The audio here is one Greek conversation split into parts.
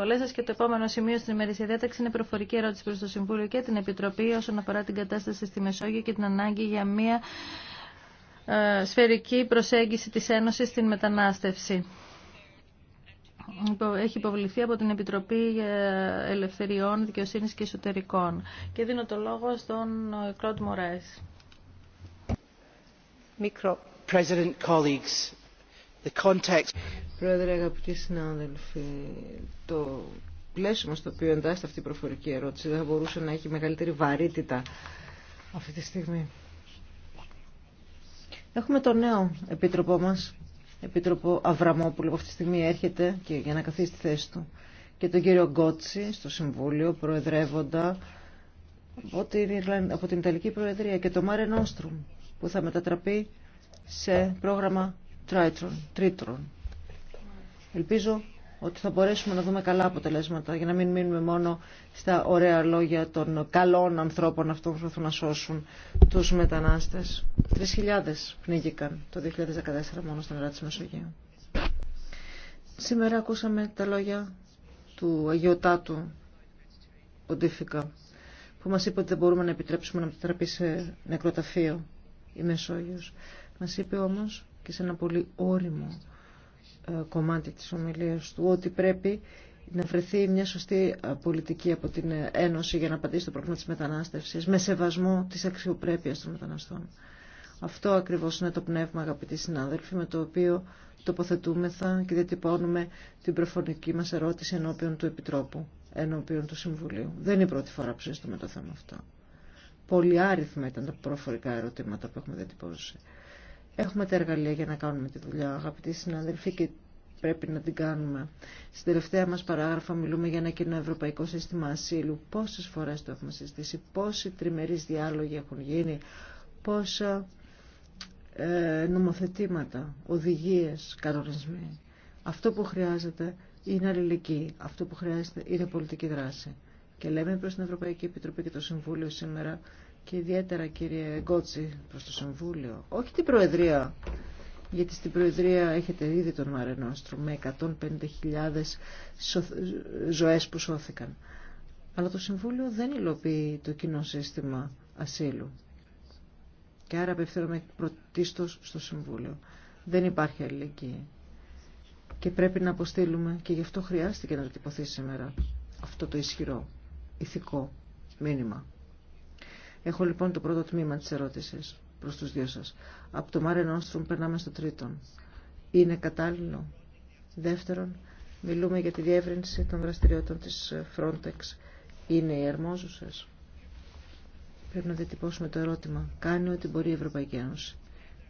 συμβολέ σα και το επόμενο σημείο στην ημερήσια διάταξη είναι προφορική ερώτηση προ το Συμβούλιο και την Επιτροπή όσον αφορά την κατάσταση στη Μεσόγειο και την ανάγκη για μια ε, σφαιρική προσέγγιση της Ένωσης στην μετανάστευση. Έχει υποβληθεί από την Επιτροπή ε, Ελευθεριών, Δικαιοσύνης και Εσωτερικών. Και δίνω το λόγο στον ε, Κλοντ Μορέ. President, colleagues, The context. Πρόεδρε, αγαπητοί συνάδελφοι, το πλαίσιο στο οποίο εντάσσεται αυτή η προφορική ερώτηση δεν θα μπορούσε να έχει μεγαλύτερη βαρύτητα αυτή τη στιγμή. Έχουμε τον νέο επίτροπό μας, επίτροπο Αβραμόπουλο, που αυτή τη στιγμή έρχεται και για να καθίσει στη θέση του. Και τον κύριο Γκότσι στο Συμβούλιο, προεδρεύοντα από την, Ιταλική Προεδρία και το Μάρεν Νόστρουμ, που θα μετατραπεί σε πρόγραμμα τρίτρων. τρίτρων. Ελπίζω ότι θα μπορέσουμε να δούμε καλά αποτελέσματα για να μην μείνουμε μόνο στα ωραία λόγια των καλών ανθρώπων αυτών που προσπαθούν να σώσουν τους μετανάστες. 3.000 πνίγηκαν το 2014 μόνο στην Ελλάδα της Μεσογείου. Σήμερα ακούσαμε τα λόγια του Αγιοτάτου Ποντίφικα που μας είπε ότι δεν μπορούμε να επιτρέψουμε να μετατραπεί σε νεκροταφείο η Μεσόγειος. Μας είπε όμως και σε ένα πολύ όριμο ε, κομμάτι της ομιλίας του ότι πρέπει να βρεθεί μια σωστή ε, πολιτική από την ε, Ένωση για να απαντήσει το πρόβλημα της μετανάστευσης με σεβασμό της αξιοπρέπειας των μεταναστών. Αυτό ακριβώς είναι το πνεύμα αγαπητοί συνάδελφοι με το οποίο τοποθετούμεθα και διατυπώνουμε την προφορική μας ερώτηση ενώπιον του Επιτρόπου, ενώπιον του Συμβουλίου. Δεν είναι η πρώτη φορά που συζητούμε το θέμα αυτό. Πολύ άριθμα ήταν τα προφορικά ερωτήματα που έχουμε διατυπώσει. Έχουμε τα εργαλεία για να κάνουμε τη δουλειά, αγαπητοί συνάδελφοι, και πρέπει να την κάνουμε. Στην τελευταία μα παράγραφα μιλούμε για ένα κοινό ευρωπαϊκό σύστημα ασύλου. πόσε φορέ το έχουμε συζητήσει, πόσοι τριμερεί διάλογοι έχουν γίνει, πόσα ε, νομοθετήματα, οδηγίε κανονισμοί. Αυτό που χρειάζεται είναι αλληλεγγύη. Αυτό που χρειάζεται είναι πολιτική δράση. Και λέμε προ την Ευρωπαϊκή Επιτροπή και το Συμβούλιο σήμερα και ιδιαίτερα κύριε Γκότση προς το Συμβούλιο, όχι την Προεδρία, γιατί στην Προεδρία έχετε ήδη τον Μαρενόστρο με 150.000 ζωές που σώθηκαν. Αλλά το Συμβούλιο δεν υλοποιεί το κοινό σύστημα ασύλου. Και άρα απευθύνομαι πρωτίστως στο Συμβούλιο. Δεν υπάρχει αλληλεγγύη. Και πρέπει να αποστείλουμε και γι' αυτό χρειάστηκε να τυπωθεί σήμερα αυτό το ισχυρό ηθικό μήνυμα. Έχω λοιπόν το πρώτο τμήμα της ερώτησης προς τους δύο σας. Από το Μάρεν Όστρομ περνάμε στο τρίτο. Είναι κατάλληλο. Δεύτερον, μιλούμε για τη διεύρυνση των δραστηριότητων της Frontex. Είναι οι αρμόζουσες. Πρέπει να διατυπώσουμε το ερώτημα. Κάνει ό,τι μπορεί η Ευρωπαϊκή Ένωση.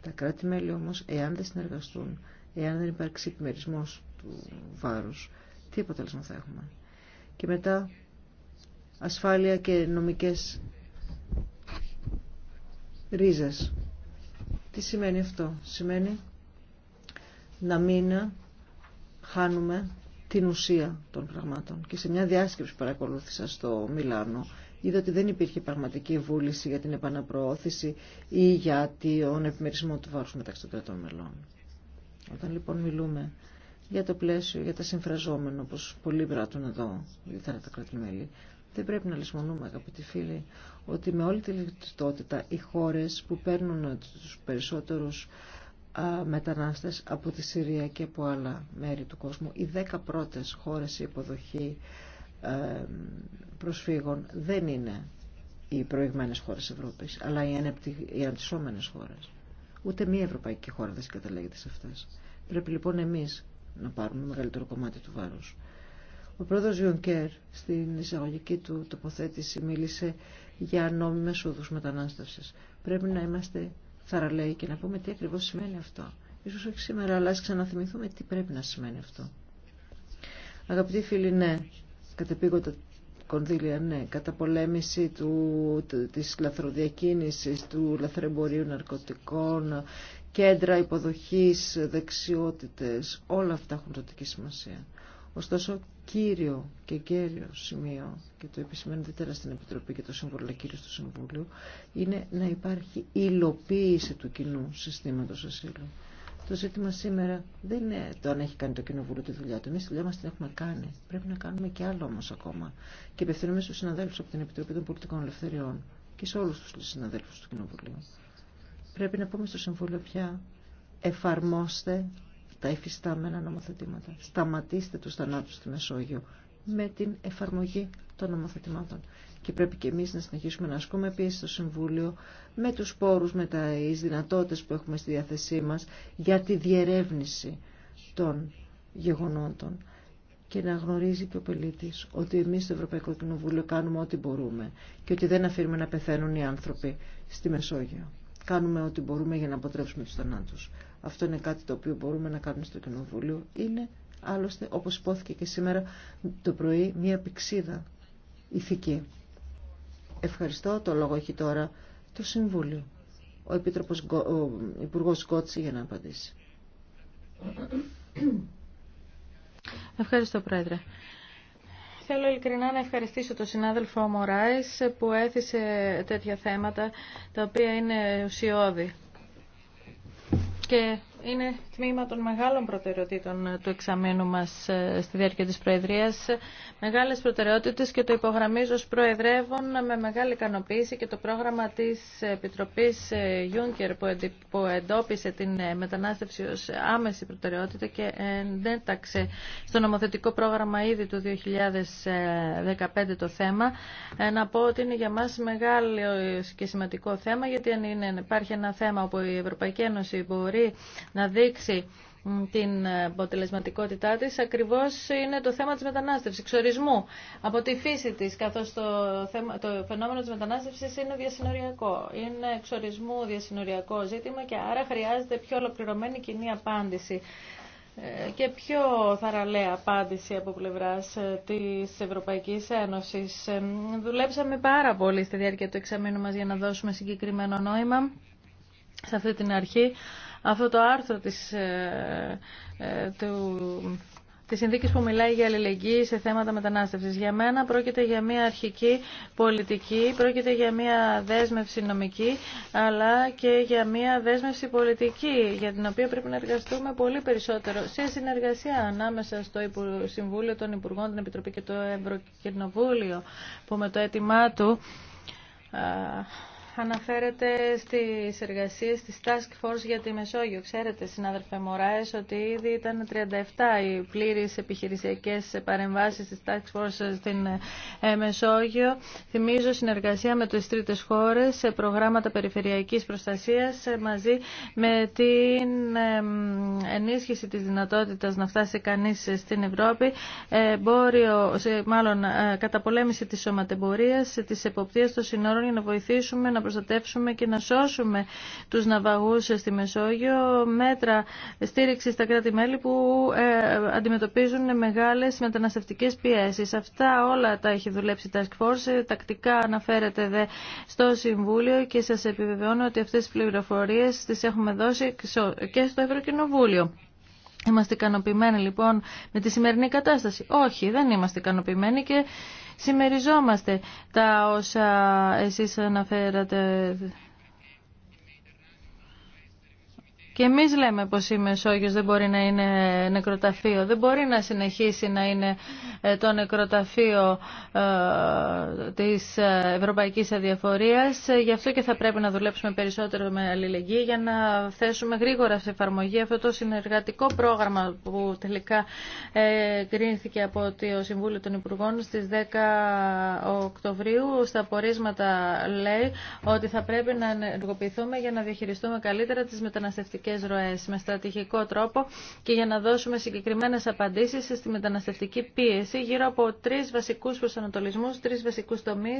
Τα κράτη-μέλη όμως, εάν δεν συνεργαστούν, εάν δεν υπάρξει επιμερισμός του βάρους, τι αποτέλεσμα θα έχουμε. Και μετά, ασφάλεια και νομικέ ρίζες. Τι σημαίνει αυτό. Σημαίνει να μην χάνουμε την ουσία των πραγμάτων. Και σε μια διάσκεψη που παρακολούθησα στο Μιλάνο, είδα ότι δεν υπήρχε πραγματική βούληση για την επαναπροώθηση ή για τον επιμερισμό του βάρους μεταξύ των κρατών μελών. Όταν λοιπόν μιλούμε για το πλαίσιο, για τα συμφραζόμενα, όπως πολλοί πράττουν εδώ, ιδιαίτερα τα μέλη, δεν πρέπει να λησμονούμε, αγαπητοί φίλοι, ότι με όλη τη λιτότητα οι χώρες που παίρνουν τους περισσότερους μετανάστες από τη Συρία και από άλλα μέρη του κόσμου, οι δέκα πρώτες χώρες η υποδοχή ε, προσφύγων δεν είναι οι προηγμένες χώρες Ευρώπης, αλλά οι, οι αναπτυσσόμενες χώρες. Ούτε μία ευρωπαϊκή χώρα δεν συγκαταλέγεται σε αυτές. Πρέπει λοιπόν εμείς να πάρουμε μεγαλύτερο κομμάτι του βάρους. Ο πρόεδρος Ιονκέρ στην εισαγωγική του τοποθέτηση μίλησε για νόμιμες οδούς μετανάστευσης. Πρέπει να είμαστε θαραλέοι και να πούμε τι ακριβώς σημαίνει αυτό. Ίσως όχι σήμερα, αλλά ας ξαναθυμηθούμε τι πρέπει να σημαίνει αυτό. Αγαπητοί φίλοι, ναι, κατεπήγοντα κονδύλια, ναι, κατά του, της λαθροδιακίνησης, του λαθρεμπορίου ναρκωτικών, κέντρα υποδοχής, δεξιότητες, όλα αυτά έχουν τοτική σημασία. Ωστόσο, κύριο και κέριο σημείο, και το επισημαίνω ιδιαίτερα στην Επιτροπή και το αλλά κύριο στο Συμβούλιο είναι να υπάρχει υλοποίηση του κοινού συστήματο ασύλου. Το ζήτημα σήμερα δεν είναι το αν έχει κάνει το κοινοβούλιο τη δουλειά του. Εμεί τη δουλειά μα την έχουμε κάνει. Πρέπει να κάνουμε και άλλο όμω ακόμα. Και απευθύνομαι στου συναδέλφου από την Επιτροπή των Πολιτικών Ελευθεριών και σε όλου του συναδέλφου του Κοινοβουλίου. Πρέπει να πούμε στο Συμβούλιο πια εφαρμόστε τα εφιστάμενα νομοθετήματα. Σταματήστε τους θανάτους στη Μεσόγειο με την εφαρμογή των νομοθετημάτων. Και πρέπει και εμείς να συνεχίσουμε να ασκούμε πίεση στο Συμβούλιο με τους πόρους, με τις δυνατότητες που έχουμε στη διάθεσή μας για τη διερεύνηση των γεγονότων και να γνωρίζει και ο πολίτη ότι εμεί στο Ευρωπαϊκό Κοινοβούλιο κάνουμε ό,τι μπορούμε και ότι δεν αφήνουμε να πεθαίνουν οι άνθρωποι στη Μεσόγειο. Κάνουμε ό,τι μπορούμε για να αποτρέψουμε του θανάτου αυτό είναι κάτι το οποίο μπορούμε να κάνουμε στο Κοινοβούλιο, είναι άλλωστε, όπως υπόθηκε και σήμερα το πρωί, μια πηξίδα ηθική. Ευχαριστώ, το λόγο έχει τώρα το Συμβούλιο. Ο, Επίτροπος, ο Υπουργός Γκότση για να απαντήσει. Ευχαριστώ, Πρόεδρε θέλω ειλικρινά να ευχαριστήσω τον συνάδελφο Μωράης που έθισε τέτοια θέματα τα οποία είναι ουσιώδη και είναι τμήμα των μεγάλων προτεραιοτήτων του εξαμένου μας ε, στη διάρκεια της Προεδρίας. Μεγάλες προτεραιότητες και το υπογραμμίζω ω Προεδρεύων με μεγάλη ικανοποίηση και το πρόγραμμα τη επιτροπή ε, Juncker που εντόπισε την ε, μετανάστευση ω άμεση προτεραιότητα και εντέταξε στο νομοθετικό πρόγραμμα ήδη του 2015 το θέμα. Να πω ότι είναι για μα μεγάλο και σημαντικό θέμα γιατί αν είναι, υπάρχει ένα θέμα όπου η Ευρωπαϊκή Ένωση μπορεί να δείξει την αποτελεσματικότητά της ακριβώς είναι το θέμα της μετανάστευσης, εξορισμού από τη φύση της, καθώς το, θέμα, το φαινόμενο της μετανάστευσης είναι διασυνοριακό. Είναι εξορισμού διασυνοριακό ζήτημα και άρα χρειάζεται πιο ολοκληρωμένη κοινή απάντηση ε, και πιο θαραλέα απάντηση από πλευράς ε, της Ευρωπαϊκής Ένωσης. Ε, δουλέψαμε πάρα πολύ στη διάρκεια του εξαμήνου μας για να δώσουμε συγκεκριμένο νόημα σε αυτή την αρχή αυτό το άρθρο της, ε, ε, του τη συνθήκη που μιλάει για αλληλεγγύη σε θέματα μετανάστευση. Για μένα πρόκειται για μια αρχική πολιτική, πρόκειται για μια δέσμευση νομική, αλλά και για μια δέσμευση πολιτική, για την οποία πρέπει να εργαστούμε πολύ περισσότερο σε συνεργασία ανάμεσα στο Συμβούλιο των Υπουργών, την Επιτροπή και το Ευρωκοινοβούλιο, που με το αίτημά του αναφέρεται στις εργασίες της Task Force για τη Μεσόγειο. Ξέρετε, συνάδελφε Μωράες, ότι ήδη ήταν 37 οι πλήρε επιχειρησιακές παρεμβάσεις της Task Force στην ε, Μεσόγειο. Θυμίζω συνεργασία με τις τρίτες χώρες σε προγράμματα περιφερειακής προστασίας ε, μαζί με την ενίσχυση της δυνατότητας να φτάσει κανείς στην Ευρώπη, ε, μάλλον καταπολέμηση της σωματεμπορίας, της εποπτείας των συνόρων για να βοηθήσουμε να προστατεύσουμε και να σώσουμε τους ναυαγούς στη Μεσόγειο, μέτρα στήριξη στα κράτη-μέλη που ε, αντιμετωπίζουν μεγάλες μεταναστευτικές πιέσεις. Αυτά όλα τα έχει δουλέψει η Task Force, τακτικά αναφέρεται δε στο Συμβούλιο και σας επιβεβαιώνω ότι αυτές τις πληροφορίες τις έχουμε δώσει και στο Ευρωκοινοβούλιο. Είμαστε ικανοποιημένοι λοιπόν με τη σημερινή κατάσταση. Όχι, δεν είμαστε ικανοποιημένοι και συμμεριζόμαστε τα όσα εσείς αναφέρατε Και εμεί λέμε πω η Μεσόγειο δεν μπορεί να είναι νεκροταφείο, δεν μπορεί να συνεχίσει να είναι ε, το νεκροταφείο ε, τη ε, Ευρωπαϊκή Αδιαφορία. Γι' αυτό και θα πρέπει να δουλέψουμε περισσότερο με αλληλεγγύη για να θέσουμε γρήγορα σε εφαρμογή αυτό το συνεργατικό πρόγραμμα που τελικά κρίνθηκε από το Συμβούλιο των Υπουργών στι 10 Οκτωβρίου. Στα πορίσματα λέει ότι θα πρέπει να ενεργοποιηθούμε για να διαχειριστούμε καλύτερα τι μεταναστευτικέ ροές με στρατηγικό τρόπο και για να δώσουμε συγκεκριμένε απαντήσει στη μεταναστευτική πίεση γύρω από τρει βασικού προσανατολισμού, τρει βασικού τομεί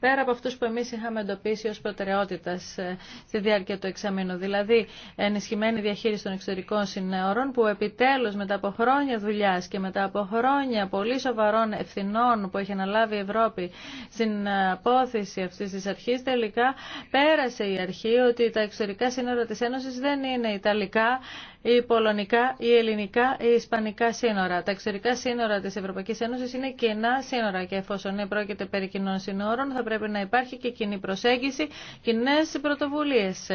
πέρα από αυτού που εμεί είχαμε εντοπίσει ω προτεραιότητα ε, στη διάρκεια του εξαμήνου. Δηλαδή ενισχυμένη διαχείριση των εξωτερικών συνέωρων που επιτέλου μετά από χρόνια δουλειά και μετά από χρόνια πολύ σοβαρών ευθυνών που έχει αναλάβει η Ευρώπη στην απόθεση αυτή τη αρχή, τελικά πέρασε η αρχή ότι τα εξωτερικά σύνορα τη Ένωση δεν είναι ιταλικά ή πολωνικά ή ελληνικά ή ισπανικά σύνορα. Τα εξωτερικά σύνορα της Ευρωπαϊκής Ένωσης είναι κοινά σύνορα και εφόσον πρόκειται περί κοινών σύνορων θα πρέπει να υπάρχει και κοινή προσέγγιση, κοινέ πρωτοβουλίες.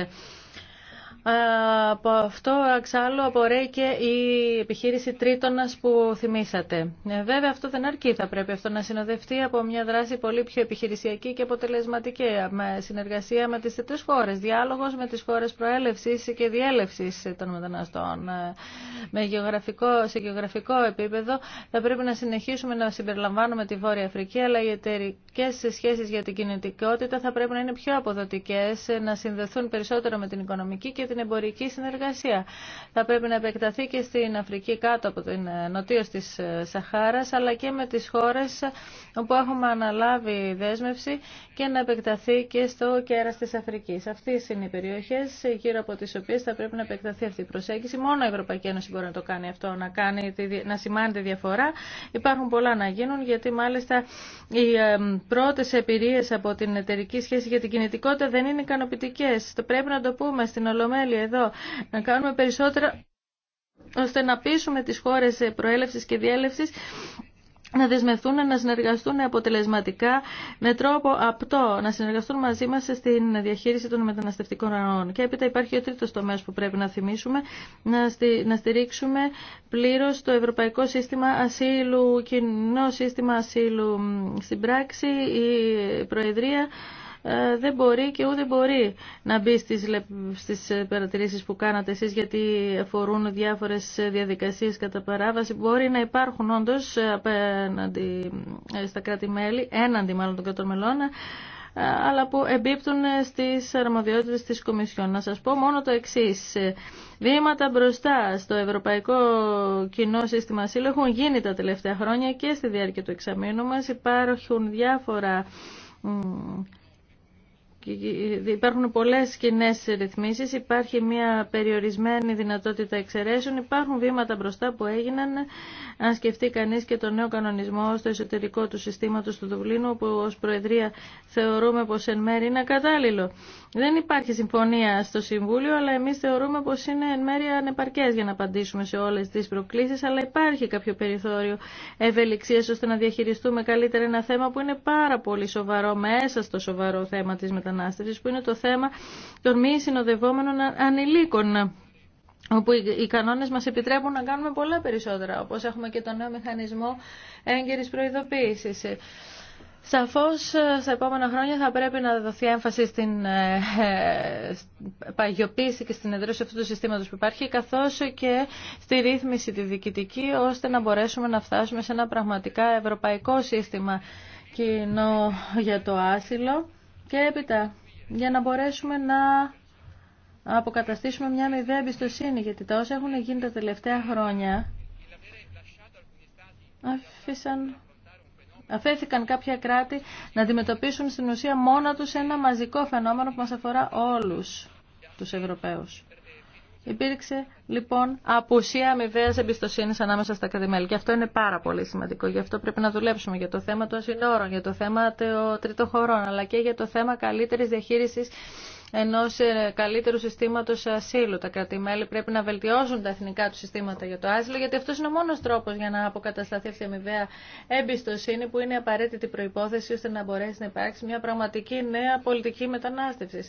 Από αυτό εξάλλου απορρέει και η επιχείρηση τρίτονα που θυμήσατε. Ε, βέβαια αυτό δεν αρκεί, θα πρέπει αυτό να συνοδευτεί από μια δράση πολύ πιο επιχειρησιακή και αποτελεσματική, με συνεργασία με τι τρεις χώρε, διάλογο με τι χώρε προέλευση και διέλευση των μεταναστών. Ε, με γεωγραφικό, σε γεωγραφικό επίπεδο θα πρέπει να συνεχίσουμε να συμπεριλαμβάνουμε τη Βόρεια Αφρική, αλλά οι εταιρικέ σχέσει για την κινητικότητα θα πρέπει να είναι πιο αποδοτικέ, να συνδεθούν περισσότερο με την οικονομική και την εμπορική συνεργασία. Θα πρέπει να επεκταθεί και στην Αφρική κάτω από την ε, νοτίω της ε, Σαχάρα, αλλά και με τι χώρε όπου έχουμε αναλάβει δέσμευση και να επεκταθεί και στο κέρα τη Αφρική. Αυτέ είναι οι περιοχέ γύρω από τι οποίε θα πρέπει να επεκταθεί αυτή η προσέγγιση. Μόνο η Ευρωπαϊκή Ένωση μπορεί να το κάνει αυτό, να, κάνει, να σημάνει τη διαφορά. Υπάρχουν πολλά να γίνουν, γιατί μάλιστα οι ε, πρώτε εμπειρίε από την εταιρική σχέση για την κινητικότητα δεν είναι ικανοποιητικέ. Το πρέπει να το πούμε στην εδώ, να κάνουμε περισσότερα ώστε να πείσουμε τις χώρες προέλευσης και διέλευσης να δεσμευτούν, να συνεργαστούν αποτελεσματικά με τρόπο απτό, να συνεργαστούν μαζί μας στην διαχείριση των μεταναστευτικών ροών. Και έπειτα υπάρχει ο τρίτος τομέας που πρέπει να θυμίσουμε, να, στη, να στηρίξουμε πλήρως το Ευρωπαϊκό Σύστημα Ασύλου, κοινό σύστημα ασύλου στην πράξη, η Προεδρία ε, δεν μπορεί και ούτε μπορεί να μπει στις, στις ε, παρατηρήσεις που κάνατε εσείς γιατί αφορούν διάφορες ε, διαδικασίες κατά παράβαση. Μπορεί να υπάρχουν όντως απέναντι στα κράτη-μέλη, έναντι μάλλον των κρατών μελών, αλλά που εμπίπτουν στις αρμοδιότητες της Κομισιόν. Να σας πω μόνο το εξής. Βήματα μπροστά στο Ευρωπαϊκό Κοινό Σύστημα Ασύλου έχουν γίνει τα τελευταία χρόνια και στη διάρκεια του εξαμήνου μας. Υπάρχουν διάφορα ε, υπάρχουν πολλές κοινέ ρυθμίσεις, υπάρχει μια περιορισμένη δυνατότητα εξαιρέσεων, υπάρχουν βήματα μπροστά που έγιναν, αν σκεφτεί κανείς και το νέο κανονισμό στο εσωτερικό του συστήματος του Δουβλίνου, που ως Προεδρία θεωρούμε πως εν μέρη είναι ακατάλληλο. Δεν υπάρχει συμφωνία στο Συμβούλιο, αλλά εμείς θεωρούμε πως είναι εν μέρει ανεπαρκές για να απαντήσουμε σε όλες τις προκλήσεις, αλλά υπάρχει κάποιο περιθώριο ευελιξίας ώστε να διαχειριστούμε καλύτερα ένα θέμα που είναι πάρα πολύ σοβαρό μέσα στο σοβαρό θέμα της μετανάστευσης, που είναι το θέμα των μη συνοδευόμενων ανηλίκων όπου οι κανόνες μας επιτρέπουν να κάνουμε πολλά περισσότερα, όπως έχουμε και το νέο μηχανισμό έγκαιρης προειδοποίησης. Σαφώς ε, στα επόμενα χρόνια θα πρέπει να δοθεί έμφαση στην ε, ε, παγιοποίηση και στην εδραίωση αυτού του συστήματος που υπάρχει καθώς και στη ρύθμιση τη διοικητική ώστε να μπορέσουμε να φτάσουμε σε ένα πραγματικά ευρωπαϊκό σύστημα κοινό για το άσυλο και έπειτα για να μπορέσουμε να αποκαταστήσουμε μια μηδέα εμπιστοσύνη γιατί τα όσα έχουν γίνει τα τελευταία χρόνια αφήσαν Αφέθηκαν κάποια κράτη να αντιμετωπίσουν στην ουσία μόνα τους ένα μαζικό φαινόμενο που μας αφορά όλους τους Ευρωπαίους. Υπήρξε λοιπόν απουσία αμοιβαία εμπιστοσύνη ανάμεσα στα κρατημέλη. Και αυτό είναι πάρα πολύ σημαντικό. Γι' αυτό πρέπει να δουλέψουμε για το θέμα των συνόρων, για το θέμα των τριτοχωρών, αλλά και για το θέμα καλύτερη διαχείριση Ενό ε, καλύτερου συστήματο ασύλου. Τα κρατημέλη πρέπει να βελτιώσουν τα εθνικά του συστήματα για το άσυλο, γιατί αυτό είναι ο μόνος τρόπος για να αποκατασταθεί αυτή η αμοιβαία εμπιστοσύνη που είναι απαραίτητη προπόθεση ώστε να μπορέσει να υπάρξει μια πραγματική νέα πολιτική μετανάστευση.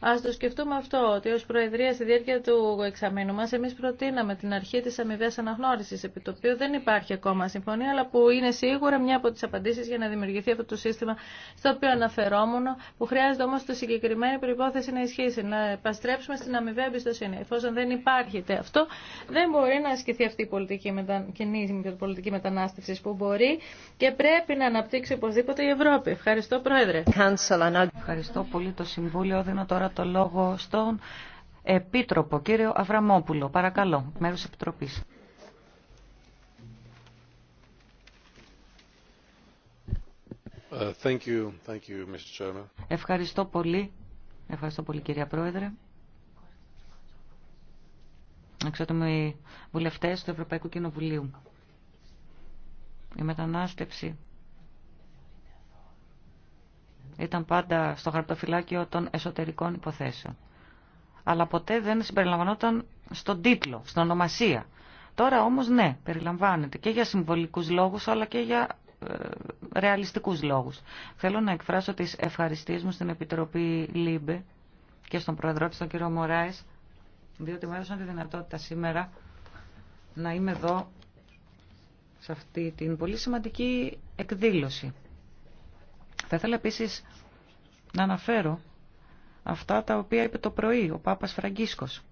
Α το σκεφτούμε αυτό, ότι ω Προεδρία στη διάρκεια του εξαμήνου μα, εμεί προτείναμε την αρχή τη αμοιβαία αναγνώριση, επί το οποίο δεν υπάρχει ακόμα συμφωνία, αλλά που είναι σίγουρα μια από τι απαντήσει για να δημιουργηθεί αυτό το σύστημα στο οποίο αναφερόμουν, που χρειάζεται όμω το συγκεκριμένη προπόθεση να ισχύσει, να επαστρέψουμε στην αμοιβαία εμπιστοσύνη. Εφόσον δεν υπάρχει αυτό, δεν μπορεί να ασκηθεί αυτή η πολιτική μετα... κοινή πολιτική μετανάστευση που μπορεί και πρέπει να αναπτύξει οπωσδήποτε η Ευρώπη. Ευχαριστώ, Πρόεδρε. Ευχαριστώ πολύ το Συμβούλιο. Δίνω τώρα το λόγο στον Επίτροπο, κύριο Αβραμόπουλο. Παρακαλώ, μέρος Επιτροπής. Uh, thank you. Thank you, Mr. Ευχαριστώ πολύ Ευχαριστώ πολύ κυρία Πρόεδρε. οι βουλευτές του Ευρωπαϊκού Κοινοβουλίου. Η μετανάστευση ήταν πάντα στο χαρτοφυλάκιο των εσωτερικών υποθέσεων. Αλλά ποτέ δεν συμπεριλαμβανόταν στον τίτλο, στην ονομασία. Τώρα όμως ναι, περιλαμβάνεται και για συμβολικούς λόγους αλλά και για ε, ρεαλιστικούς λόγους. Θέλω να εκφράσω τις ευχαριστίες μου στην Επιτροπή ΛΥΜΠΕ και στον Πρόεδρό της, τον κύριο Μωράης, διότι μου έδωσαν τη δυνατότητα σήμερα να είμαι εδώ σε αυτή την πολύ σημαντική εκδήλωση. Θα ήθελα επίσης να αναφέρω αυτά τα οποία είπε το πρωί ο Πάπας Φραγκίσκος,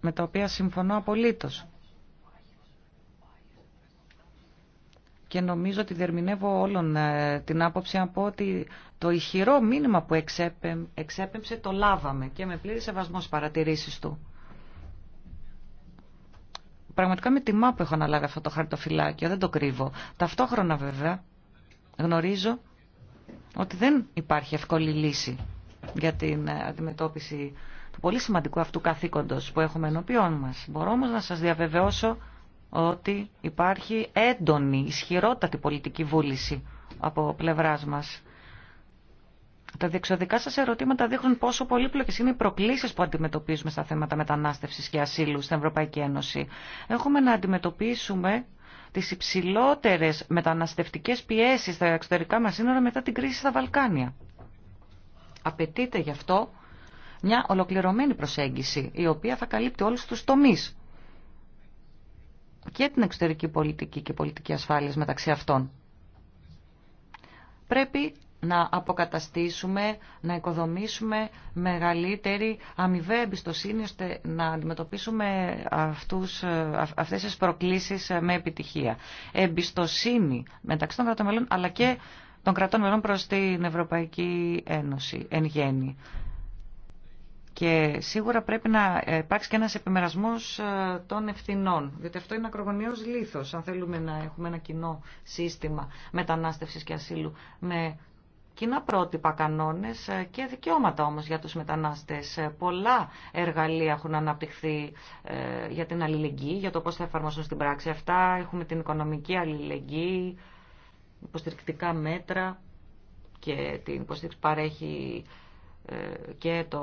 με τα οποία συμφωνώ απολύτως. και νομίζω ότι διερμηνεύω όλων ε, την άποψη από ότι το ηχηρό μήνυμα που εξέπεμψε το λάβαμε και με πλήρη σεβασμό στις παρατηρήσεις του. Πραγματικά με τιμά που έχω αναλάβει αυτό το χαρτοφυλάκιο, δεν το κρύβω. Ταυτόχρονα βέβαια γνωρίζω ότι δεν υπάρχει εύκολη λύση για την ε, αντιμετώπιση του πολύ σημαντικού αυτού καθήκοντος που έχουμε ενώπιόν μας. Μπορώ όμως να σας διαβεβαιώσω ότι υπάρχει έντονη, ισχυρότατη πολιτική βούληση από πλευράς μας. Τα διεξοδικά σας ερωτήματα δείχνουν πόσο πολύπλοκες είναι οι προκλήσεις που αντιμετωπίζουμε στα θέματα μετανάστευσης και ασύλου στην Ευρωπαϊκή Ένωση. Έχουμε να αντιμετωπίσουμε τις υψηλότερες μεταναστευτικές πιέσεις στα εξωτερικά μας σύνορα μετά την κρίση στα Βαλκάνια. Απαιτείται γι' αυτό μια ολοκληρωμένη προσέγγιση, η οποία θα καλύπτει όλους τους τομείς και την εξωτερική πολιτική και πολιτική ασφάλειας μεταξύ αυτών. Πρέπει να αποκαταστήσουμε, να οικοδομήσουμε μεγαλύτερη αμοιβαία εμπιστοσύνη ώστε να αντιμετωπίσουμε αυτούς, αυτές τις προκλήσεις με επιτυχία. Εμπιστοσύνη μεταξύ των κρατών μελών αλλά και των κρατών μελών προς την Ευρωπαϊκή Ένωση εν γέννη. Και σίγουρα πρέπει να υπάρξει και ένας επιμερασμό ε, των ευθυνών, διότι αυτό είναι ακρογωνιό λήθος, αν θέλουμε να έχουμε ένα κοινό σύστημα μετανάστευση και ασύλου με κοινά πρότυπα, κανόνες ε, και δικαιώματα όμως για τους μετανάστες. Ε, πολλά εργαλεία έχουν αναπτυχθεί για την αλληλεγγύη, για το πώς θα εφαρμοστούν στην πράξη αυτά. Έχουμε την οικονομική αλληλεγγύη, υποστηρικτικά μέτρα και την υποστήριξη παρέχει ε, και το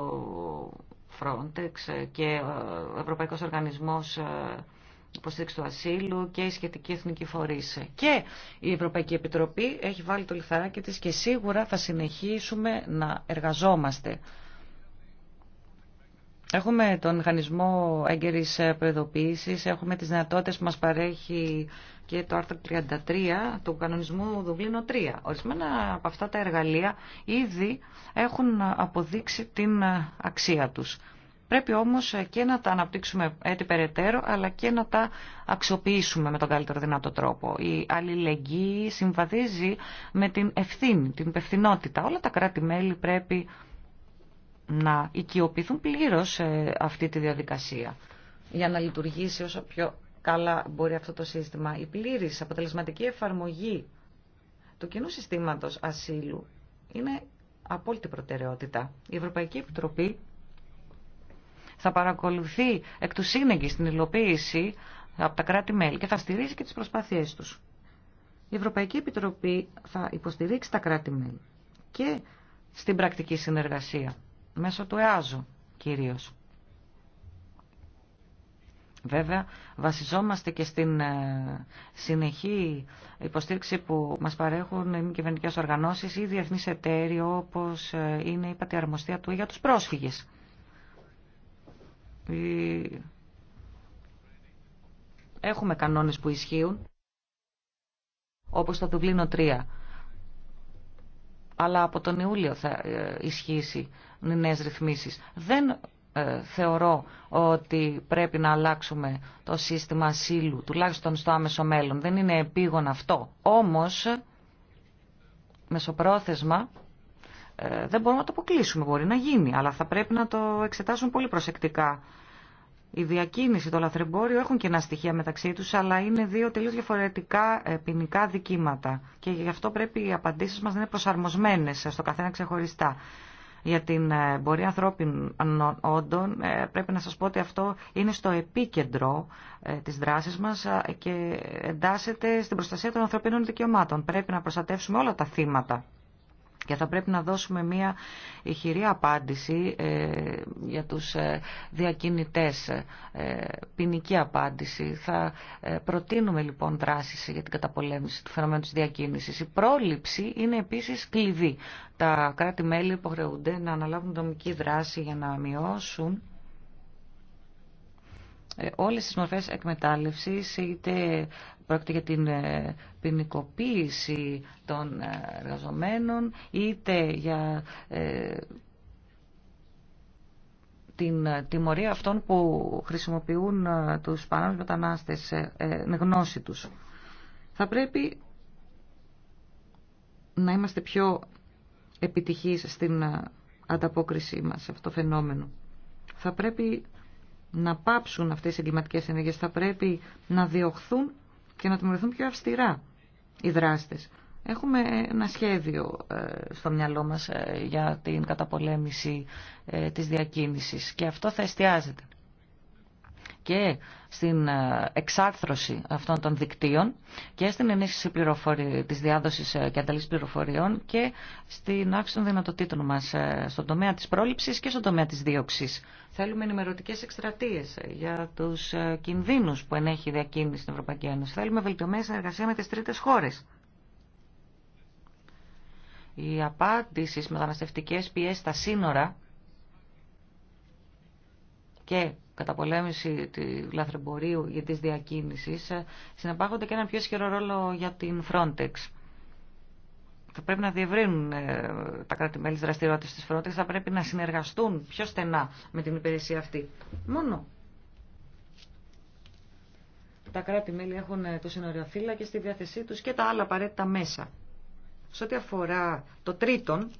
Frontex και ε, ο Ευρωπαϊκός Οργανισμός ε, Υποστήριξη του Ασύλου και η σχετική εθνική φορήση. Και η Ευρωπαϊκή Επιτροπή έχει βάλει το λιθαράκι της και σίγουρα θα συνεχίσουμε να εργαζόμαστε. Έχουμε τον μηχανισμό έγκαιρης προειδοποίησης, έχουμε τις δυνατότητες που μας παρέχει και το άρθρο 33 του κανονισμού Δουβλίνο 3. Ορισμένα από αυτά τα εργαλεία ήδη έχουν αποδείξει την αξία τους. Πρέπει όμως και να τα αναπτύξουμε έτσι περαιτέρω, αλλά και να τα αξιοποιήσουμε με τον καλύτερο δυνατό τρόπο. Η αλληλεγγύη συμβαδίζει με την ευθύνη, την υπευθυνότητα. Όλα τα κράτη-μέλη πρέπει να οικειοποιηθούν πλήρως αυτή τη διαδικασία για να λειτουργήσει όσο πιο καλά μπορεί αυτό το σύστημα. Η πλήρης αποτελεσματική εφαρμογή του κοινού συστήματος ασύλου είναι απόλυτη προτεραιότητα. Η Ευρωπαϊκή Επιτροπή θα παρακολουθεί εκ του σύνεγγυ την υλοποίηση από τα κράτη-μέλη και θα στηρίζει και τις προσπάθειές τους. Η Ευρωπαϊκή Επιτροπή θα υποστηρίξει τα κράτη-μέλη και στην πρακτική συνεργασία, μέσω του ΕΑΖΟ κυρίως. Βέβαια, βασιζόμαστε και στην ε, συνεχή υποστήριξη που μας παρέχουν οι μη κυβερνητικέ οργανώσεις ή διεθνείς εταίροι όπως ε, είναι η πατιαρμοστία του για τους πρόσφυγες. Έχουμε κανόνες που ισχύουν, όπως το Δουβλίνο 3. Αλλά από τον Ιούλιο θα ε, ισχύσει νέες ρυθμίσεις. Δεν ε, θεωρώ ότι πρέπει να αλλάξουμε το σύστημα ασύλου, τουλάχιστον στο άμεσο μέλλον. Δεν είναι επίγον αυτό. Όμως, μεσοπρόθεσμα, ε, δεν μπορούμε να το αποκλείσουμε. Μπορεί να γίνει, αλλά θα πρέπει να το εξετάσουμε πολύ προσεκτικά. Η διακίνηση, το λαθρεμπόριο έχουν και ένα στοιχεία μεταξύ τους, αλλά είναι δύο τελείως διαφορετικά ε, ποινικά δικήματα. Και γι' αυτό πρέπει οι απαντήσεις μας να είναι προσαρμοσμένες στο καθένα ξεχωριστά για την ε, πορεία ανθρώπινων ε, όντων, ε, πρέπει να σας πω ότι αυτό είναι στο επίκεντρο της δράσης μας και εντάσσεται στην προστασία των ανθρωπίνων δικαιωμάτων. Πρέπει να προστατεύσουμε όλα τα θύματα και θα πρέπει να δώσουμε μια ηχηρή απάντηση ε, για τους ε, διακινητές, ε, ποινική απάντηση. Θα προτείνουμε λοιπόν δράσεις για την καταπολέμηση του φαινομένου της διακίνησης. Η πρόληψη είναι επίσης κλειδί. Τα κράτη-μέλη υποχρεούνται να αναλάβουν δομική δράση για να μειώσουν ε, όλες τις μορφές εκμετάλλευσης, είτε πρόκειται για την ε, ποινικοποίηση των ε, εργαζομένων, είτε για την τιμωρία αυτών που χρησιμοποιούν τους παράνομους μετανάστες γνώση τους. Θα πρέπει να είμαστε πιο επιτυχείς στην ανταπόκρισή μας σε αυτό το φαινόμενο. Θα πρέπει να πάψουν αυτές οι εγκληματικές ενέργειες. Θα πρέπει να διωχθούν και να τιμωρηθούν πιο αυστηρά οι δράστες. Έχουμε ένα σχέδιο ε, στο μυαλό μας ε, για την καταπολέμηση ε, της διακίνησης και αυτό θα εστιάζεται και στην ε, εξάρθρωση αυτών των δικτύων και στην ενίσχυση της διάδοσης ε, και ανταλής πληροφοριών και στην αύξηση των δυνατοτήτων μας ε, στον τομέα της πρόληψης και στον τομέα της δίωξης. Θέλουμε ενημερωτικές εκστρατείε για τους κινδύνους που ενέχει η διακίνηση στην Ευρωπαϊκή Ένωση. Θέλουμε βελτιωμένη συνεργασία με τις τρίτες χώρες. Η απάντηση στις μεταναστευτικές πιέσεις στα σύνορα και καταπολέμηση του λαθρεμπορίου για της διακίνησης συνεπάγονται και έναν πιο ισχυρό ρόλο για την Frontex. Θα πρέπει να διευρύνουν ε, τα κράτη-μέλη της της Frontex, θα πρέπει να συνεργαστούν πιο στενά με την υπηρεσία αυτή. Μόνο τα κράτη-μέλη έχουν ε, το και στη διάθεσή τους και τα άλλα απαραίτητα μέσα. Σε ό,τι αφορά το τρίτον,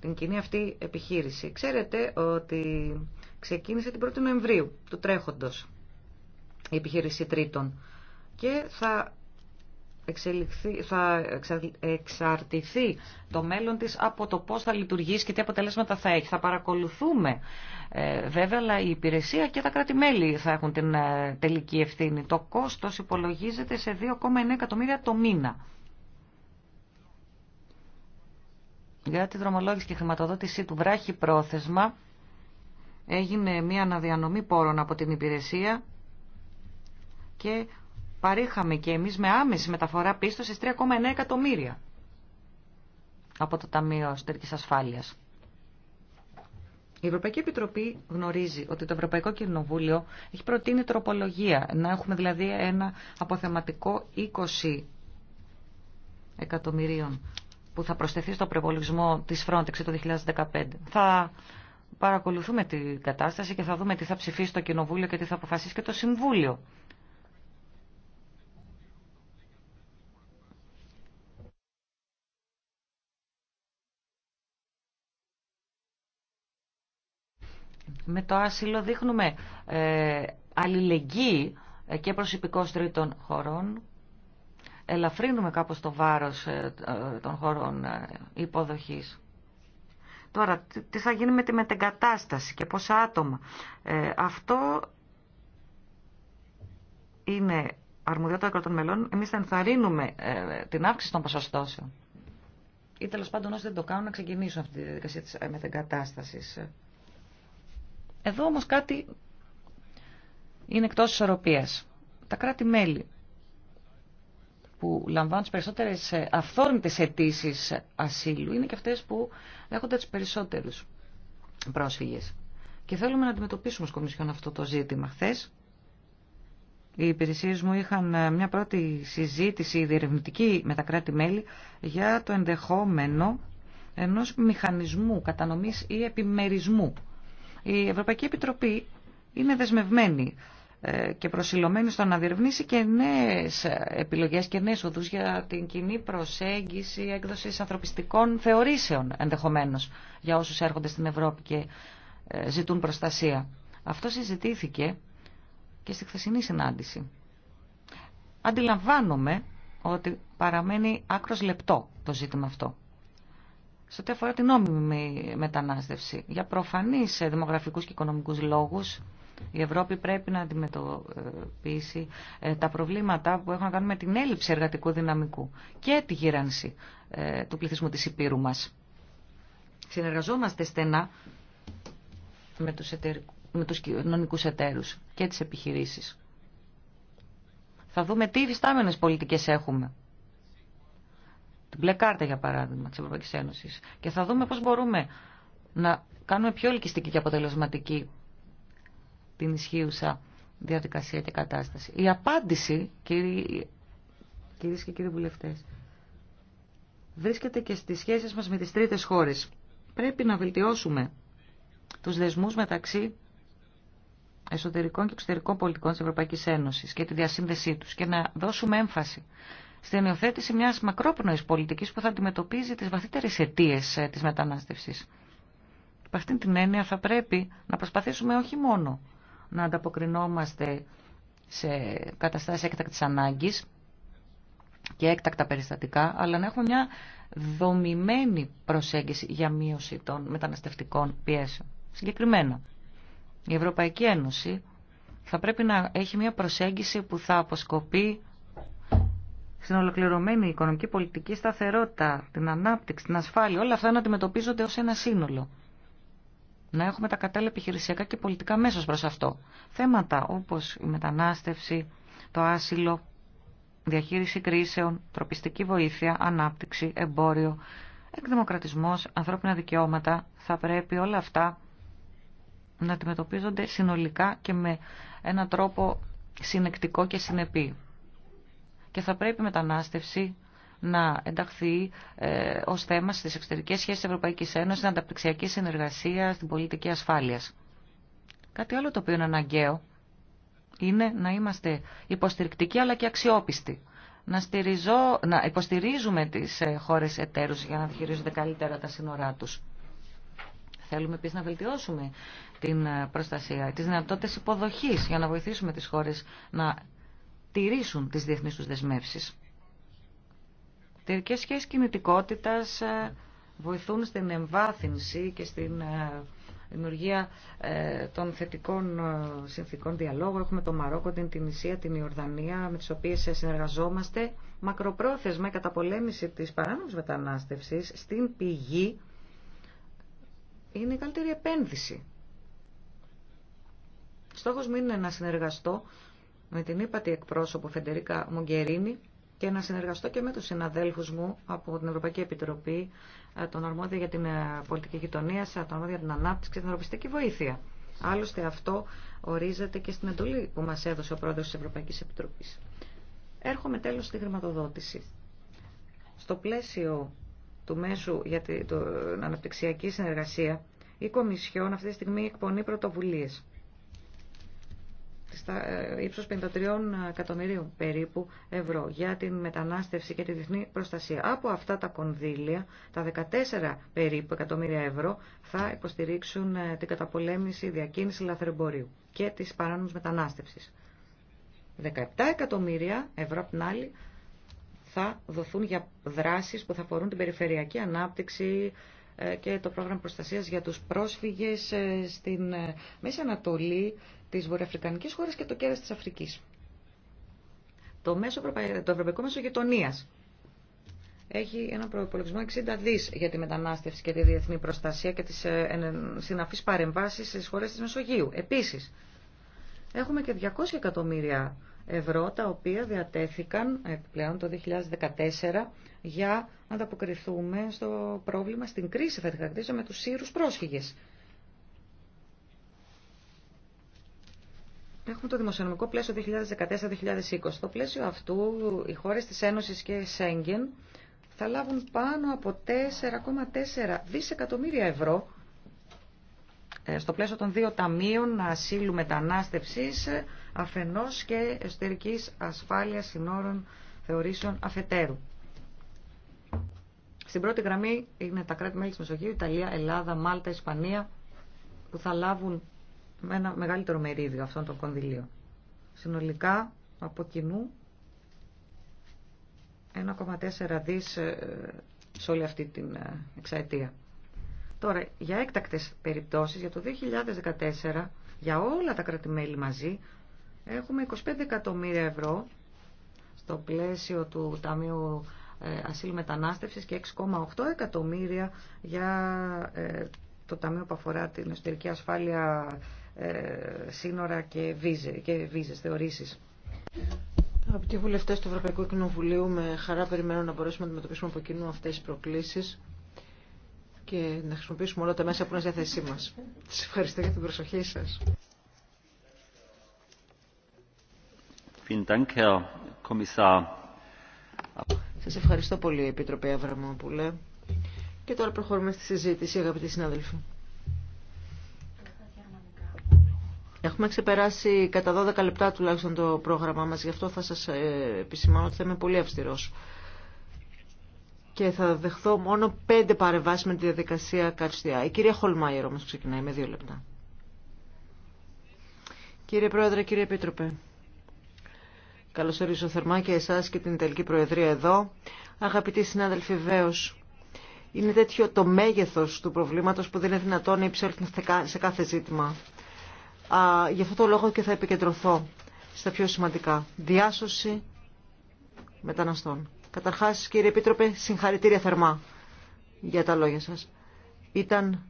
την κοινή αυτή επιχείρηση, ξέρετε ότι Ξεκίνησε την 1η Νοεμβρίου του τρέχοντος η επιχείρηση τρίτων και θα, εξελιχθεί, θα εξαρτηθεί το μέλλον της από το πώς θα λειτουργήσει και τι αποτελέσματα θα έχει. Θα παρακολουθούμε ε, βέβαια, αλλά η υπηρεσία και τα κράτη-μέλη θα έχουν την ε, τελική ευθύνη. Το κόστος υπολογίζεται σε 2,9 εκατομμύρια το μήνα. Για τη δρομολόγηση και χρηματοδότησή του βράχει πρόθεσμα έγινε μια αναδιανομή πόρων από την υπηρεσία και παρήχαμε και εμείς με άμεση μεταφορά πίστοσης 3,9 εκατομμύρια από το Ταμείο Στερικής Ασφάλειας. Η Ευρωπαϊκή Επιτροπή γνωρίζει ότι το Ευρωπαϊκό Κοινοβούλιο έχει προτείνει τροπολογία, να έχουμε δηλαδή ένα αποθεματικό 20 εκατομμυρίων που θα προσθεθεί στο προπολογισμό της Frontex το 2015. Θα παρακολουθούμε την κατάσταση και θα δούμε τι θα ψηφίσει το Κοινοβούλιο και τι θα αποφασίσει και το Συμβούλιο. Με το άσυλο δείχνουμε ε, αλληλεγγύη ε, και προσωπικός τρίτων χωρών. Ελαφρύνουμε κάπως το βάρος ε, ε, των χωρών υποδοχής. Τώρα, τι θα γίνει με τη μετεγκατάσταση και πόσα άτομα. Ε, αυτό είναι αρμοδιότητα των μελών. Εμείς θα ενθαρρύνουμε ε, την αύξηση των ποσοστώσεων. Ή τέλο πάντων όσοι δεν το κάνουν να ξεκινήσουν αυτή τη διαδικασία τη ε, μετεγκατάσταση. Εδώ όμως κάτι είναι εκτός ισορροπία. Τα κράτη-μέλη που λαμβάνουν τις περισσότερες ε, αυθόρμητες αιτήσει ασύλου είναι και αυτέ που δέχονται τις περισσότερου πρόσφυγες. Και θέλουμε να αντιμετωπίσουμε ω Κομισιόν αυτό το ζήτημα. Χθε. οι υπηρεσίε μου είχαν ε, μια πρώτη συζήτηση διερευνητική με τα κράτη-μέλη για το ενδεχόμενο ενός μηχανισμού κατανομής ή επιμερισμού. Η Ευρωπαϊκή Επιτροπή είναι δεσμευμένη ε, και προσιλωμένη στο να διερευνήσει και νέες επιλογές και νέες οδούς για την κοινή προσέγγιση έκδοσης ανθρωπιστικών θεωρήσεων ενδεχομένως για όσους έρχονται στην Ευρώπη και ε, ζητούν προστασία. Αυτό συζητήθηκε και στη χθεσινή συνάντηση. Αντιλαμβάνομαι ότι παραμένει άκρος λεπτό το ζήτημα αυτό σε ό,τι αφορά την νόμιμη μετανάστευση. Για προφανείς δημογραφικούς και οικονομικούς λόγους, η Ευρώπη πρέπει να αντιμετωπίσει ε, τα προβλήματα που έχουν να κάνουν με την έλλειψη εργατικού δυναμικού και τη γύρανση ε, του πληθυσμού της Υπήρου μα. Συνεργαζόμαστε στενά με τους, κοινωνικού με τους κοινωνικούς εταίρους και τις επιχειρήσεις. Θα δούμε τι διστάμενες πολιτικές έχουμε την μπλε κάρτα για παράδειγμα της Ευρωπαϊκής Ένωσης και θα δούμε πώς μπορούμε να κάνουμε πιο ελκυστική και αποτελεσματική την ισχύουσα διαδικασία και κατάσταση. Η απάντηση, κύριοι, κυρίες και κύριοι βουλευτές, βρίσκεται και στις σχέσεις μας με τις τρίτες χώρες. Πρέπει να βελτιώσουμε τους δεσμούς μεταξύ εσωτερικών και εξωτερικών πολιτικών της Ευρωπαϊκής Ένωσης και τη διασύνδεσή τους και να δώσουμε έμφαση στην υιοθέτηση μια μακρόπνοη πολιτική που θα αντιμετωπίζει τι βαθύτερες αιτίε ε, τη μετανάστευση. Υπ' αυτήν την έννοια θα πρέπει να προσπαθήσουμε όχι μόνο να ανταποκρινόμαστε σε καταστάσει έκτακτη ανάγκη και έκτακτα περιστατικά, αλλά να έχουμε μια δομημένη προσέγγιση για μείωση των μεταναστευτικών πιέσεων. Συγκεκριμένα, η Ευρωπαϊκή Ένωση θα πρέπει να έχει μια προσέγγιση που θα αποσκοπεί στην ολοκληρωμένη οικονομική πολιτική σταθερότητα, την ανάπτυξη, την ασφάλεια, όλα αυτά να αντιμετωπίζονται ως ένα σύνολο. Να έχουμε τα κατάλληλα επιχειρησιακά και πολιτικά μέσα προς αυτό. Θέματα όπως η μετανάστευση, το άσυλο, διαχείριση κρίσεων, τροπιστική βοήθεια, ανάπτυξη, εμπόριο, εκδημοκρατισμός, ανθρώπινα δικαιώματα, θα πρέπει όλα αυτά να αντιμετωπίζονται συνολικά και με έναν τρόπο συνεκτικό και συνεπή και θα πρέπει η μετανάστευση να ενταχθεί ε, ως θέμα στι εξωτερικέ σχέσει τη Ευρωπαϊκής Ένωσης, στην ανταπτυξιακή συνεργασία, στην πολιτική ασφάλεια. Κάτι άλλο το οποίο είναι αναγκαίο είναι να είμαστε υποστηρικτικοί αλλά και αξιόπιστοι. Να, στηριζώ, να υποστηρίζουμε τις ε, χώρε εταίρου για να διχειρίζονται καλύτερα τα σύνορά του. Θέλουμε επίση να βελτιώσουμε την ε, προστασία, τι δυνατότητε υποδοχή για να βοηθήσουμε τι χώρε να τηρήσουν τις διεθνείς τους δεσμεύσεις. Τερικές σχέσεις κινητικότητας ε, βοηθούν στην εμβάθυνση και στην ε, δημιουργία ε, των θετικών συνθήκων διαλόγου. Έχουμε το Μαρόκο, την Τινησία, την Ιορδανία, με τις οποίες συνεργαζόμαστε. Μακροπρόθεσμα η καταπολέμηση της παράνομης μετανάστευση στην πηγή είναι η καλύτερη επένδυση. Στόχος μου είναι να συνεργαστώ με την ύπατη εκπρόσωπο Φεντερίκα Μογκερίνη και να συνεργαστώ και με τους συναδέλφους μου από την Ευρωπαϊκή Επιτροπή, ε, τον Αρμόδιο για την ε, Πολιτική Γειτονία, ε, τον Αρμόδιο για την Ανάπτυξη και την Ευρωπιστική Βοήθεια. Άλλωστε αυτό ορίζεται και στην εντολή που μας έδωσε ο πρόεδρος της Ευρωπαϊκής Επιτροπής. Έρχομαι τέλος στη χρηματοδότηση. Στο πλαίσιο του μέσου για την αναπτυξιακή συνεργασία, η Κομισιόν αυτή τη στιγμή εκπονεί πρωτοβουλίες ε, ύψος 53 εκατομμυρίων περίπου ευρώ για την μετανάστευση και τη διεθνή προστασία. Από αυτά τα κονδύλια, τα 14 περίπου εκατομμύρια ευρώ θα υποστηρίξουν ε, την καταπολέμηση διακίνηση λαθρεμπορίου και της παράνομης μετανάστευσης. 17 εκατομμύρια ευρώ απ' την άλλη θα δοθούν για δράσεις που θα αφορούν την περιφερειακή ανάπτυξη, ε, και το πρόγραμμα προστασίας για τους πρόσφυγες στην Μέση Ανατολή, τις Βορειοαφρικανική χώρες και το κέρα της Αφρικής. Το, το Ευρωπαϊκό Μέσο Γειτονίας έχει ένα προπολογισμό 60 δις για τη μετανάστευση και τη διεθνή προστασία και τις ε, συναφείς παρεμβάσεις στις χώρες της Μεσογείου. Επίσης, έχουμε και 200 εκατομμύρια ευρώ τα οποία διατέθηκαν επιπλέον το 2014 για να ανταποκριθούμε στο πρόβλημα, στην κρίση θα τη χαρακτηρίσω με τους Σύρους πρόσφυγες. Έχουμε το δημοσιονομικό πλαίσιο 2014-2020. Στο πλαίσιο αυτού, οι χώρες της Ένωσης και Σέγγεν θα λάβουν πάνω από 4,4 δισεκατομμύρια ευρώ ε, στο πλαίσιο των δύο ταμείων ασύλου μετανάστευσης αφενός και εσωτερικής ασφάλειας συνόρων θεωρήσεων αφετέρου. Στην πρώτη γραμμή είναι τα κράτη-μέλη της Μεσογείου, Ιταλία, Ελλάδα, Μάλτα, Ισπανία, που θα λάβουν με ένα μεγαλύτερο μερίδιο αυτών των κονδυλίων. Συνολικά από κοινού 1,4 δις ε, σε όλη αυτή την ε, εξαετία. Τώρα, για έκτακτες περιπτώσεις, για το 2014, για όλα τα κρατημέλη μαζί, έχουμε 25 εκατομμύρια ευρώ στο πλαίσιο του Ταμείου ε, Ασύλου Μετανάστευσης και 6,8 εκατομμύρια για το Ταμείο που αφορά την εσωτερική ασφάλεια ε, σύνορα και βίζε και βίζες θεωρήσεις. Αγαπητοί βουλευτέ του Ευρωπαϊκού Κοινοβουλίου, με χαρά περιμένω να μπορέσουμε να αντιμετωπίσουμε από κοινού αυτέ τι προκλήσει και να χρησιμοποιήσουμε όλα τα μέσα που είναι στη θέση μα. Σα ευχαριστώ για την προσοχή σα. Σας ευχαριστώ πολύ, Επίτροπε Αβραμόπουλε. Και τώρα προχωρούμε στη συζήτηση, αγαπητοί συνάδελφοι. Έχουμε ξεπεράσει κατά 12 λεπτά τουλάχιστον το πρόγραμμά μας, γι' αυτό θα σας ε, επισημάνω ότι θα είμαι πολύ αυστηρός. Και θα δεχθώ μόνο πέντε παρεμβάσει με τη διαδικασία Κατστιά. Η κυρία Χολμάιερ όμως ξεκινάει με δύο λεπτά. Κύριε Πρόεδρε, κύριε Επίτροπε, καλωσορίζω θερμά και εσάς και την Ιταλική Προεδρία εδώ. Αγαπητοί συνάδελφοι, βεβαίω. είναι τέτοιο το μέγεθος του προβλήματος που δεν είναι δυνατόν να υψέλθουν σε κάθε ζήτημα. Α, γι' αυτό το λόγο και θα επικεντρωθώ στα πιο σημαντικά. Διάσωση μεταναστών. Καταρχάς, κύριε Επίτροπε, συγχαρητήρια θερμά για τα λόγια σας. Ήταν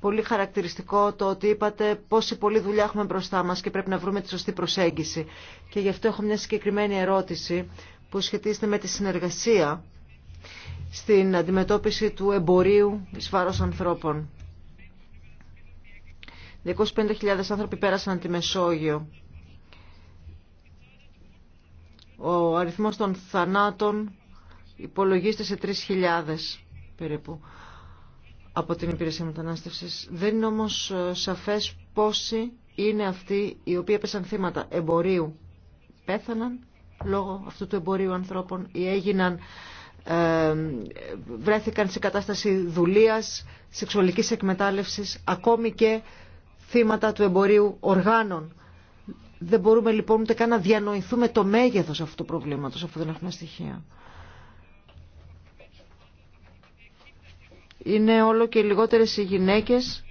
πολύ χαρακτηριστικό το ότι είπατε πόση πολλή δουλειά έχουμε μπροστά μας και πρέπει να βρούμε τη σωστή προσέγγιση. Και γι' αυτό έχω μια συγκεκριμένη ερώτηση που σχετίζεται με τη συνεργασία στην αντιμετώπιση του εμπορίου εις βάρος ανθρώπων. 250.000 άνθρωποι πέρασαν τη Μεσόγειο. Ο αριθμός των θανάτων υπολογίζεται σε 3.000 περίπου από την υπηρεσία μετανάστευσης. Δεν είναι όμως ε, σαφές πόσοι είναι αυτοί οι οποίοι έπεσαν θύματα εμπορίου. Πέθαναν λόγω αυτού του εμπορίου ανθρώπων ή έγιναν, ε, βρέθηκαν σε κατάσταση δουλείας, σεξουαλικής εκμετάλλευσης, ακόμη και θύματα του εμπορίου οργάνων. Δεν μπορούμε λοιπόν ούτε καν να διανοηθούμε το μέγεθος αυτού του προβλήματος αφού δεν έχουμε στοιχεία. Είναι όλο και λιγότερες οι γυναίκες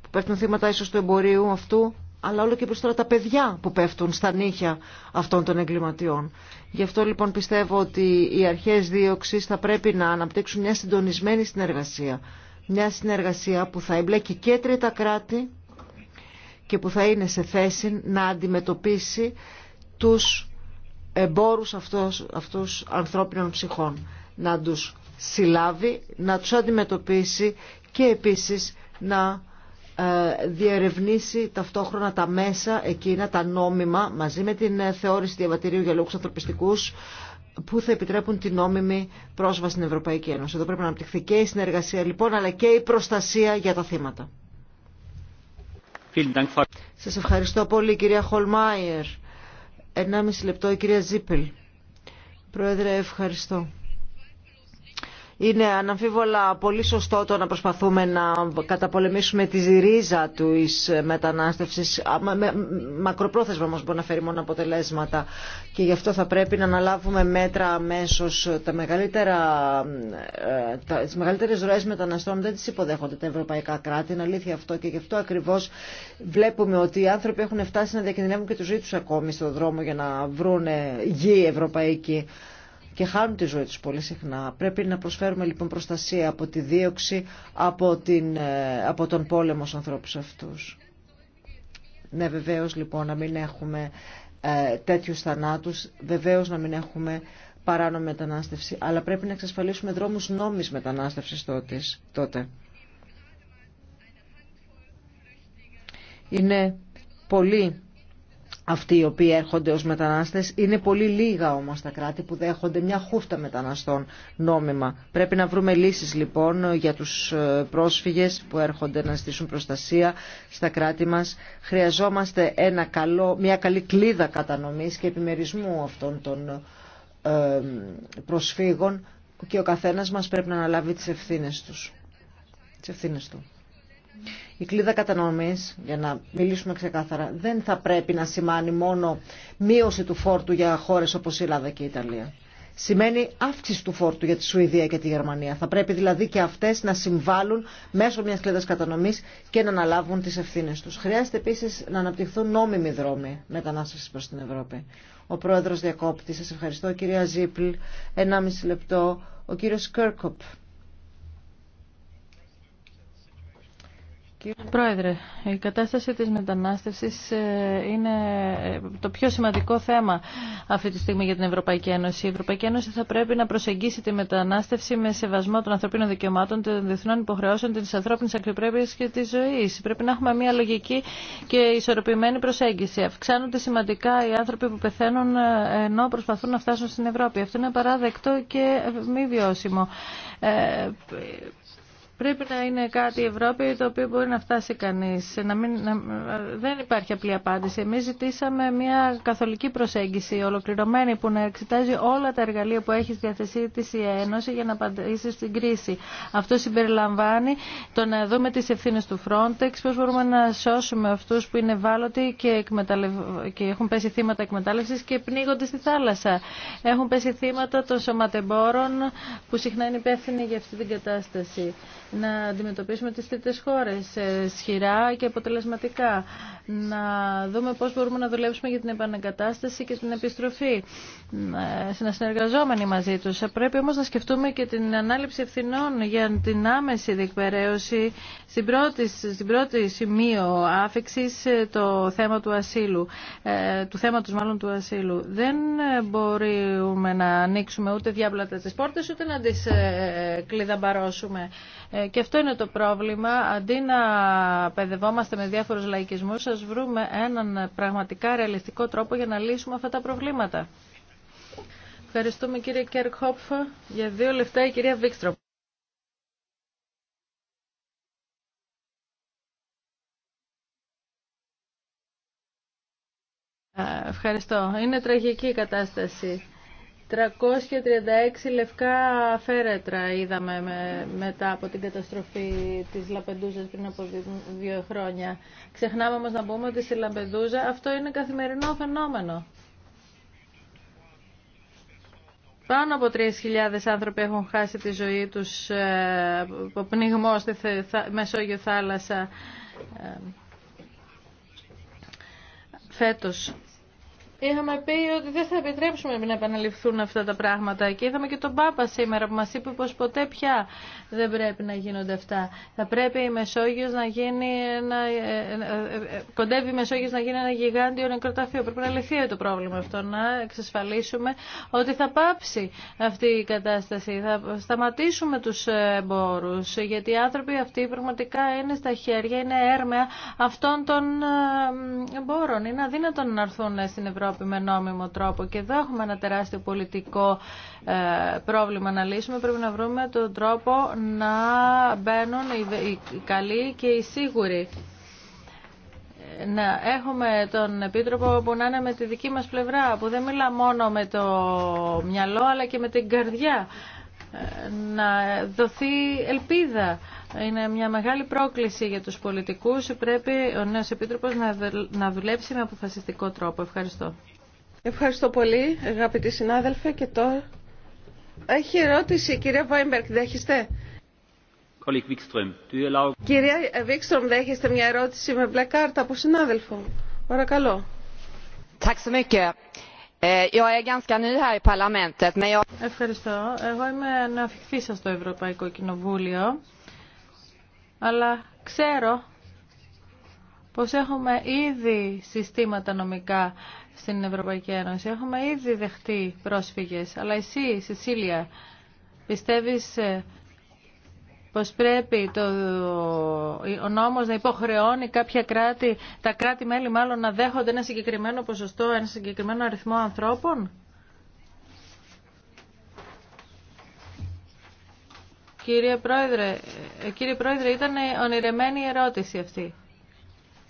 που πέφτουν θύματα ίσως του εμπορίου αυτού αλλά όλο και περισσότερα τα παιδιά που πέφτουν στα νύχια αυτών των εγκληματιών. Γι' αυτό λοιπόν πιστεύω ότι οι αρχές δίωξη θα πρέπει να αναπτύξουν μια συντονισμένη συνεργασία. Μια συνεργασία που θα εμπλέκει και τρίτα κράτη και που θα είναι σε θέση να αντιμετωπίσει τους εμπόρους αυτούς, αυτούς ανθρώπινων ψυχών. Να τους συλλάβει, να τους αντιμετωπίσει και επίσης να ε, διερευνήσει ταυτόχρονα τα μέσα εκείνα, τα νόμιμα, μαζί με την ε, θεώρηση διαβατηρίου για λόγους ανθρωπιστικούς, που θα επιτρέπουν την νόμιμη πρόσβαση στην Ευρωπαϊκή Ένωση. Εδώ πρέπει να αναπτυχθεί και η συνεργασία λοιπόν, αλλά και η προστασία για τα θύματα. Σας ευχαριστώ πολύ κυρία Χολμάιερ. Ενάμιση λεπτό η κυρία Ζίπελ. Πρόεδρε ευχαριστώ. Είναι αναμφίβολα πολύ σωστό το να προσπαθούμε να καταπολεμήσουμε τη ρίζα του μετανάστευση. Μακροπρόθεσμα όμω μπορεί να φέρει μόνο αποτελέσματα και γι' αυτό θα πρέπει να αναλάβουμε μέτρα αμέσω. Τα μεγαλύτερα, ε, τα, τις μεγαλύτερες ροές μεταναστών δεν τις υποδέχονται τα ευρωπαϊκά κράτη, είναι αλήθεια αυτό και γι' αυτό ακριβώς βλέπουμε ότι οι άνθρωποι έχουν φτάσει να διακινδυνεύουν και του ζωή ακόμη στον δρόμο για να βρουν γη ευρωπαϊκή και χάνουν τη ζωή τους πολύ συχνά. Πρέπει να προσφέρουμε λοιπόν προστασία από τη δίωξη, ε, από, τον πόλεμο στους ανθρώπους αυτούς. Ναι, βεβαίως λοιπόν να μην έχουμε ε, τέτοιους θανάτους, βεβαίως να μην έχουμε παράνομη μετανάστευση, αλλά πρέπει να εξασφαλίσουμε δρόμους νόμης μετανάστευσης τότε. τότε. Είναι πολύ αυτοί οι οποίοι έρχονται ως μετανάστες. Είναι πολύ λίγα όμως τα κράτη που δέχονται μια χούφτα μεταναστών νόμιμα. Πρέπει να βρούμε λύσεις λοιπόν για τους ε, πρόσφυγες που έρχονται να στήσουν προστασία στα κράτη μας. Χρειαζόμαστε ένα καλό, μια καλή κλίδα κατανομής και επιμερισμού αυτών των ε, προσφύγων και ο καθένας μας πρέπει να αναλάβει τις ευθύνες, τους. Τις ευθύνες του. Η κλίδα κατανομής, για να μιλήσουμε ξεκάθαρα, δεν θα πρέπει να σημάνει μόνο μείωση του φόρτου για χώρες όπως η Ελλάδα και η Ιταλία. Σημαίνει αύξηση του φόρτου για τη Σουηδία και τη Γερμανία. Θα πρέπει δηλαδή και αυτές να συμβάλλουν μέσω μιας κλίδας κατανομής και να αναλάβουν τις ευθύνες τους. Χρειάζεται επίσης να αναπτυχθούν νόμιμοι δρόμοι μετανάστευσης προς την Ευρώπη. Ο πρόεδρος διακόπτη. Σας ευχαριστώ κυρία Ζίπλ. 1,5 λεπτό. Ο κύριος Κέρκοπ. Κύριε Πρόεδρε, η κατάσταση της μετανάστευσης ε, είναι ε, το πιο σημαντικό θέμα αυτή τη στιγμή για την Ευρωπαϊκή Ένωση. Η Ευρωπαϊκή Ένωση θα πρέπει να προσεγγίσει τη μετανάστευση με σεβασμό των ανθρωπίνων δικαιωμάτων, των διεθνών υποχρεώσεων, της ανθρώπινης αξιοπρέπειας και της ζωής. Πρέπει να έχουμε μια λογική και ισορροπημένη προσέγγιση. Αυξάνονται σημαντικά οι άνθρωποι που πεθαίνουν ε, ενώ προσπαθούν να φτάσουν στην Ευρώπη. Αυτό είναι παράδεκτο και μη βιώσιμο. Πρέπει να είναι κάτι η Ευρώπη το οποίο μπορεί να φτάσει κανείς. Να δεν υπάρχει απλή απάντηση. Εμείς ζητήσαμε μια καθολική προσέγγιση ολοκληρωμένη που να εξετάζει όλα τα εργαλεία που έχει στη διαθεσή της η Ένωση για να απαντήσει στην κρίση. Αυτό συμπεριλαμβάνει το να δούμε τις ευθύνε του Frontex, πώς μπορούμε να σώσουμε αυτούς που είναι ευάλωτοι και, και έχουν πέσει θύματα εκμετάλλευσης και πνίγονται στη θάλασσα. Έχουν πέσει θύματα των σωματεμπόρων που συχνά είναι υπεύθυνοι για αυτή την κατάσταση να αντιμετωπίσουμε τις τρίτες χώρες ε, σχηρά και αποτελεσματικά. Να δούμε πώς μπορούμε να δουλέψουμε για την επανακατάσταση και την επιστροφή. Ε, να συνεργαζόμενοι μαζί τους. Πρέπει όμως να σκεφτούμε και την ανάληψη ευθυνών για την άμεση διεκπαιρέωση στην πρώτη, στην πρώτη σημείο άφηξης ε, το θέμα του ασύλου, του θέματος μάλλον του ασύλου. Δεν μπορούμε να ανοίξουμε ούτε διάπλατα τις πόρτες ούτε να τις κλειδαμπαρώσουμε. Ε, και αυτό είναι το πρόβλημα. Αντί να παιδευόμαστε με διάφορους λαϊκισμούς, σας βρούμε έναν πραγματικά ρεαλιστικό τρόπο για να λύσουμε αυτά τα προβλήματα. Ευχαριστούμε κύριε Κέρκχοπφ. Για δύο λεπτά η κυρία Βίξτροπ. Ε, ευχαριστώ. Είναι τραγική η κατάσταση. 336 λευκά φέρετρα είδαμε μετά από την καταστροφή της Λαπεντούζας πριν από δύο χρόνια. Ξεχνάμε όμως να πούμε ότι στη Λαπεντούζα αυτό είναι καθημερινό φαινόμενο. Πάνω από 3.000 άνθρωποι έχουν χάσει τη ζωή τους ε, από πνιγμό στη Μεσόγειο θάλασσα ε, φέτος είχαμε πει ότι δεν θα επιτρέψουμε να επαναληφθούν αυτά τα πράγματα και είδαμε και τον Πάπα σήμερα που μας είπε πως ποτέ πια δεν πρέπει να γίνονται αυτά. Θα πρέπει η Μεσόγειος να γίνει ένα, ε, ε, ε, κοντεύει η Μεσόγειος να γίνει ένα γιγάντιο νεκροταφείο. Πρέπει να λυθεί το πρόβλημα αυτό, να εξασφαλίσουμε ότι θα πάψει αυτή η κατάσταση. Θα σταματήσουμε τους εμπόρους, γιατί οι άνθρωποι αυτοί πραγματικά είναι στα χέρια, είναι έρμεα αυτών των εμπόρων. Είναι αδύνατο να έρθουν στην Ευρώπη με νόμιμο τρόπο. Και εδώ έχουμε ένα τεράστιο πολιτικό ε, πρόβλημα να λύσουμε. Πρέπει να βρούμε τον τρόπο να μπαίνουν οι καλοί και οι σίγουροι να έχουμε τον Επίτροπο που να είναι με τη δική μας πλευρά, που δεν μιλά μόνο με το μυαλό αλλά και με την καρδιά, ε, να δοθεί ελπίδα είναι μια μεγάλη πρόκληση για τους πολιτικούς. Πρέπει ο νέος Επίτροπος να δουλέψει με αποφασιστικό τρόπο. Ευχαριστώ. Ευχαριστώ πολύ, αγαπητοί συνάδελφε. Και τώρα έχει ερώτηση η κυρία Βάιμπερκ. Δέχεστε. Κυρία Βίξτρομ, ε, δέχεστε μια ερώτηση με μπλε κάρτα από συνάδελφο. Παρακαλώ. Ευχαριστώ. Εγώ είμαι σα στο Ευρωπαϊκό Κοινοβούλιο αλλά ξέρω πως έχουμε ήδη συστήματα νομικά στην Ευρωπαϊκή Ένωση. Έχουμε ήδη δεχτεί πρόσφυγες. Αλλά εσύ, Σεσίλια, πιστεύεις ε, πως πρέπει το, ο νόμος να υποχρεώνει κάποια κράτη, τα κράτη-μέλη μάλλον να δέχονται ένα συγκεκριμένο ποσοστό, ένα συγκεκριμένο αριθμό ανθρώπων. Κύριε Πρόεδρε, ε, κύριε Πρόεδρε, ήταν ονειρεμένη η ερώτηση αυτή.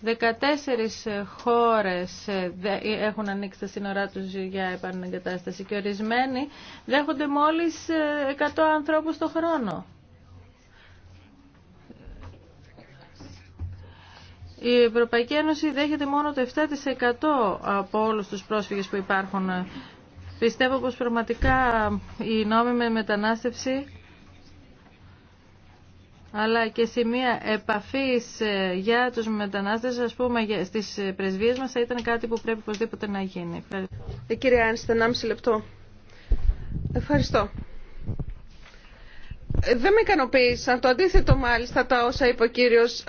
14 χώρες ε, έχουν ανοίξει τα σύνορά τους για επανεγκατάσταση και ορισμένοι δέχονται μόλις 100 ε, ανθρώπους το χρόνο. Η Ευρωπαϊκή Ένωση δέχεται μόνο το 7% από όλους τους πρόσφυγες που υπάρχουν. Πιστεύω πως πραγματικά η νόμιμη μετανάστευση αλλά και σημεία επαφής ε, για τους μετανάστες, ας πούμε, στις ε, πρεσβείες μας, θα ήταν κάτι που πρέπει οπωσδήποτε να γίνει. Ευχαριστώ. Ε, κύριε λεπτό. Ευχαριστώ. Ε, δεν με ικανοποίησαν, το αντίθετο μάλιστα τα όσα είπε ο κύριος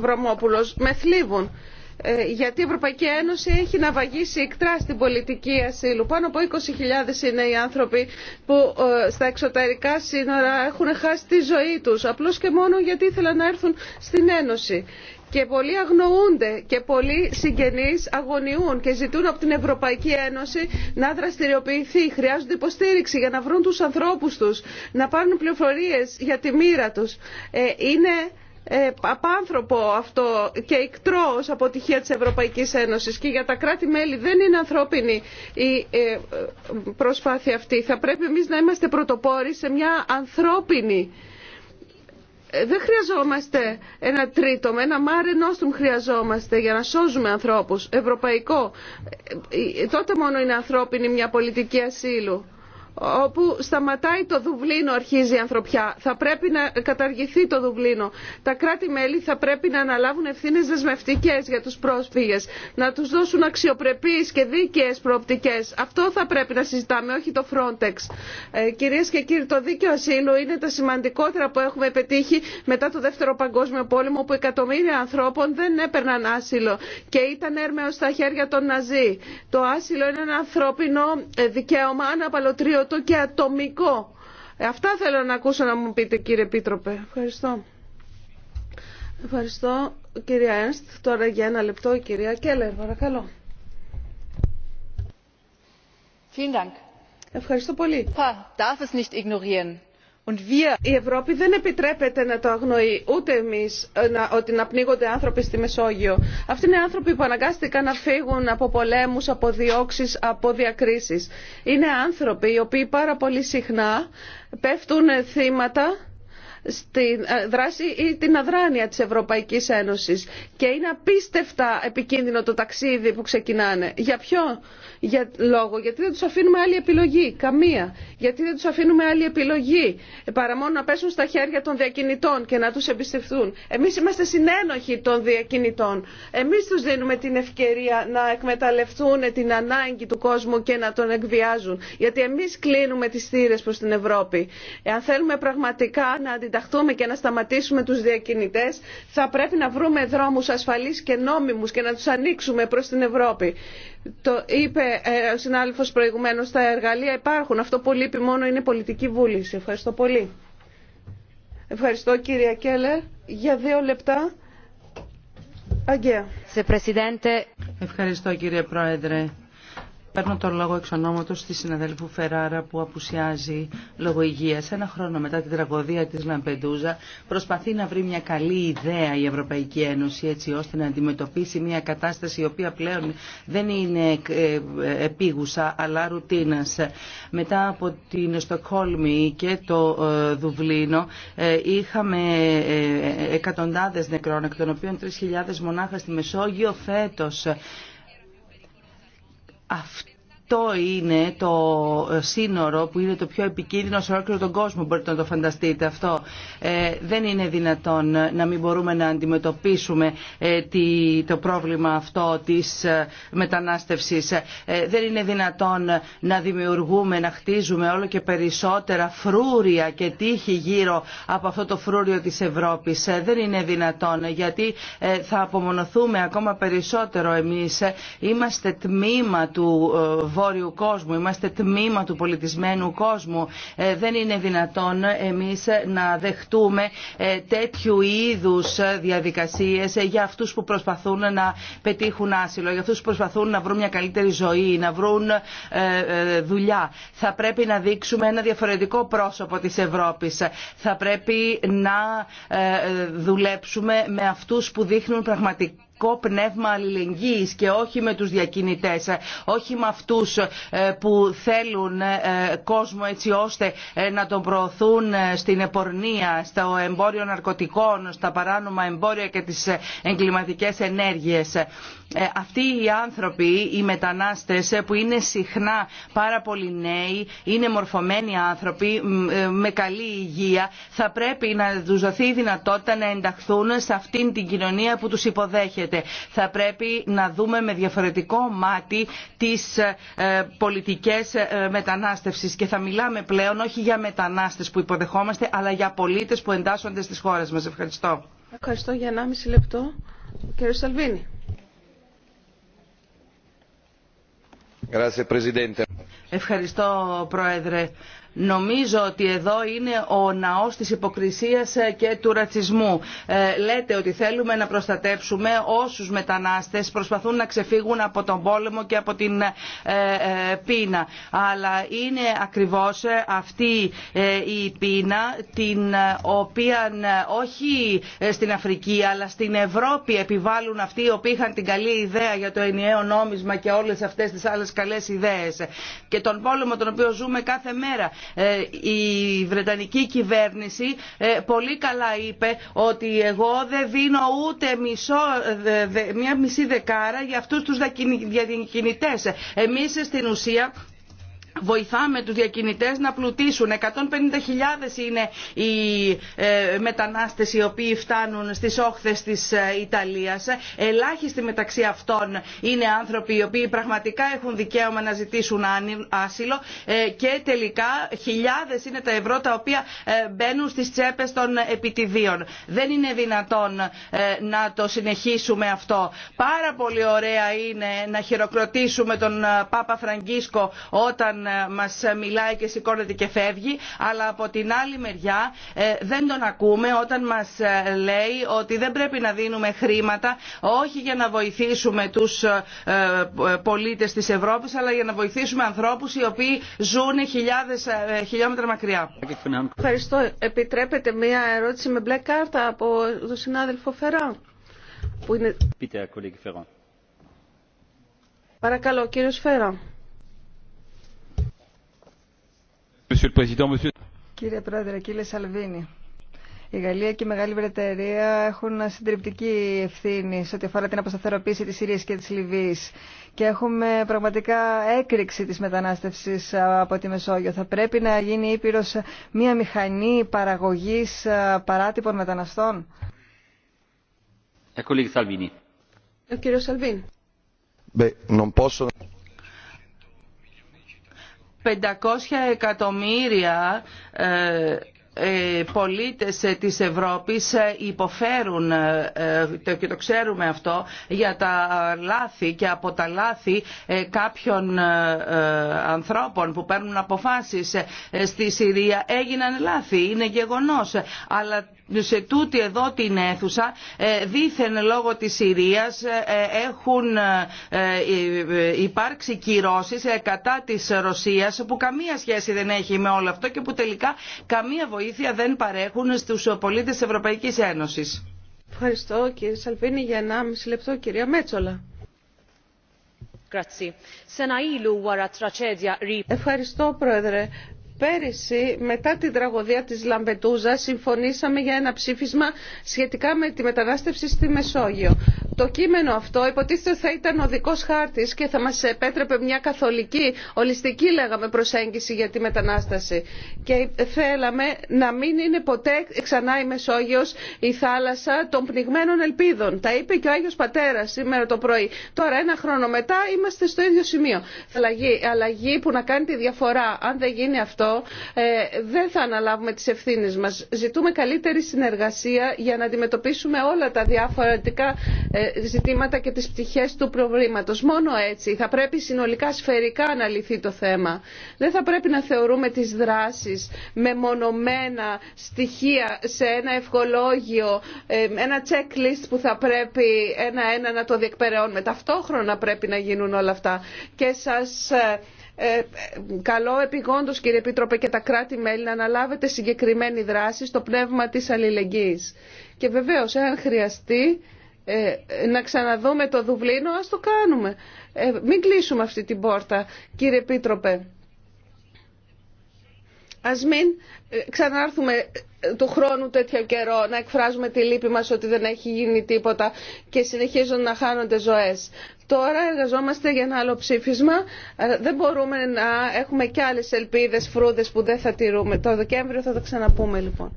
Βρωμόπουλος, με θλίβουν. Ε, γιατί η Ευρωπαϊκή Ένωση έχει να βαγίσει εκτρά στην πολιτική ασύλου. Πάνω από 20.000 είναι οι άνθρωποι που ε, στα εξωτερικά σύνορα έχουν χάσει τη ζωή τους, απλώς και μόνο γιατί ήθελαν να έρθουν στην Ένωση. Και πολλοί αγνοούνται και πολλοί συγγενείς αγωνιούν και ζητούν από την Ευρωπαϊκή Ένωση να δραστηριοποιηθεί. Χρειάζονται υποστήριξη για να βρουν τους ανθρώπους τους, να πάρουν πληροφορίες για τη μοίρα τους. Ε, είναι ε, απάνθρωπο αυτό και εκτρό ως αποτυχία της Ευρωπαϊκής Ένωσης και για τα κράτη-μέλη δεν είναι ανθρώπινη η ε, προσπάθεια αυτή. Θα πρέπει εμείς να είμαστε πρωτοπόροι σε μια ανθρώπινη ε, δεν χρειαζόμαστε ένα τρίτο, ένα μάρε νόστουμ χρειαζόμαστε για να σώζουμε ανθρώπους, ευρωπαϊκό. Τότε μόνο είναι ανθρώπινη μια πολιτική ασύλου όπου σταματάει το Δουβλίνο, αρχίζει η ανθρωπιά. Θα πρέπει να καταργηθεί το Δουβλίνο. Τα κράτη-μέλη θα πρέπει να αναλάβουν ευθύνε δεσμευτικέ για του πρόσφυγε, να του δώσουν αξιοπρεπεί και δίκαιε προοπτικέ. Αυτό θα πρέπει να συζητάμε, όχι το Frontex. Ε, Κυρίε και κύριοι, το δίκαιο ασύλου είναι τα σημαντικότερα που έχουμε πετύχει μετά το Δεύτερο Παγκόσμιο Πόλεμο, όπου εκατομμύρια ανθρώπων δεν έπαιρναν άσυλο και ήταν έρμεο στα χέρια των Ναζί. Το άσυλο είναι ένα ανθρώπινο ε, δικαίωμα αναπαλωτρίωτο το και ατομικό. Ε, αυτά θέλω να ακούσω να μου πείτε κύριε Επίτροπε. Ευχαριστώ. Ευχαριστώ κυρία Ένστ. Τώρα για ένα λεπτό η κυρία Κέλλερ παρακαλώ. Ευχαριστώ πολύ. Η Ευρώπη δεν επιτρέπεται να το αγνοεί ούτε εμεί ε, ότι να πνίγονται άνθρωποι στη Μεσόγειο. Αυτοί είναι άνθρωποι που αναγκάστηκαν να φύγουν από πολέμου, από διώξει, από διακρίσει. Είναι άνθρωποι οι οποίοι πάρα πολύ συχνά πέφτουν θύματα στη ε, δράση ή την αδράνεια της Ευρωπαϊκής Ένωσης και είναι απίστευτα επικίνδυνο το ταξίδι που ξεκινάνε. Για ποιο? για, λόγο, γιατί δεν τους αφήνουμε άλλη επιλογή, καμία. Γιατί δεν τους αφήνουμε άλλη επιλογή, παρά μόνο να πέσουν στα χέρια των διακινητών και να τους εμπιστευτούν. Εμείς είμαστε συνένοχοι των διακινητών. Εμείς τους δίνουμε την ευκαιρία να εκμεταλλευτούν την ανάγκη του κόσμου και να τον εκβιάζουν. Γιατί εμείς κλείνουμε τις θύρε προς την Ευρώπη. Εάν θέλουμε πραγματικά να αντιταχθούμε και να σταματήσουμε τους διακινητές, θα πρέπει να βρούμε δρόμους ασφαλείς και νόμιμους και να τους ανοίξουμε προς την Ευρώπη. Το είπε ε, ο συνάδελφος προηγουμένως, τα εργαλεία υπάρχουν. Αυτό που λείπει μόνο είναι πολιτική βούληση. Ευχαριστώ πολύ. Ευχαριστώ κύριε Κέλλερ. Για δύο λεπτά. Αγγέα. Ευχαριστώ κύριε Πρόεδρε. Παίρνω τον λόγο εξ ονόματος της συναδέλφου Φεράρα που απουσιάζει λόγω υγείας. Ένα χρόνο μετά την τραγωδία της Λαμπεντούζα προσπαθεί να βρει μια καλή ιδέα η Ευρωπαϊκή Ένωση έτσι ώστε να αντιμετωπίσει μια κατάσταση η οποία πλέον δεν είναι ε, επίγουσα αλλά ρουτίνας. Μετά από την Στοκχόλμη και το ε, Δουβλίνο ε, είχαμε εκατοντάδες νεκρών εκ των οποίων 3.000 μονάχα στη Μεσόγειο φέτος αυτό το είναι το ε, σύνορο που είναι το πιο επικίνδυνο σε όλο τον κόσμο. Μπορείτε να το φανταστείτε αυτό. Ε, δεν είναι δυνατόν ε, να μην μπορούμε να αντιμετωπίσουμε το πρόβλημα αυτό της μετανάστευσης. δεν είναι δυνατόν να δημιουργούμε, να χτίζουμε όλο και περισσότερα φρούρια και τείχη γύρω από αυτό το φρούριο της Ευρώπης. δεν είναι δυνατόν γιατί θα απομονωθούμε ακόμα περισσότερο εμείς. Είμαστε τμήμα του βόρειου κόσμου, είμαστε τμήμα του πολιτισμένου κόσμου. Ε, δεν είναι δυνατόν εμείς να δεχτούμε ε, τέτοιου είδους διαδικασίες για αυτούς που προσπαθούν να πετύχουν άσυλο, για αυτούς που προσπαθούν να βρουν μια καλύτερη ζωή, να βρουν ε, δουλειά. Θα πρέπει να δείξουμε ένα διαφορετικό πρόσωπο της Ευρώπης. Θα πρέπει να δουλέψουμε με αυτούς που δείχνουν πραγματικά ειδικό πνεύμα αλληλεγγύης και όχι με τους διακινητές, ε, όχι με αυτούς ε, που θέλουν ε, κόσμο έτσι ώστε να τον προωθούν στην επορνεία, στο εμπόριο ναρκωτικών, στα παράνομα εμπόρια και τις εγκληματικές ενέργειες. Αυτοί οι άνθρωποι, οι μετανάστες που είναι συχνά πάρα πολύ νέοι, είναι μορφωμένοι άνθρωποι με καλή υγεία, θα πρέπει να τους δοθεί η δυνατότητα να ενταχθούν σε αυτήν την κοινωνία που τους υποδέχεται θα πρέπει να δούμε με διαφορετικό μάτι τις ε, πολιτικές ε, μετανάστευσης και θα μιλάμε πλέον όχι για μετανάστες που υποδεχόμαστε αλλά για πολίτες που εντάσσονται στις χώρες μας. Ευχαριστώ. Ευχαριστώ για 1,5 λεπτό. Κύριε Σαλβίνη. Ευχαριστώ, Πρόεδρε. Νομίζω ότι εδώ είναι ο ναός της υποκρισίας ε, και του ρατσισμού. Ε, λέτε ότι θέλουμε να προστατεύσουμε όσους μετανάστες προσπαθούν να ξεφύγουν από τον πόλεμο και από την ε, πείνα. Αλλά είναι ακριβώς αυτή η πείνα την οποία όχι στην Αφρική αλλά στην Ευρώπη επιβάλλουν αυτοί οι οποίοι είχαν την καλή ιδέα για το ενιαίο νόμισμα και όλες αυτές τις άλλες καλές ιδέες. Και τον πόλεμο τον οποίο ζούμε κάθε μέρα ε, η Βρετανική κυβέρνηση ε, πολύ καλά είπε ότι εγώ δεν δίνω ούτε μισό, ε, μια μισή δεκάρα για αυτούς τους διακινητές. Εμείς στην ουσία βοηθάμε τους διακινητές να πλουτίσουν. 150.000 είναι οι ε, μετανάστες οι οποίοι φτάνουν στις όχθες της ε, Ιταλίας. Ελάχιστοι μεταξύ αυτών είναι άνθρωποι οι οποίοι πραγματικά έχουν δικαίωμα να ζητήσουν άσυλο ε, και τελικά χιλιάδες είναι τα ευρώ τα οποία μπαίνουν στις τσέπες των επιτιδίων. Δεν είναι δυνατόν να το συνεχίσουμε αυτό. Πάρα πολύ ωραία είναι να χειροκροτήσουμε τον Πάπα Φραγκίσκο όταν μας μιλάει και σηκώνεται και φεύγει αλλά από την άλλη μεριά ε, δεν τον ακούμε όταν μας ε, λέει ότι δεν πρέπει να δίνουμε χρήματα όχι για να βοηθήσουμε τους ε, πολίτες της Ευρώπης αλλά για να βοηθήσουμε ανθρώπους οι οποίοι ζουν χιλιάδες χιλιόμετρα μακριά. Ευχαριστώ. Επιτρέπετε μία ερώτηση με μπλε κάρτα από τον συνάδελφο Φερά. Που είναι... Παρακαλώ, κύριος Φέρα. Κύριε Πρόεδρε, κύριε Σαλβίνη, η Γαλλία και η Μεγάλη Βρετανία έχουν συντριπτική ευθύνη σε ό,τι αφορά την αποσταθεροποίηση της Συρίας και της Λιβύης. Και έχουμε πραγματικά έκρηξη της μετανάστευσης από τη Μεσόγειο. Θα πρέπει να γίνει ήπειρος μια μηχανή παραγωγής παράτυπων μεταναστών. Ο Σαλβίνη. 500 εκατομμύρια ε, ε, πολίτες της Ευρώπης ε, υποφέρουν ε, και το ξέρουμε αυτό για τα λάθη και από τα λάθη κάποιων ανθρώπων που παίρνουν αποφάσεις στη Συρία έγιναν λάθη, είναι γεγονός αλλά σε τούτη εδώ την αίθουσα δήθεν λόγω της Συρίας έχουν υπάρξει κυρώσεις κατά της Ρωσίας που καμία σχέση δεν έχει με όλο αυτό και που τελικά καμία βοήθεια βοήθεια δεν παρέχουν στους πολίτες της Ευρωπαϊκής Ένωσης. Ευχαριστώ κύριε Σαλβίνη για μισή λεπτό κυρία Μέτσολα. Ευχαριστώ πρόεδρε. Πέρυσι, μετά την τραγωδία της Λαμπετούζα, συμφωνήσαμε για ένα ψήφισμα σχετικά με τη μετανάστευση στη Μεσόγειο. Το κείμενο αυτό υποτίθεται θα ήταν ο δικός χάρτης και θα μας επέτρεπε μια καθολική, ολιστική λέγαμε προσέγγιση για τη μετανάσταση. Και θέλαμε να μην είναι ποτέ ξανά η Μεσόγειος η θάλασσα των πνιγμένων ελπίδων. Τα είπε και ο Άγιος Πατέρας σήμερα το πρωί. Τώρα ένα χρόνο μετά είμαστε στο ίδιο σημείο. Αλλαγή, αλλαγή που να κάνει τη διαφορά. Αν δεν γίνει αυτό ε, δεν θα αναλάβουμε τις ευθύνες μας. Ζητούμε καλύτερη συνεργασία για να αντιμετωπίσουμε όλα τα διαφορετικά ε, ζητήματα και τις πτυχές του προβλήματος. Μόνο έτσι θα πρέπει συνολικά σφαιρικά να λυθεί το θέμα. Δεν θα πρέπει να θεωρούμε τις δράσεις με μονομένα στοιχεία σε ένα ευχολόγιο, ε, ένα checklist που θα πρέπει ένα-ένα να το διεκπαιρεώνουμε. Ταυτόχρονα πρέπει να γίνουν όλα αυτά. Και σας ε, καλό επιγόντως κύριε Επίτροπε και τα κράτη-μέλη να αναλάβετε συγκεκριμένη δράση στο πνεύμα της αλληλεγγύης. Και βεβαίως, εάν χρειαστεί ε, να ξαναδούμε το Δουβλίνο, ας το κάνουμε. Ε, μην κλείσουμε αυτή την πόρτα, κύριε Επίτροπε. Ας μην ε, ξανάρθουμε ε, του χρόνου τέτοιο καιρό να εκφράζουμε τη λύπη μας ότι δεν έχει γίνει τίποτα και συνεχίζουν να χάνονται ζωές. Τώρα εργαζόμαστε για ένα άλλο ψήφισμα. Ε, δεν μπορούμε να έχουμε και άλλες ελπίδες, φρούδες που δεν θα τηρούμε. Το Δεκέμβριο θα τα ξαναπούμε λοιπόν.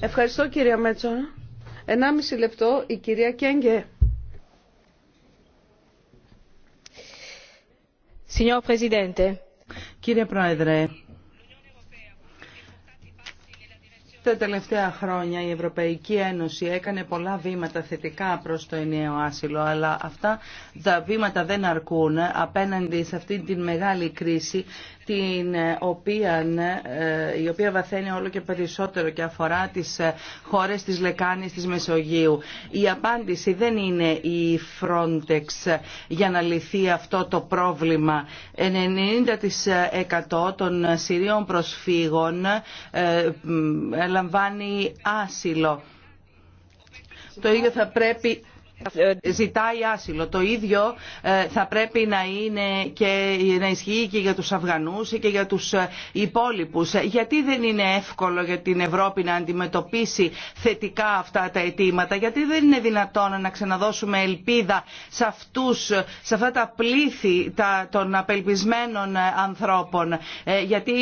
Ευχαριστώ κυρία Μέτσο. Ενάμιση λεπτό η κυρία Κέγκε. Signor Presidente, Κύριε Πρόεδρε, τα τελευταία χρόνια η Ευρωπαϊκή Ένωση έκανε πολλά βήματα θετικά προς το ενιαίο άσυλο, αλλά αυτά τα βήματα δεν αρκούν απέναντι σε αυτή την μεγάλη κρίση την ε, οποία, ε, η οποία βαθαίνει όλο και περισσότερο και αφορά τις ε, χώρες της Λεκάνης της Μεσογείου. Η απάντηση δεν είναι η Frontex για να λυθεί αυτό το πρόβλημα. 90% των Συρίων προσφύγων λαμβάνει άσυλο. Το ίδιο θα πρέπει ε, ζητάει άσυλο. Το ίδιο ε, θα πρέπει να, είναι και, να ισχύει και για τους Αφγανούς και για τους ε, υπόλοιπους. Γιατί δεν είναι εύκολο για την Ευρώπη να αντιμετωπίσει θετικά αυτά τα αιτήματα. Γιατί δεν είναι δυνατόν να ξαναδώσουμε ελπίδα σε, αυτούς, σε αυτά τα πλήθη των απελπισμένων ανθρώπων. Γιατί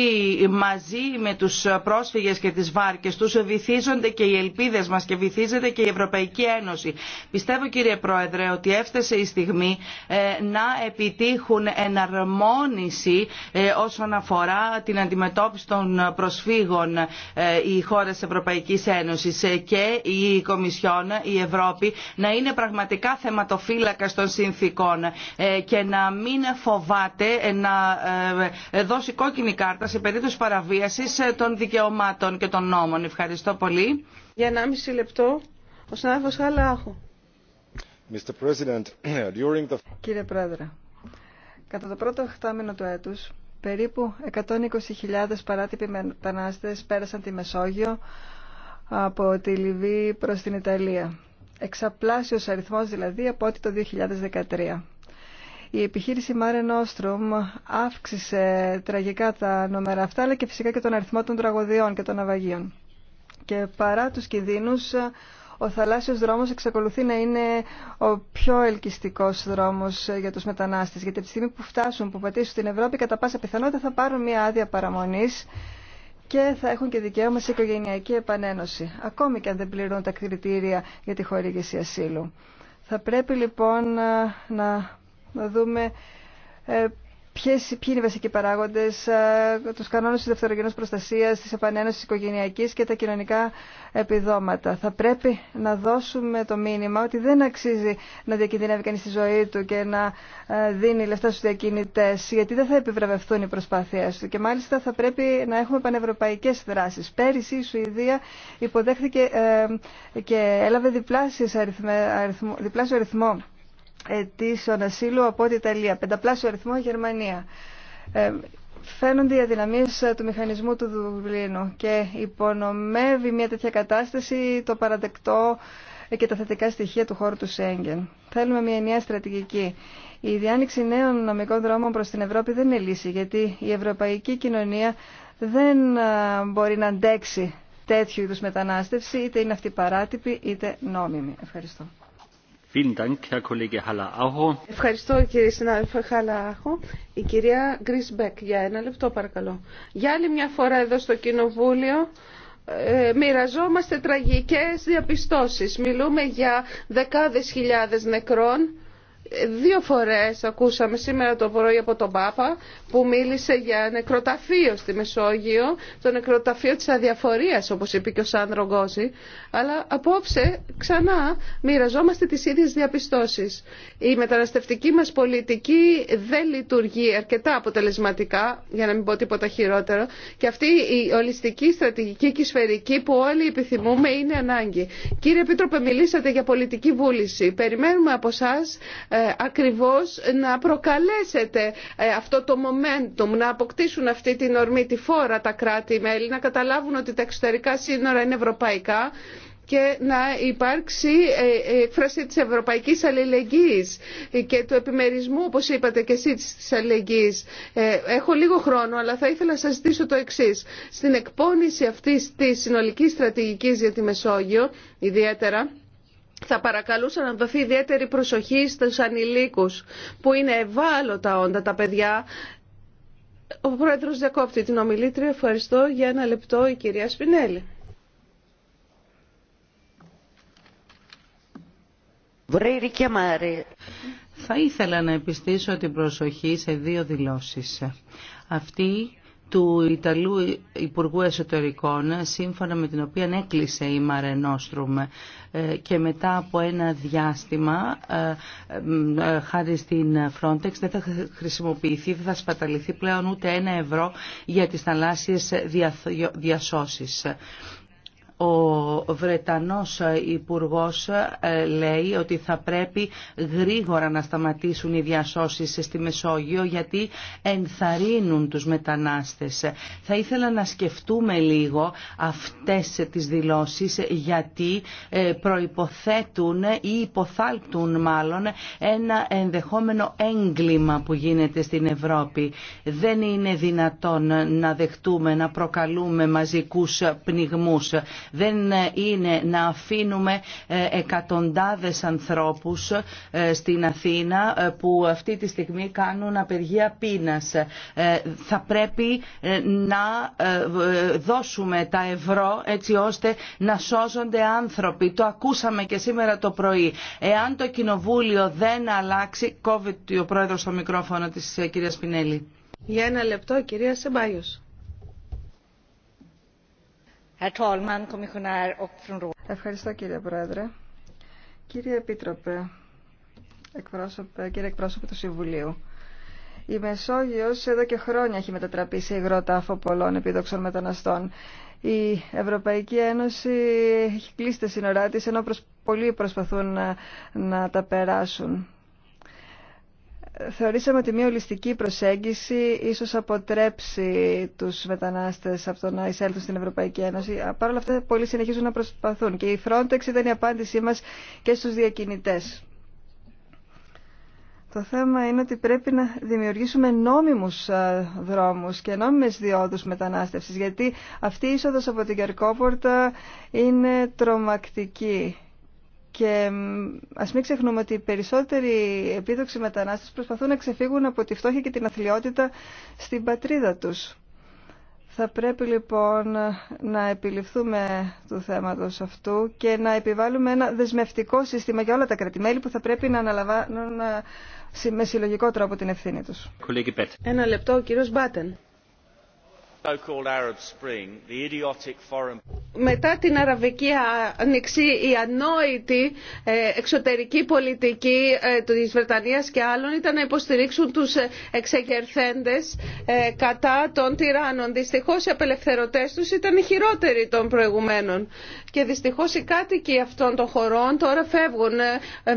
μαζί με τους πρόσφυγες και τις βάρκες τους βυθίζονται και οι ελπίδες μας και βυθίζεται και η Ευρωπαϊκή Ένωση. Πιστεύω κύριε Πρόεδρε ότι έφτασε η στιγμή ε, να επιτύχουν εναρμόνιση ε, όσον αφορά την αντιμετώπιση των προσφύγων ε, οι χώρες Ευρωπαϊκής Ένωσης και η Κομισιόν, η Ευρώπη να είναι πραγματικά θεματοφύλακα των συνθήκων και να μην φοβάται να δώσει κόκκινη κάρτα σε περίπτωση παραβίασης των δικαιωμάτων και των νόμων. Ευχαριστώ πολύ. Για 1,5 λεπτό ο συνάδελφος Χαλάχου. Κύριε Πρόεδρε, κατά το πρώτο χτάμινο του έτους, περίπου 120.000 παράτυποι μετανάστες πέρασαν τη Μεσόγειο από τη Λιβύη προς την Ιταλία. Εξαπλάσιος αριθμός δηλαδή από ό,τι το 2013. Η επιχείρηση Mare Nostrum αύξησε τραγικά τα νούμερα αυτά, αλλά και φυσικά και τον αριθμό των τραγωδιών και των αβαγίων. Και παρά τους κινδύνους, ο θαλάσσιος δρόμος εξακολουθεί να είναι ο πιο ελκυστικός δρόμος για τους μετανάστες. Γιατί τη στιγμή που φτάσουν, που πατήσουν στην Ευρώπη, κατά πάσα πιθανότητα θα πάρουν μια άδεια παραμονής και θα έχουν και δικαίωμα σε οικογενειακή επανένωση, ακόμη και αν δεν πληρούν τα κριτήρια για τη χορήγηση ασύλου. Θα πρέπει λοιπόν να, ε, να δούμε ε, ποιες, ποιοι είναι οι βασικοί παράγοντε ε, του κανόνε τη δευτερογενή προστασία, τη επανένωση οικογενειακή και τα κοινωνικά επιδόματα. Θα πρέπει να δώσουμε το μήνυμα ότι δεν αξίζει να διακινδυνεύει κανεί τη ζωή του και να ε, δίνει λεφτά στου διακινητέ, γιατί δεν θα επιβραβευτούν οι προσπάθειέ του. Και μάλιστα θα πρέπει να έχουμε πανευρωπαϊκέ δράσει. Πέρυσι η Σουηδία υποδέχθηκε ε, και έλαβε διπλάσιο αριθμό αιτήσεων ασύλου από την Ιταλία. Πενταπλάσιο αριθμό Γερμανία. Γερμανία. Φαίνονται οι αδυναμίες ε, του μηχανισμού του Δουβλίνου και υπονομεύει μια τέτοια κατάσταση το παραδεκτό ε, και τα θετικά στοιχεία του χώρου του Σέγγεν. Θέλουμε μια νέα στρατηγική. Η διάνοιξη νέων νομικών δρόμων προς την Ευρώπη δεν είναι λύση, γιατί η ευρωπαϊκή κοινωνία δεν ε, μπορεί να αντέξει τέτοιου είδους μετανάστευση, είτε είναι αυτή παράτυπη, είτε νόμιμη. Ευχαριστώ. Ευχαριστώ κύριε συνάδελφε Χαλαάχο. Η κυρία Γκρισμπέκ για ένα λεπτό παρακαλώ. Για άλλη μια φορά εδώ στο Κοινοβούλιο ε, μοιραζόμαστε τραγικές διαπιστώσεις. Μιλούμε για δεκάδες χιλιάδες νεκρών Δύο φορές ακούσαμε σήμερα το πρωί από τον Πάπα που μίλησε για νεκροταφείο στη Μεσόγειο, το νεκροταφείο της αδιαφορίας όπως είπε και ο Σάνδρο Γκόζη. Αλλά απόψε ξανά μοιραζόμαστε τις ίδιες διαπιστώσεις. Η μεταναστευτική μας πολιτική δεν λειτουργεί αρκετά αποτελεσματικά, για να μην πω τίποτα χειρότερο, και αυτή η ολιστική στρατηγική και σφαιρική που όλοι επιθυμούμε είναι ανάγκη. Κύριε Επίτροπε, μιλήσατε για πολιτική βούληση. Περιμένουμε από εσά ακριβώς να προκαλέσετε ε, αυτό το momentum, να αποκτήσουν αυτή την ορμή, τη φόρα τα κράτη-μέλη, να καταλάβουν ότι τα εξωτερικά σύνορα είναι ευρωπαϊκά και να υπάρξει εκφράση ε, της ευρωπαϊκής αλληλεγγύης και του επιμερισμού, όπως είπατε και εσείς, της αλληλεγγύης. Ε, έχω λίγο χρόνο, αλλά θα ήθελα να σας ζητήσω το εξής. Στην εκπόνηση αυτής της συνολικής στρατηγικής για τη Μεσόγειο, ιδιαίτερα, θα παρακαλούσα να δοθεί ιδιαίτερη προσοχή στους ανηλίκους που είναι ευάλωτα όντα τα παιδιά. Ο Πρόεδρος διακόπτει την ομιλήτρια. Ευχαριστώ για ένα λεπτό η κυρία Σπινέλη. Θα ήθελα να επιστήσω την προσοχή σε δύο δηλώσεις. Αυτή του Ιταλού Υπουργού Εσωτερικών, σύμφωνα με την οποία έκλεισε η Μαρενόστρουμ και μετά από ένα διάστημα, ε, ε, χάρη στην Frontex, δεν θα χρησιμοποιηθεί, δεν θα σπαταληθεί πλέον ούτε ένα ευρώ για τις θαλάσσιες διασώσεις. Ο Βρετανός Υπουργός ε, λέει ότι θα πρέπει γρήγορα να σταματήσουν οι διασώσεις στη Μεσόγειο γιατί ενθαρρύνουν τους μετανάστες. Θα ήθελα να σκεφτούμε λίγο αυτές τις δηλώσεις γιατί ε, προϋποθέτουν ή υποθάλπτουν μάλλον ένα ενδεχόμενο έγκλημα που γίνεται στην Ευρώπη. Δεν είναι δυνατόν να δεχτούμε, να προκαλούμε μαζικούς πνιγμούς δεν είναι να αφήνουμε ε, εκατοντάδες ανθρώπους ε, στην Αθήνα ε, που αυτή τη στιγμή κάνουν απεργία πείνας. Θα πρέπει να δώσουμε τα ευρώ έτσι ώστε να σώζονται άνθρωποι. Το ακούσαμε και σήμερα το πρωί. Εάν το Κοινοβούλιο δεν αλλάξει, κόβει ο πρόεδρος στο μικρόφωνο της κυρίας Πινέλη. Για ένα λεπτό, κυρία Σεμπάγιος. Ευχαριστώ κύριε Πρόεδρε. Κύριε Επίτροπε, κύριε εκπρόσωπε του Συμβουλίου, η Μεσόγειος εδώ και χρόνια έχει μετατραπεί σε υγρό τάφο πολλών επίδοξων μεταναστών. Η Ευρωπαϊκή Ένωση έχει κλείσει τα σύνορά της, ενώ πολλοί προσπαθούν να τα περάσουν θεωρήσαμε ότι μια ολιστική προσέγγιση ίσως αποτρέψει τους μετανάστες από το να εισέλθουν στην Ευρωπαϊκή Ένωση. Παρ' όλα αυτά πολλοί συνεχίζουν να προσπαθούν και η Frontex ήταν η απάντησή μας και στους διακινητές. Το θέμα είναι ότι πρέπει να δημιουργήσουμε νόμιμους δρόμους και νόμιμες διόδους μετανάστευσης, γιατί αυτή η είσοδος από την Κερκόπορτα είναι τρομακτική και ας μην ξεχνούμε ότι οι περισσότεροι επίδοξοι μετανάστες προσπαθούν να ξεφύγουν από τη φτώχεια και την αθλειότητα στην πατρίδα τους. Θα πρέπει λοιπόν να επιληφθούμε του θέματος αυτού και να επιβάλλουμε ένα δεσμευτικό σύστημα για όλα τα κρατημέλη που θα πρέπει να αναλαμβάνουν ε, με συλλογικό τρόπο την ευθύνη τους. Ένα λεπτό, ο κύριος Μπάτεν μετά την Αραβική Άνοιξη η ανόητη ε, εξωτερική πολιτική ε, της Βρετανίας και άλλων ήταν να υποστηρίξουν τους ε, εξεγερθέντες κατά των τυράννων. Δυστυχώς οι απελευθερωτές τους ήταν οι χειρότεροι των προηγουμένων και δυστυχώς οι κάτοικοι αυτών των χωρών τώρα φεύγουν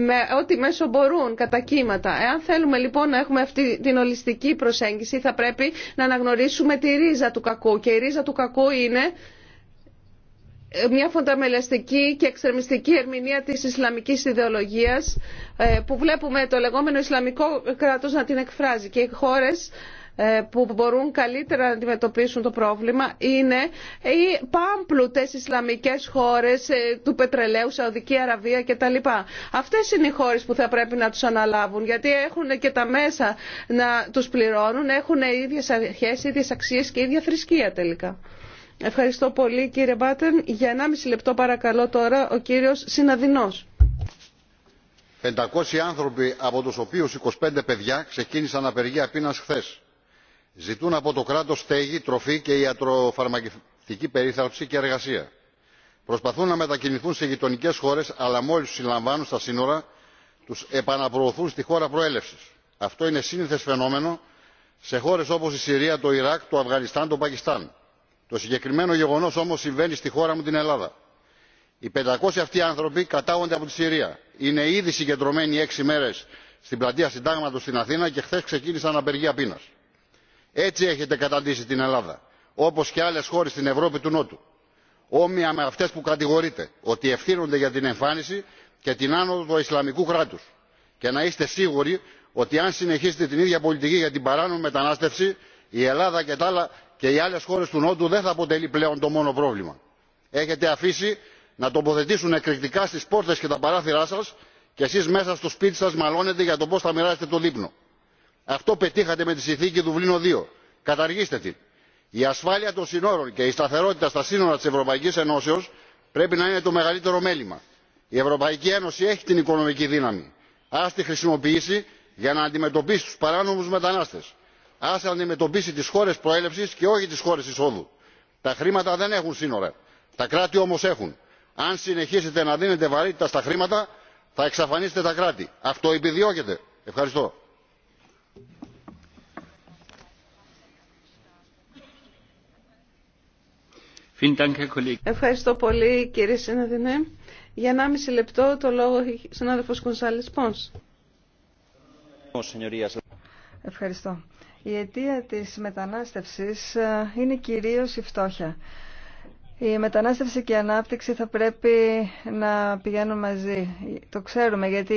με ό,τι μέσο μπορούν κατά κύματα. Εάν θέλουμε λοιπόν να έχουμε αυτή την ολιστική προσέγγιση θα πρέπει να αναγνωρίσουμε τη ρίζα του κακού και η ρίζα του κακού είναι ε, μια φονταμελεστική και εξτρεμιστική ερμηνεία της Ισλαμικής ιδεολογίας ε, που βλέπουμε το λεγόμενο Ισλαμικό κράτος να την εκφράζει και οι χώρες ε, που μπορούν καλύτερα να αντιμετωπίσουν το πρόβλημα είναι οι πάμπλουτες Ισλαμικές χώρες ε, του πετρελαίου, Σαουδική Αραβία κτλ. Αυτές είναι οι χώρες που θα πρέπει να τους αναλάβουν γιατί έχουν και τα μέσα να τους πληρώνουν, έχουν οι ίδιες αρχές, οι ίδιες αξίες και ίδια θρησκεία τελικά. Ευχαριστώ πολύ κύριε Μπάτεν. Για 1,5 λεπτό παρακαλώ τώρα ο κύριος Συναδεινός. 500 άνθρωποι από τους οποίους 25 παιδιά ξεκίνησαν απεργία πείνας χθες ζητούν από το κράτο στέγη τροφή και ιατροφαρμακευτική περίθαλψη και εργασία. προσπαθούν να μετακινηθούν σε γειτονικέ χώρε, αλλά μόλι του συλλαμβάνουν στα σύνορα του επαναπροωθούν στη χώρα προέλευση. αυτό είναι σύνηθε φαινόμενο σε χώρε όπω η συρία το ιράκ το αφγανιστάν το πακιστάν. το συγκεκριμένο γεγονό όμω συμβαίνει στη χώρα μου την ελλάδα. οι 500 αυτοί άνθρωποι κατάγονται από τη συρία. είναι ήδη συγκεντρωμένοι έξι μέρε στην πλατεία συντάγματο στην αθήνα και χθε ξεκίνησαν απεργία πείνα έτσι έχετε καταντήσει την ελλάδα όπως και άλλες χώρες στην ευρώπη του νότου όμοια με αυτές που κατηγορείτε ότι ευθύνονται για την εμφάνιση και την άνοδο του ισλαμικού κράτους και να είστε σίγουροι ότι αν συνεχίσετε την ίδια πολιτική για την παράνομη μετανάστευση η ελλάδα και, και οι άλλες χώρες του νότου δεν θα αποτελεί πλέον το μόνο πρόβλημα. έχετε αφήσει να τοποθετήσουν εκρηκτικά στις πόρτες και τα παράθυρά σας και εσείς μέσα στο σπίτι σας μαλώνετε για το πώ θα μοιράσετε το δείπνο αυτό πετύχατε με τη συνθήκη δουβλίνο 2. καταργήστε την. η ασφάλεια των συνόρων και η σταθερότητα στα σύνορα τη Ευρωπαϊκή ενώσεως πρέπει να είναι το μεγαλύτερο μέλημα. η ευρωπαϊκή ένωση έχει την οικονομική δύναμη. Α τη χρησιμοποιήσει για να αντιμετωπίσει τους παράνομους μετανάστε. Α αντιμετωπίσει τι χώρε πρόέλευση και όχι τις χώρες εισόδου. τα χρήματα δεν έχουν σύνορα. τα κράτη όμω έχουν. αν συνεχίσετε να δίνετε βαρύτητα στα χρήματα θα εξαφανίσετε τα κράτη. αυτό επιδιώκετε. ευχαριστώ. Ευχαριστώ πολύ κύριε Συναδεινέ. Για 1,5 λεπτό το λόγο έχει ο συνάδελφο Κονσάλη Πόνς. Ευχαριστώ. Η αιτία της μετανάστευσης ε, είναι κυρίως η φτώχεια. Η μετανάστευση και η ανάπτυξη θα πρέπει να πηγαίνουν μαζί. Το ξέρουμε γιατί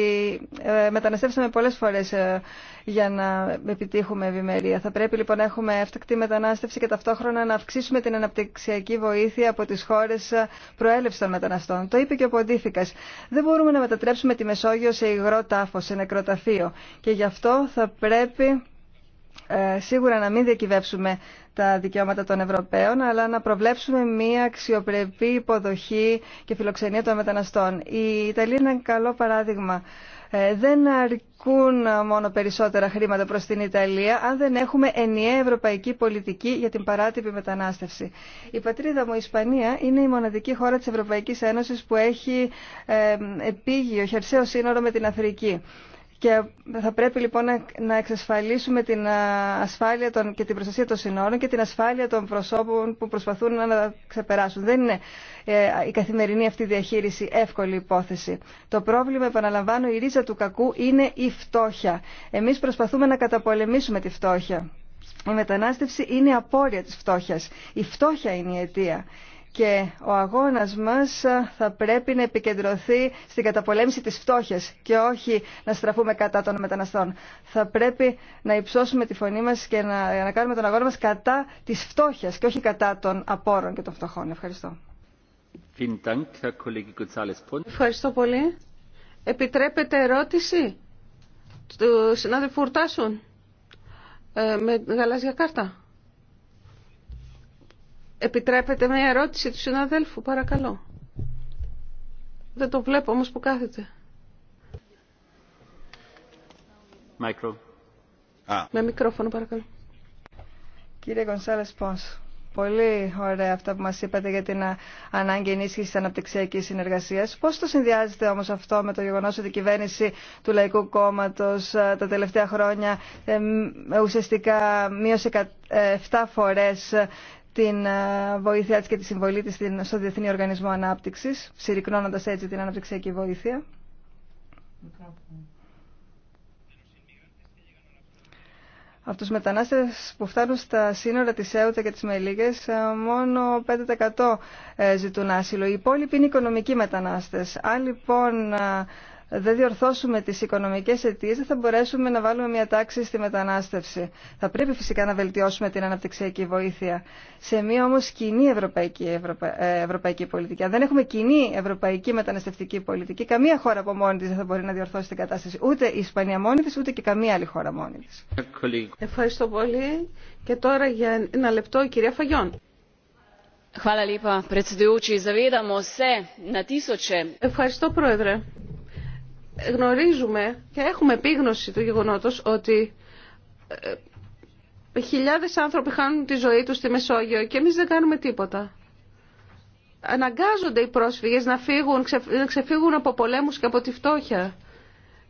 ε, μεταναστεύσαμε πολλές φορές ε, για να επιτύχουμε ευημερία. Θα πρέπει λοιπόν να έχουμε έφτακτη μετανάστευση και ταυτόχρονα να αυξήσουμε την αναπτυξιακή βοήθεια από τις χώρες ε, προέλευση των μεταναστών. Το είπε και ο Ποντίφικας. Δεν μπορούμε να μετατρέψουμε τη Μεσόγειο σε υγρό τάφο, σε νεκροταφείο. Και γι' αυτό θα πρέπει σίγουρα να μην διακυβεύσουμε τα δικαιώματα των Ευρωπαίων, αλλά να προβλέψουμε μια αξιοπρεπή υποδοχή και φιλοξενία των μεταναστών. Η Ιταλία είναι ένα καλό παράδειγμα. Ε, δεν αρκούν μόνο περισσότερα χρήματα προς την Ιταλία αν δεν έχουμε ενιαία ευρωπαϊκή πολιτική για την παράτυπη μετανάστευση. Η πατρίδα μου, η Ισπανία, είναι η μοναδική χώρα της Ευρωπαϊκής Ένωσης που έχει ε, επίγειο χερσαίο σύνορο με την Αφρική. Και θα πρέπει λοιπόν να εξασφαλίσουμε την ε, ασφάλεια των, και την προστασία των συνόρων και την ασφάλεια των προσώπων που προσπαθούν να τα ξεπεράσουν. Δεν είναι ε, η καθημερινή αυτή διαχείριση εύκολη υπόθεση. Το πρόβλημα, επαναλαμβάνω, η ρίζα του κακού είναι η φτώχεια. Εμείς προσπαθούμε να καταπολεμήσουμε τη φτώχεια. Η μετανάστευση είναι απόρρια της φτώχειας. Η φτώχεια είναι η αιτία και ο αγώνας μας ε, θα πρέπει να επικεντρωθεί στην καταπολέμηση της φτώχειας και όχι να στραφούμε κατά των μεταναστών. Θα πρέπει να υψώσουμε τη φωνή μας και να, κάνουμε τον αγώνα μας κατά της φτώχειας και όχι κατά των απόρων και των φτωχών. Ευχαριστώ. Ευχαριστώ πολύ. Επιτρέπετε ερώτηση του συνάδελφου Ουρτάσουν ε, με γαλάζια κάρτα. Επιτρέπετε μια ερώτηση του συναδέλφου, παρακαλώ. Δεν το βλέπω όμως που κάθεται. Μικρό. Με μικρόφωνο παρακαλώ. Κύριε Γκονσάλες Πόνς, πολύ ωραία αυτά που μας είπατε για την ανάγκη ενίσχυσης αναπτυξιακής συνεργασίας. Πώς το συνδυάζετε όμως αυτό με το γεγονός ότι η κυβέρνηση του Λαϊκού Κόμματος τα τελευταία χρόνια ουσιαστικά μείωσε 7 ε, φορές την ε, βοήθειά της και τη συμβολή της στο Διεθνή Οργανισμό Ανάπτυξης, συρρυκνώνοντας έτσι την αναπτυξιακή βοήθεια. Από τους μετανάστες που φτάνουν στα σύνορα της ΕΟΤΑ και της Μελίγες, ε, μόνο 5% ε, ζητούν άσυλο. Οι υπόλοιποι είναι οικονομικοί μετανάστες. Αν λοιπόν δεν διορθώσουμε τις οικονομικές αιτίες, δεν θα μπορέσουμε να βάλουμε μια τάξη στη μετανάστευση. Θα πρέπει φυσικά να βελτιώσουμε την αναπτυξιακή βοήθεια σε μια όμως κοινή ευρωπαϊκή, ε, ευρωπαϊκή πολιτική. Αν δεν έχουμε κοινή ευρωπαϊκή μεταναστευτική πολιτική, καμία χώρα από μόνη της δεν θα μπορεί να διορθώσει την κατάσταση. Ούτε η Ισπανία μόνη της, ούτε και καμία άλλη χώρα μόνη της. Ευχαριστώ πολύ. Και τώρα για ένα λεπτό κυρία Φαγιόν. Ευχαριστώ, Πρόεδρε γνωρίζουμε και έχουμε επίγνωση του γεγονότος ότι ε, χιλιάδες άνθρωποι χάνουν τη ζωή τους στη Μεσόγειο και εμείς δεν κάνουμε τίποτα. Αναγκάζονται οι πρόσφυγες να, φύγουν, να ξεφύγουν από πολέμους και από τη φτώχεια.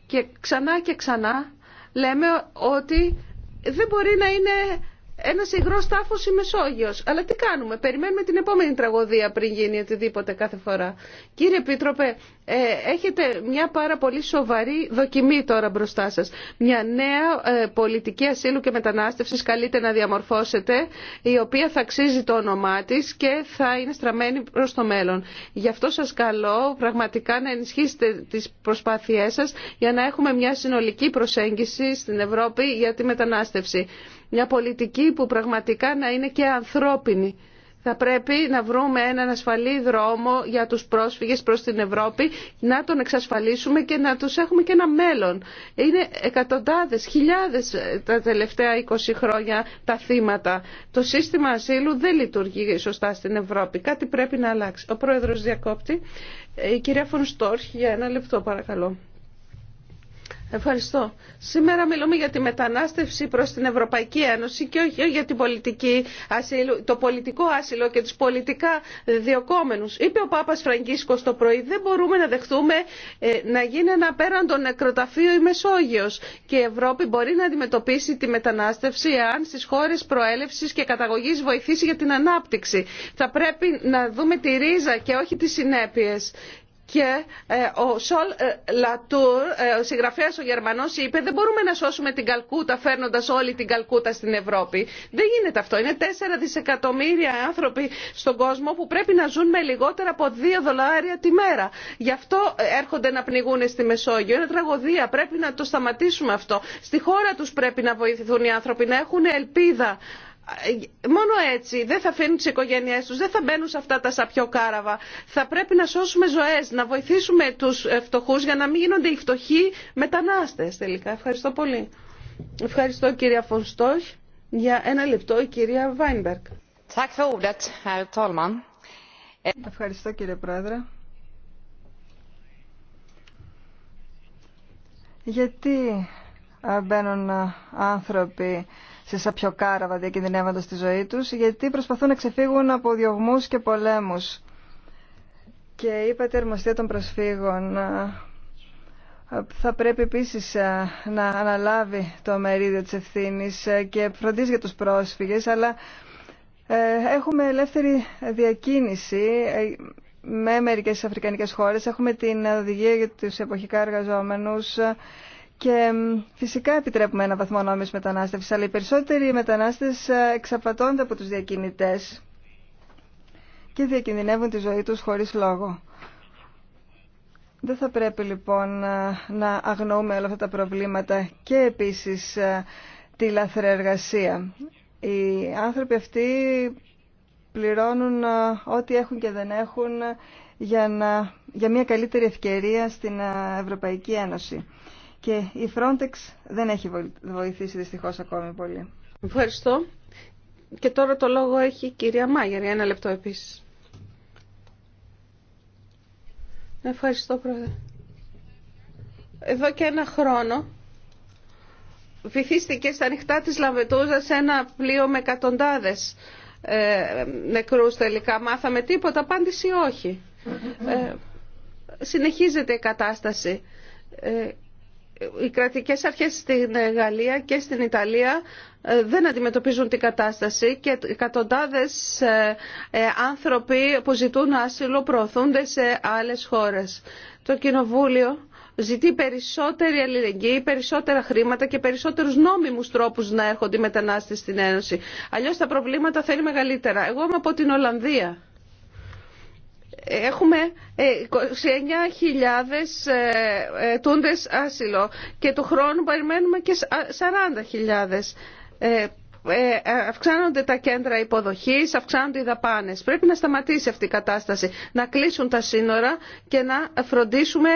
Και ξανά και ξανά λέμε ότι δεν μπορεί να είναι ένα υγρό τάφο η Μεσόγειο. Αλλά τι κάνουμε, περιμένουμε την επόμενη τραγωδία πριν γίνει οτιδήποτε κάθε φορά. Κύριε Επίτροπε, ε, έχετε μια πάρα πολύ σοβαρή δοκιμή τώρα μπροστά σα. Μια νέα ε, πολιτική ασύλου και μετανάστευση καλείται να διαμορφώσετε, η οποία θα αξίζει το όνομά τη και θα είναι στραμμένη προ το μέλλον. Γι' αυτό σα καλώ πραγματικά να ενισχύσετε τι προσπάθειέ σα για να έχουμε μια συνολική προσέγγιση στην Ευρώπη για τη μετανάστευση. Μια πολιτική που πραγματικά να είναι και ανθρώπινη. Θα πρέπει να βρούμε έναν ασφαλή δρόμο για τους πρόσφυγες προς την Ευρώπη, να τον εξασφαλίσουμε και να τους έχουμε και ένα μέλλον. Είναι εκατοντάδες, χιλιάδες ε, τα τελευταία 20 χρόνια τα θύματα. Το σύστημα ασύλου δεν λειτουργεί σωστά στην Ευρώπη. Κάτι πρέπει να αλλάξει. Ο Πρόεδρος διακόπτη. Ε, η κυρία Φωνστόρχ, για ένα λεπτό παρακαλώ. Ευχαριστώ. Σήμερα μιλούμε για τη μετανάστευση προς την Ευρωπαϊκή Ένωση και όχι για την πολιτική το πολιτικό άσυλο και τους πολιτικά διοκόμενους. Είπε ο Πάπας Φραγκίσκος το πρωί, δεν μπορούμε να δεχθούμε ε, να γίνει ένα απέραντο νεκροταφείο η Μεσόγειος και η Ευρώπη μπορεί να αντιμετωπίσει τη μετανάστευση εάν στις χώρες προέλευσης και καταγωγής βοηθήσει για την ανάπτυξη. Θα πρέπει να δούμε τη ρίζα και όχι τις συνέπειες και ε, ο Σολ ε, Λατούρ, ε, ο συγγραφέας ο Γερμανός, είπε «Δεν μπορούμε να σώσουμε την Καλκούτα φέρνοντας όλη την Καλκούτα στην Ευρώπη». Δεν γίνεται αυτό. Είναι τεσσερα δισεκατομμύρια άνθρωποι στον κόσμο που πρέπει να ζουν με λιγότερα από 2 δολάρια τη μέρα. Γι' αυτό έρχονται να πνιγούν στη Μεσόγειο. Είναι τραγωδία. Πρέπει να το σταματήσουμε αυτό. Στη χώρα τους πρέπει να βοηθηθούν οι άνθρωποι να έχουν ελπίδα. Ε, μόνο έτσι δεν θα αφήνουν τι οικογένειέ του, δεν θα μπαίνουν σε αυτά τα σαπιοκάραβα. Θα πρέπει να σώσουμε ζωέ, να βοηθήσουμε του φτωχού για να μην γίνονται οι φτωχοί μετανάστε τελικά. Ευχαριστώ πολύ. Ευχαριστώ κυρία Φωνστόχ. Για ένα λεπτό η κυρία Βάινμπεργκ. Ευχαριστώ κύριε Πρόεδρε. Γιατί ε, μπαίνουν ε, άνθρωποι σε σαπιοκάραβα διακινδυνεύοντας τη ζωή τους, γιατί προσπαθούν να ξεφύγουν από διωγμούς και πολέμους. Και είπατε αρμοστία των προσφύγων θα πρέπει επίσης να αναλάβει το μερίδιο της ευθύνης και φροντίζει για τους πρόσφυγες, αλλά ε, έχουμε ελεύθερη διακίνηση ε, με μερικές αφρικανικές χώρες. Έχουμε την οδηγία για τους εποχικά εργαζόμενους, και φυσικά επιτρέπουμε ένα βαθμό νόμιμη μετανάστευση, αλλά οι περισσότεροι μετανάστες ε, εξαπατώνται από τους διακινητέ και διακινδυνεύουν τη ζωή τους χωρίς λόγο. Δεν θα πρέπει λοιπόν ε, να αγνοούμε όλα αυτά τα προβλήματα και επίσης ε, τη λαθρεργασία. Οι άνθρωποι αυτοί πληρώνουν ό,τι έχουν και δεν έχουν για, για μια καλύτερη ευκαιρία στην Ευρωπαϊκή Ένωση και η Frontex δεν έχει βοηθήσει δυστυχώς ακόμη πολύ. Ευχαριστώ. Και τώρα το λόγο έχει η κυρία Μάγερ για ένα λεπτό επίσης. Ευχαριστώ πρόεδρε. Εδώ και ένα χρόνο βυθίστηκε στα ανοιχτά της Λαμπετούζας ένα πλοίο με εκατοντάδες ε, νεκρούς τελικά. Μάθαμε τίποτα, απάντηση όχι. Ε, συνεχίζεται η κατάσταση. Ε, οι κρατικές αρχές στην ε, Γαλλία και στην Ιταλία ε, δεν αντιμετωπίζουν την κατάσταση και εκατοντάδες ε, άνθρωποι που ζητούν άσυλο προωθούνται σε άλλες χώρες. Το Κοινοβούλιο ζητεί περισσότερη αλληλεγγύη, περισσότερα χρήματα και περισσότερους νόμιμους τρόπους να έρχονται οι μετανάστες στην Ένωση. Αλλιώς τα προβλήματα θα είναι μεγαλύτερα. Εγώ είμαι από την Ολλανδία Έχουμε 29.000 ε, ε, ε, τούντες άσυλο και του χρόνου περιμένουμε και 40.000 αυξάνονται τα κέντρα υποδοχής, αυξάνονται οι δαπάνες. Πρέπει να σταματήσει αυτή η κατάσταση, να κλείσουν τα σύνορα και να φροντίσουμε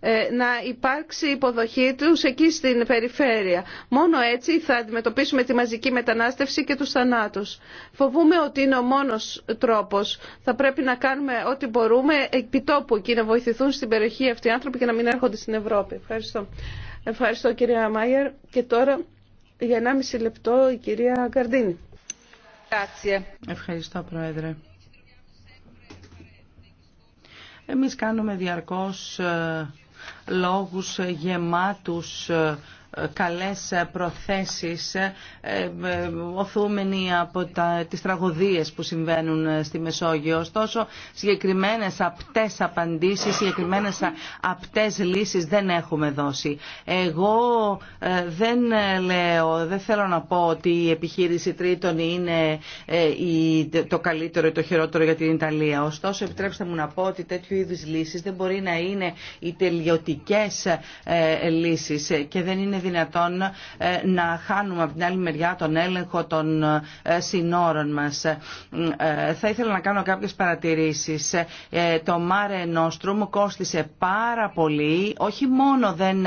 ε, να υπάρξει υποδοχή τους εκεί στην περιφέρεια. Μόνο έτσι θα αντιμετωπίσουμε τη μαζική μετανάστευση και τους θανάτους. Φοβούμε ότι είναι ο μόνος τρόπος. Θα πρέπει να κάνουμε ό,τι μπορούμε επιτόπου εκεί να βοηθηθούν στην περιοχή αυτοί οι άνθρωποι και να μην έρχονται στην Ευρώπη. Ευχαριστώ. Ευχαριστώ κυρία Μάιερ. Και τώρα για 1,5 λεπτό η κυρία Καρδίνη. Ευχαριστώ Πρόεδρε. Εμείς κάνουμε διαρκώς ε, λόγους γεμάτους ε, καλές προθέσεις ε, ε, οθούμενοι από τα, τις τραγωδίες που συμβαίνουν ε, στη Μεσόγειο. Ωστόσο, συγκεκριμένες απτές απαντήσεις, συγκεκριμένες απτές λύσεις δεν έχουμε δώσει. Εγώ δεν λέω, δεν θέλω να πω ότι η επιχείρηση τρίτων είναι το καλύτερο ή το χειρότερο για την Ιταλία. Ωστόσο, επιτρέψτε μου να πω ότι τέτοιου είδους λύσεις δεν μπορεί να είναι οι τελειωτικές λύσεις και δεν είναι ε, να χάνουμε από την άλλη μεριά τον έλεγχο των ε, συνόρων μας. Ε, θα ήθελα να κάνω κάποιες παρατηρήσεις. Το Μάρε Nostrum κόστισε πάρα πολύ, όχι μόνο δεν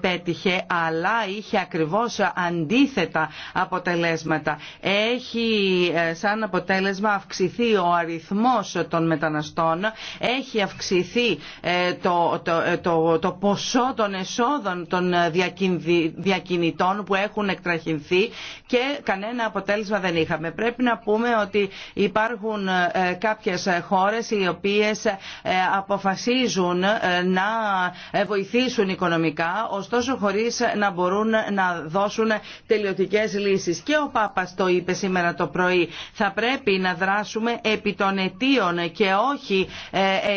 πέτυχε, αλλά είχε ακριβώς αντίθετα αποτελέσματα. Έχει σαν αποτέλεσμα αυξηθεί ο αριθμός των μεταναστών, έχει αυξηθεί το, το, το, ποσό των εσόδων των διακινητών που έχουν εκτραχυνθεί και κανένα αποτέλεσμα δεν είχαμε. Πρέπει να πούμε ότι υπάρχουν ε, κάποιες χώρες οι οποίες ε, αποφασίζουν ε, να βοηθήσουν οικονομικά ωστόσο χωρίς να μπορούν να δώσουν τελειωτικές λύσεις. Και ο Πάπας το είπε σήμερα το πρωί. Θα πρέπει να δράσουμε επί των αιτίων και όχι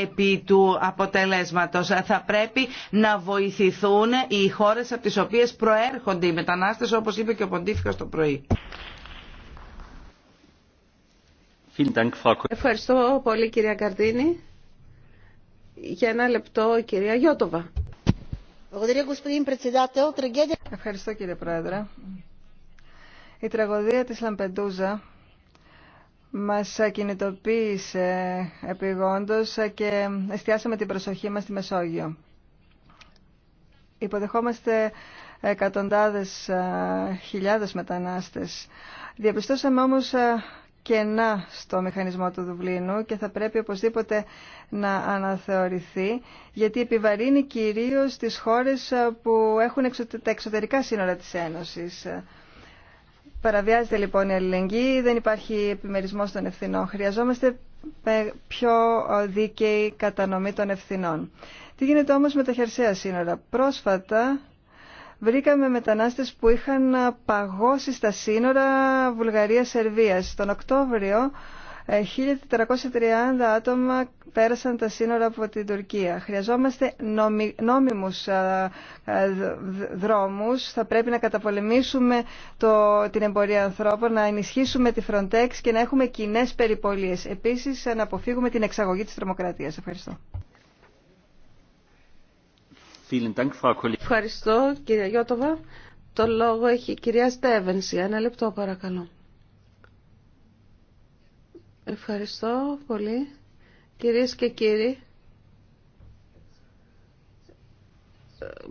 επί του αποτελέσματος. Θα πρέπει να βοηθηθούν οι χώρες από τις οποίες οποίες προέρχονται οι μετανάστες όπως είπε και ο Ποντίφικας το πρωί. Ευχαριστώ πολύ κυρία Καρδίνη. Για ένα λεπτό κυρία Γιώτοβα. Ευχαριστώ κύριε Πρόεδρε. Η τραγωδία της Λαμπεντούζα μας κινητοποίησε επιγόντως και εστιάσαμε την προσοχή μας στη Μεσόγειο. Υποδεχόμαστε εκατοντάδες χιλιάδες μετανάστες. Διαπιστώσαμε όμως κενά στο μηχανισμό του Δουβλίνου και θα πρέπει οπωσδήποτε να αναθεωρηθεί γιατί επιβαρύνει κυρίως τις χώρες που έχουν τα εξωτερικά σύνορα της Ένωσης. Παραβιάζεται λοιπόν η αλληλεγγύη, δεν υπάρχει επιμερισμός των ευθυνών. Χρειαζόμαστε πιο δίκαιη κατανομή των ευθυνών. Τι γίνεται όμως με τα χερσαία σύνορα. Πρόσφατα βρήκαμε μετανάστες που είχαν παγώσει στα σύνορα Βουλγαρίας-Σερβίας. Τον Οκτώβριο 1.430 ε, άτομα πέρασαν τα σύνορα από την Τουρκία. Χρειαζόμαστε νόμι, νόμιμους ε, ε, δρόμους. Θα πρέπει να καταπολεμήσουμε το, την εμπορία ανθρώπων, να ενισχύσουμε τη Frontex και να έχουμε κοινέ περιπολίες. Επίσης, να αποφύγουμε την εξαγωγή της τρομοκρατίας. Ευχαριστώ. Ευχαριστώ κυρία Γιώτοβα. Το λόγο έχει η κυρία Στέβενση. Ένα λεπτό παρακαλώ. Ευχαριστώ πολύ. Κυρίες και κύριοι,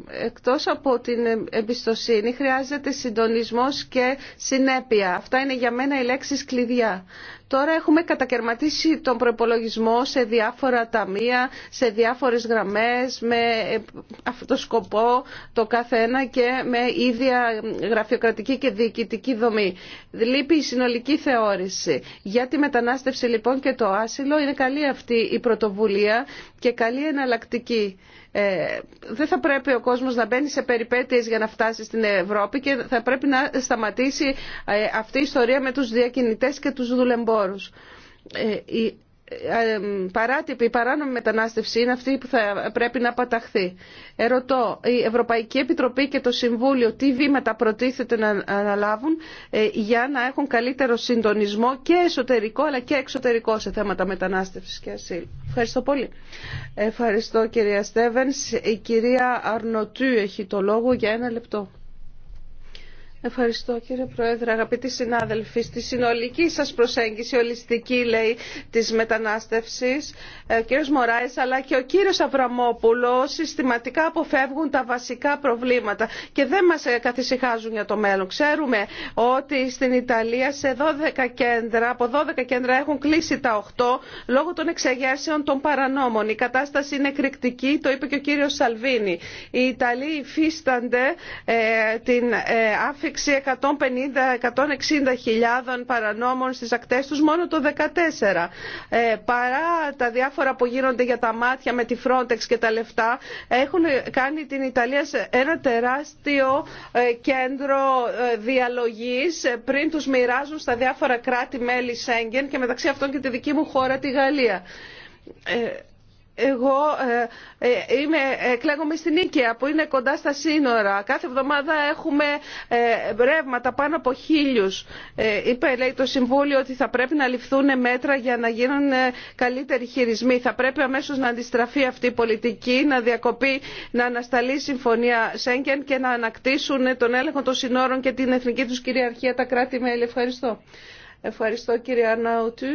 εκτός από την εμπιστοσύνη χρειάζεται συντονισμός και συνέπεια. Αυτά είναι για μένα οι λέξεις κλειδιά. Τώρα έχουμε κατακαιρματίσει τον προπολογισμό σε διάφορα ταμεία, σε διάφορες γραμμές, με ε, αυτό σκοπό το κάθε ένα και με ίδια γραφειοκρατική και διοικητική δομή. Λείπει η συνολική θεώρηση. Για τη μετανάστευση λοιπόν και το άσυλο είναι καλή αυτή η πρωτοβουλία και καλή εναλλακτική. Ε, δεν θα πρέπει ο κόσμος να μπαίνει σε περιπέτειες για να φτάσει στην Ευρώπη και θα πρέπει να σταματήσει ε, αυτή η ιστορία με τους διακινητές και τους δουλεμπόρους. Ε, ε, ε, η παράνομη μετανάστευση είναι αυτή που θα πρέπει να παταχθεί. Ερωτώ, η Ευρωπαϊκή Επιτροπή και το Συμβούλιο τι βήματα προτίθεται να αναλάβουν για να έχουν καλύτερο συντονισμό και εσωτερικό αλλά και εξωτερικό σε θέματα μετανάστευσης και ασύλου. Ευχαριστώ πολύ. Ευχαριστώ κυρία Στέβενς. Η κυρία Αρνοτού έχει το λόγο για ένα λεπτό. Ευχαριστώ κύριε Πρόεδρε, αγαπητοί συνάδελφοι. Στη συνολική σας προσέγγιση ολιστική, λέει, της μετανάστευσης, ε, ο κύριος Μωράης αλλά και ο κύριος Αβραμόπουλος συστηματικά αποφεύγουν τα βασικά προβλήματα και δεν μας ε, καθησυχάζουν για το μέλλον. Ξέρουμε ότι στην Ιταλία σε 12 κέντρα, από 12 κέντρα έχουν κλείσει τα 8 λόγω των εξεγέρσεων των παρανόμων. Η κατάσταση είναι εκρηκτική, το είπε και ο κύριος Σαλβίνη. Οι Ιταλοί υφίστανται ε, την ε, ανάπτυξη 150-160 χιλιάδων παρανόμων στις ακτές τους μόνο το 14. Ε, παρά τα διάφορα που γίνονται για τα μάτια με τη Frontex και τα λεφτά, έχουν κάνει την Ιταλία σε ένα τεράστιο ε, κέντρο ε, διαλογής ε, πριν τους μοιράζουν στα διάφορα κράτη-μέλη Σέγγεν και μεταξύ αυτών και τη δική μου χώρα τη Γαλλία. Ε, εγώ ε, ε είμαι, εκλέγομαι στην Ίκαια που είναι κοντά στα σύνορα. Κάθε εβδομάδα έχουμε ε, ρεύματα πάνω από χίλιους. Ε, είπε λέει, το Συμβούλιο ότι θα πρέπει να ληφθούν μέτρα για να γίνουν ε, καλύτεροι χειρισμοί. Θα πρέπει αμέσως να αντιστραφεί αυτή η πολιτική, να διακοπεί, να ανασταλεί η συμφωνία Σέγγεν και να ανακτήσουν τον έλεγχο των σύνορων και την εθνική τους κυριαρχία τα κράτη-μέλη. Ευχαριστώ. Ευχαριστώ κύριε Αρναουτού.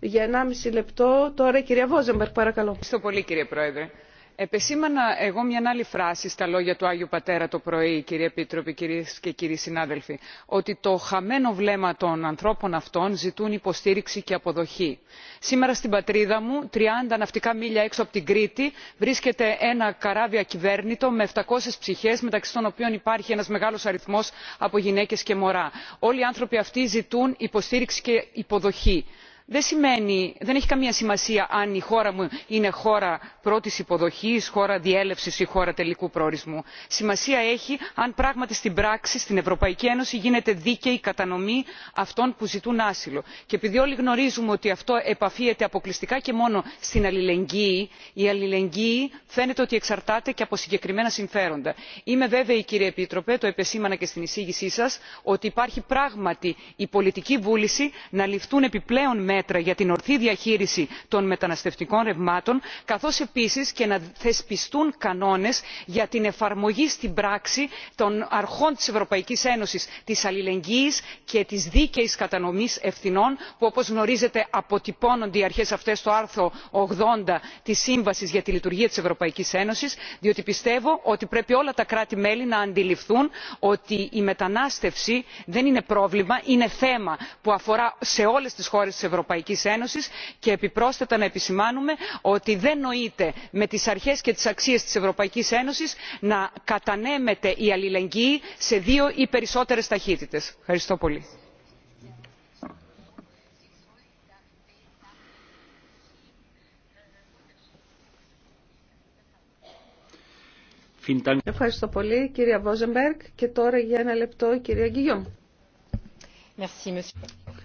Για 1,5 λεπτό τώρα η κυρία Βόζεμπερκ, παρακαλώ. Ευχαριστώ πολύ κύριε Πρόεδρε. Επεσήμανα εγώ μια άλλη φράση στα λόγια του Άγιου Πατέρα το πρωί, κύριε Επίτροπε, κυρίε και κύριοι συνάδελφοι, ότι το χαμένο βλέμμα των ανθρώπων αυτών ζητούν υποστήριξη και αποδοχή. Σήμερα στην πατρίδα μου, 30 ναυτικά μίλια έξω από την Κρήτη, βρίσκεται ένα καράβι ακυβέρνητο με 700 ψυχέ, μεταξύ των οποίων υπάρχει ένα μεγάλο αριθμό από γυναίκε και μωρά. Όλοι οι άνθρωποι αυτοί ζητούν υποστήριξη και υποδοχή δεν, έχει καμία σημασία αν η χώρα μου είναι χώρα πρώτης υποδοχής χώρα διέλευσης ή χώρα τελικού προορισμού. σημασία έχει αν πράγματι στην πράξη στην ευρωπαϊκή ένωση γίνεται δίκαιη κατανομή αυτών που ζητούν άσυλο και επειδή όλοι γνωρίζουμε ότι αυτό επαφίεται αποκλειστικά και μόνο στην αλληλεγγύη η αλληλεγγύη φαίνεται ότι εξαρτάται και από συγκεκριμένα συμφέροντα. είμαι βέβαιη κύριε επίτροπε το επεσήμανα και στην εισήγησή σας ότι υπάρχει πράγματι η πολιτική βούληση να ληφθούν επιπλέον μέτρα για την ορθή διαχείριση των μεταναστευτικών ρευμάτων καθώς επίσης και να θεσπιστούν κανόνες για την εφαρμογή στην πράξη των αρχών της ευρωπαϊκής ένωσης της αλληλεγγύης και της δίκαιης κατανομής ευθυνών που όπως γνωρίζετε αποτυπώνονται οι αρχές αυτές στο άρθρο 80 της σύμβασης για τη λειτουργία της ευρωπαϊκής ένωσης διότι πιστεύω ότι πρέπει όλα τα κράτη μέλη να αντιληφθούν ότι η μετανάστευση δεν είναι πρόβλημα είναι θέμα που αφορά σε όλες τις χώρες της ευρωπαϊκής ευρωπαϊκής ένωσης και επιπρόσθετα να επισημάνουμε ότι δεν νοείται με τις αρχές και τις αξίες της ευρωπαϊκής ένωσης να κατανέμετε η αλληλεγγύη σε δύο ή περισσότερες ταχύτητες. ευχαριστώ πολύ. Ευχαριστώ πολύ κυρία Βόζεμπεργκ και τώρα για ένα λεπτό η περισσοτερες ταχυτητες ευχαριστω πολυ ευχαριστω κυρια βοζεμπεργκ Γκυγιόμ.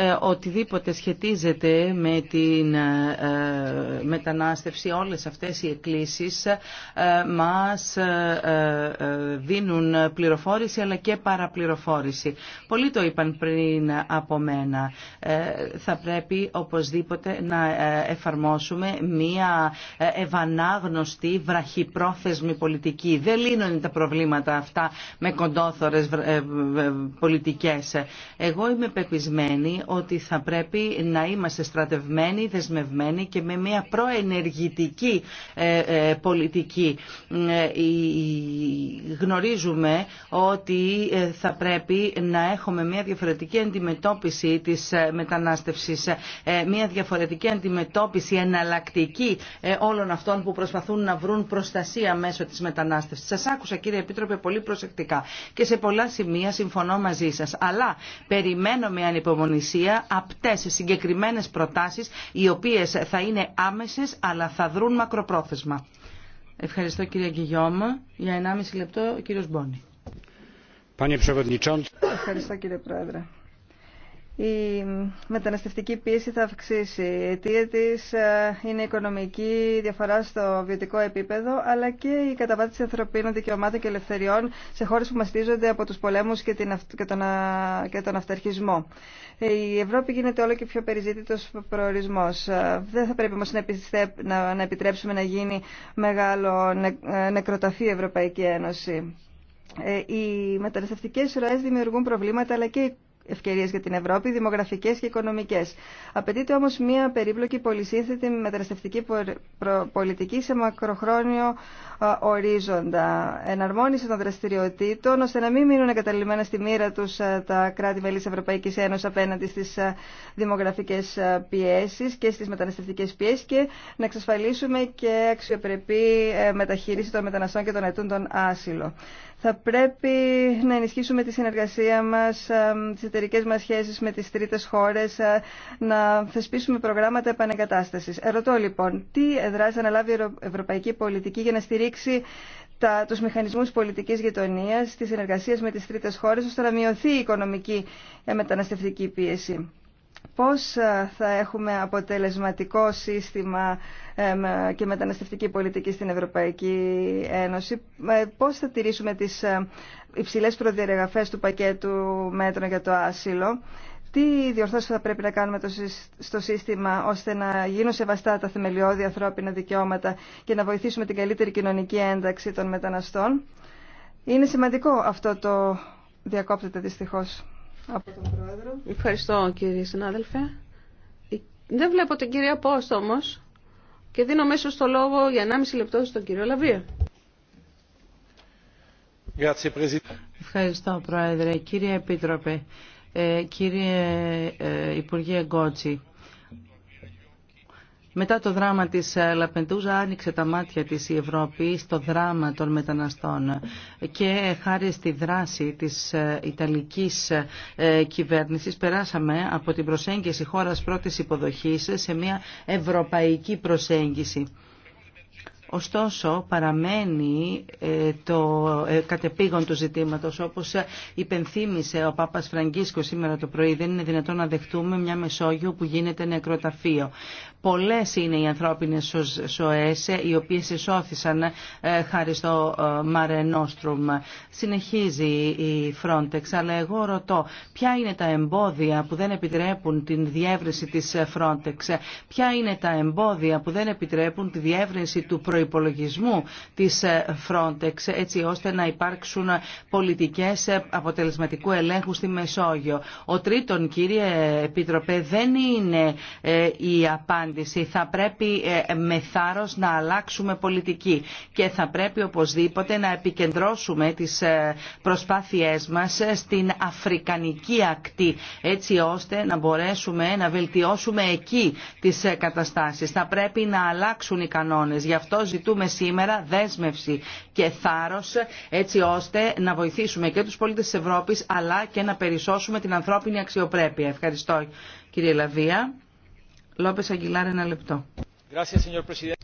Ε, οτιδήποτε σχετίζεται με την ε, μετανάστευση, όλες αυτές οι εκκλήσεις ε, μας δίνουν πληροφόρηση αλλά και παραπληροφόρηση. Πολλοί το είπαν πριν από μένα. Θα πρέπει οπωσδήποτε να εφαρμόσουμε μία ευανάγνωστη βραχυπρόθεσμη πολιτική. Δεν λύνονται τα προβλήματα αυτά με κοντόθωρες πολιτικές. Εγώ είμαι πεπισμένη ότι θα πρέπει να είμαστε στρατευμένοι, δεσμευμένοι και με μια προενεργητική ε, ε, πολιτική. Ε, γνωρίζουμε ότι θα πρέπει να έχουμε μια διαφορετική αντιμετώπιση της μετανάστευσης, μια διαφορετική αντιμετώπιση εναλλακτική όλων αυτών που προσπαθούν να βρουν προστασία μέσω της μετανάστευσης. Σας άκουσα κύριε Επίτροπε πολύ προσεκτικά και σε πολλά σημεία συμφωνώ μαζί σας. Αλλά περιμένω με ανυπομονησία ουσία απτές συγκεκριμένες προτάσεις οι οποίες θα είναι άμεσες αλλά θα δρουν μακροπρόθεσμα. Ευχαριστώ κύριε Γκυγιώμα. Για 1,5 λεπτό ο κύριος Μπόνη. Ευχαριστώ κύριε Πρόεδρε. Η μεταναστευτική πίεση θα αυξήσει. Η αιτία της ε, είναι η οικονομική διαφορά στο βιωτικό επίπεδο, αλλά και η καταβάτηση ανθρωπίνων δικαιωμάτων και ελευθεριών σε χώρες που μαστίζονται από τους πολέμους και, την, και, τον, αυταρχισμό. Η Ευρώπη γίνεται όλο και πιο περιζήτητος προορισμός. Ε, δεν θα πρέπει όμως να, επιτρέψουμε να γίνει μεγάλο ε, νεκροταφή η Ευρωπαϊκή Ένωση. Οι μεταναστευτικές ροές δημιουργούν προβλήματα αλλά και ευκαιρίες για την Ευρώπη, δημογραφικές και οικονομικές. Απαιτείται όμως μια περίπλοκη πολυσύνθετη μεταναστευτική πολιτική σε μακροχρόνιο ορίζοντα. Εναρμόνιση των δραστηριοτήτων ώστε να μην μείνουν εγκαταλειμμένα στη μοίρα τους τα κράτη-μέλη της Ευρωπαϊκής Ένωσης απέναντι στις δημογραφικές πιέσεις και στις μεταναστευτικές πιέσεις και να εξασφαλίσουμε και αξιοπρεπή ε, μεταχείριση των μεταναστών και των ετούντων άσυλο. Θα πρέπει να ενισχύσουμε τη συνεργασία μας, ε, τις εταιρικές μας σχέσεις με τις τρίτες χώρες, ε, να θεσπίσουμε προγράμματα επανεγκατάστασης. Ερωτώ λοιπόν, τι δράση αναλάβει η Ευρωπαϊκή Πολιτική για να στηρίξει τα, τους μηχανισμούς πολιτικής γειτονίας, τη συνεργασία με τις τρίτες χώρες, ώστε να μειωθεί η οικονομική ε, μεταναστευτική πίεση πώς ε, θα έχουμε αποτελεσματικό σύστημα ε, και μεταναστευτική πολιτική στην Ευρωπαϊκή Ένωση, ε, πώς θα τηρήσουμε τις υψηλές προδιαγραφές του πακέτου μέτρων για το άσυλο, τι διορθώσεις θα πρέπει να κάνουμε στο σύστημα ώστε να γίνουν σεβαστά τα θεμελιώδη ανθρώπινα δικαιώματα και να βοηθήσουμε την καλύτερη κοινωνική ένταξη των μεταναστών. Είναι σημαντικό αυτό το διακόπτεται δυστυχώς. Ευχαριστώ κύριε συνάδελφε. Δεν βλέπω την κυρία Πόστο όμω και δίνω μέσω στο λόγο για 1,5 λεπτό στον κύριο Λαβία. Ευχαριστώ Πρόεδρε. Κύριε Επίτροπε, ε, κύριε ε, Υπουργέ Γκότσι, μετά το δράμα της ε, Λαπεντούζα άνοιξε τα μάτια της η Ευρώπη στο δράμα των μεταναστών και ε, χάρη στη δράση της ε, Ιταλικής κυβέρνησης περάσαμε από την προσέγγιση χώρας πρώτης υποδοχής σε μια ευρωπαϊκή προσέγγιση. Ωστόσο, παραμένει το κατεπήγον του ζητήματος, όπως υπενθύμησε ο Πάπας Φραγκίσκος σήμερα το πρωί. Δεν είναι δυνατόν να δεχτούμε μια Μεσόγειο που γίνεται νεκροταφείο. Πολλές είναι οι ανθρώπινες σοές ε, οι οποίες εισώθησαν ε, χάρη στο ε, Mare Nostrum. Συνεχίζει η Frontex, αλλά εγώ ρωτώ ποια είναι τα εμπόδια που δεν επιτρέπουν την διεύρυνση της Frontex, ποια είναι τα εμπόδια που δεν επιτρέπουν τη διεύρυνση του προϋπολογισμού της Frontex, έτσι ώστε να υπάρξουν πολιτικές αποτελεσματικού ελέγχου στη Μεσόγειο. Ο τρίτον, κύριε Επίτροπε, δεν είναι η θα πρέπει ε, με θάρρος να αλλάξουμε πολιτική και θα πρέπει οπωσδήποτε να επικεντρώσουμε τις ε, προσπάθειές μας στην αφρικανική ακτή έτσι ώστε να μπορέσουμε να βελτιώσουμε εκεί τις ε, καταστάσεις. Θα πρέπει να αλλάξουν οι κανόνες. Γι' αυτό ζητούμε σήμερα δέσμευση και θάρρος έτσι ώστε να βοηθήσουμε και τους πολίτες της Ευρώπης αλλά και να περισσώσουμε την ανθρώπινη αξιοπρέπεια. Ευχαριστώ κύριε Λαβία. Λόπες Αγγιλάρ, ένα λεπτό.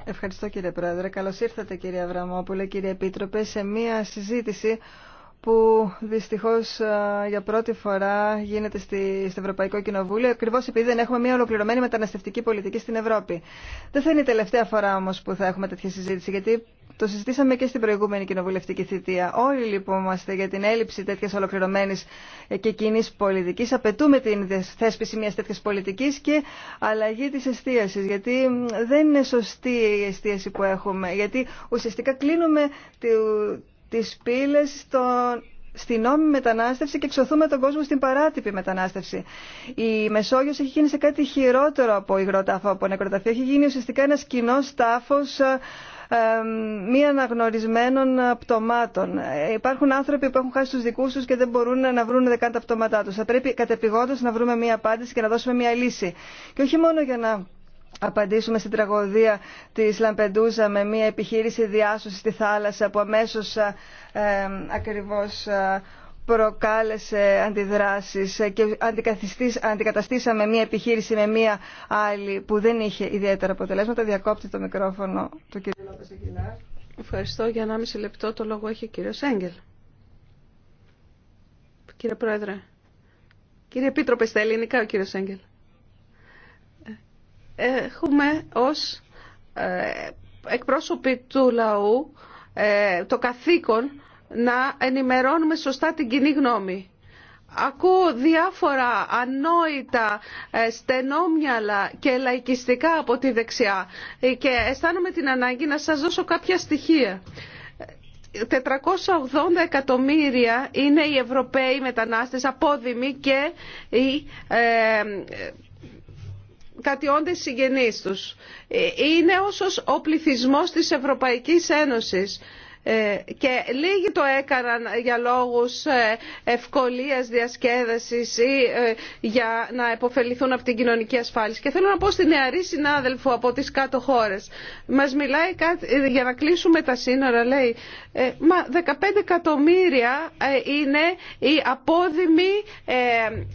Ευχαριστώ κύριε Πρόεδρε. Καλώ ήρθατε κύριε Αβραμόπουλε, κύριε Επίτροπε, σε μία συζήτηση που δυστυχώ για πρώτη φορά γίνεται στη, στο Ευρωπαϊκό Κοινοβούλιο, ακριβώ επειδή δεν έχουμε μια ολοκληρωμένη μεταναστευτική πολιτική στην Ευρώπη. Δεν θα είναι η τελευταία φορά όμω που θα έχουμε τέτοια συζήτηση, γιατί το συζητήσαμε και στην προηγούμενη κοινοβουλευτική θητεία. Όλοι λυπόμαστε για την έλλειψη τέτοια ολοκληρωμένη και κοινή πολιτική. Απαιτούμε την θέσπιση μια τέτοια πολιτική και αλλαγή τη εστίαση. Γιατί δεν είναι σωστή η εστίαση που έχουμε. Γιατί ουσιαστικά κλείνουμε τι πύλε στον στην νόμιμη μετανάστευση και εξωθούμε τον κόσμο στην παράτυπη μετανάστευση. Η Μεσόγειος έχει γίνει σε κάτι χειρότερο από υγρό από νεκροταφείο. Έχει γίνει ουσιαστικά ένα κοινό τάφος ε, μη αναγνωρισμένων πτωμάτων. Υπάρχουν άνθρωποι που έχουν χάσει τους δικούς τους και δεν μπορούν να βρουν δεκάν τα πτώματά τους. Θα πρέπει κατεπηγόντως να βρούμε μία απάντηση και να δώσουμε μία λύση. Και όχι μόνο για να απαντήσουμε στην τραγωδία της Λαμπεντούζα με μια επιχείρηση διάσωση στη θάλασσα που αμέσως ε, ε ακριβώς ε, προκάλεσε αντιδράσεις και αντικαταστήσαμε μία επιχείρηση με μία άλλη που δεν είχε ιδιαίτερα αποτελέσματα. Διακόπτει το μικρόφωνο του κ. Ευχαριστώ. Για 1,5 λεπτό το λόγο έχει ο κύριος Σέγγελ. Κύριε Πρόεδρε. Κύριε Επίτροπε, στα ελληνικά ο κύριος Σέγγελ. Ε, έχουμε ως ε, εκπρόσωποι του λαού ε, το καθήκον να ενημερώνουμε σωστά την κοινή γνώμη. Ακούω διάφορα ανόητα, ε, στενόμυαλα και λαϊκιστικά από τη δεξιά και αισθάνομαι την ανάγκη να σας δώσω κάποια στοιχεία. 480 εκατομμύρια είναι οι Ευρωπαίοι μετανάστες απόδημοι και οι ε, κατιόντες συγγενείς τους. Ε, είναι όσος ο πληθυσμός της Ευρωπαϊκής Ένωσης. Ε, και λίγοι το έκαναν για λόγους ε, ευκολίας διασκέδασης ή ε, για να επωφεληθούν από την κοινωνική ασφάλιση. Και θέλω να πω στη νεαρή συνάδελφο από τις κάτω χώρες. Μας μιλάει για να κλείσουμε τα σύνορα, λέει, μα 15 εκατομμύρια είναι η απόδημη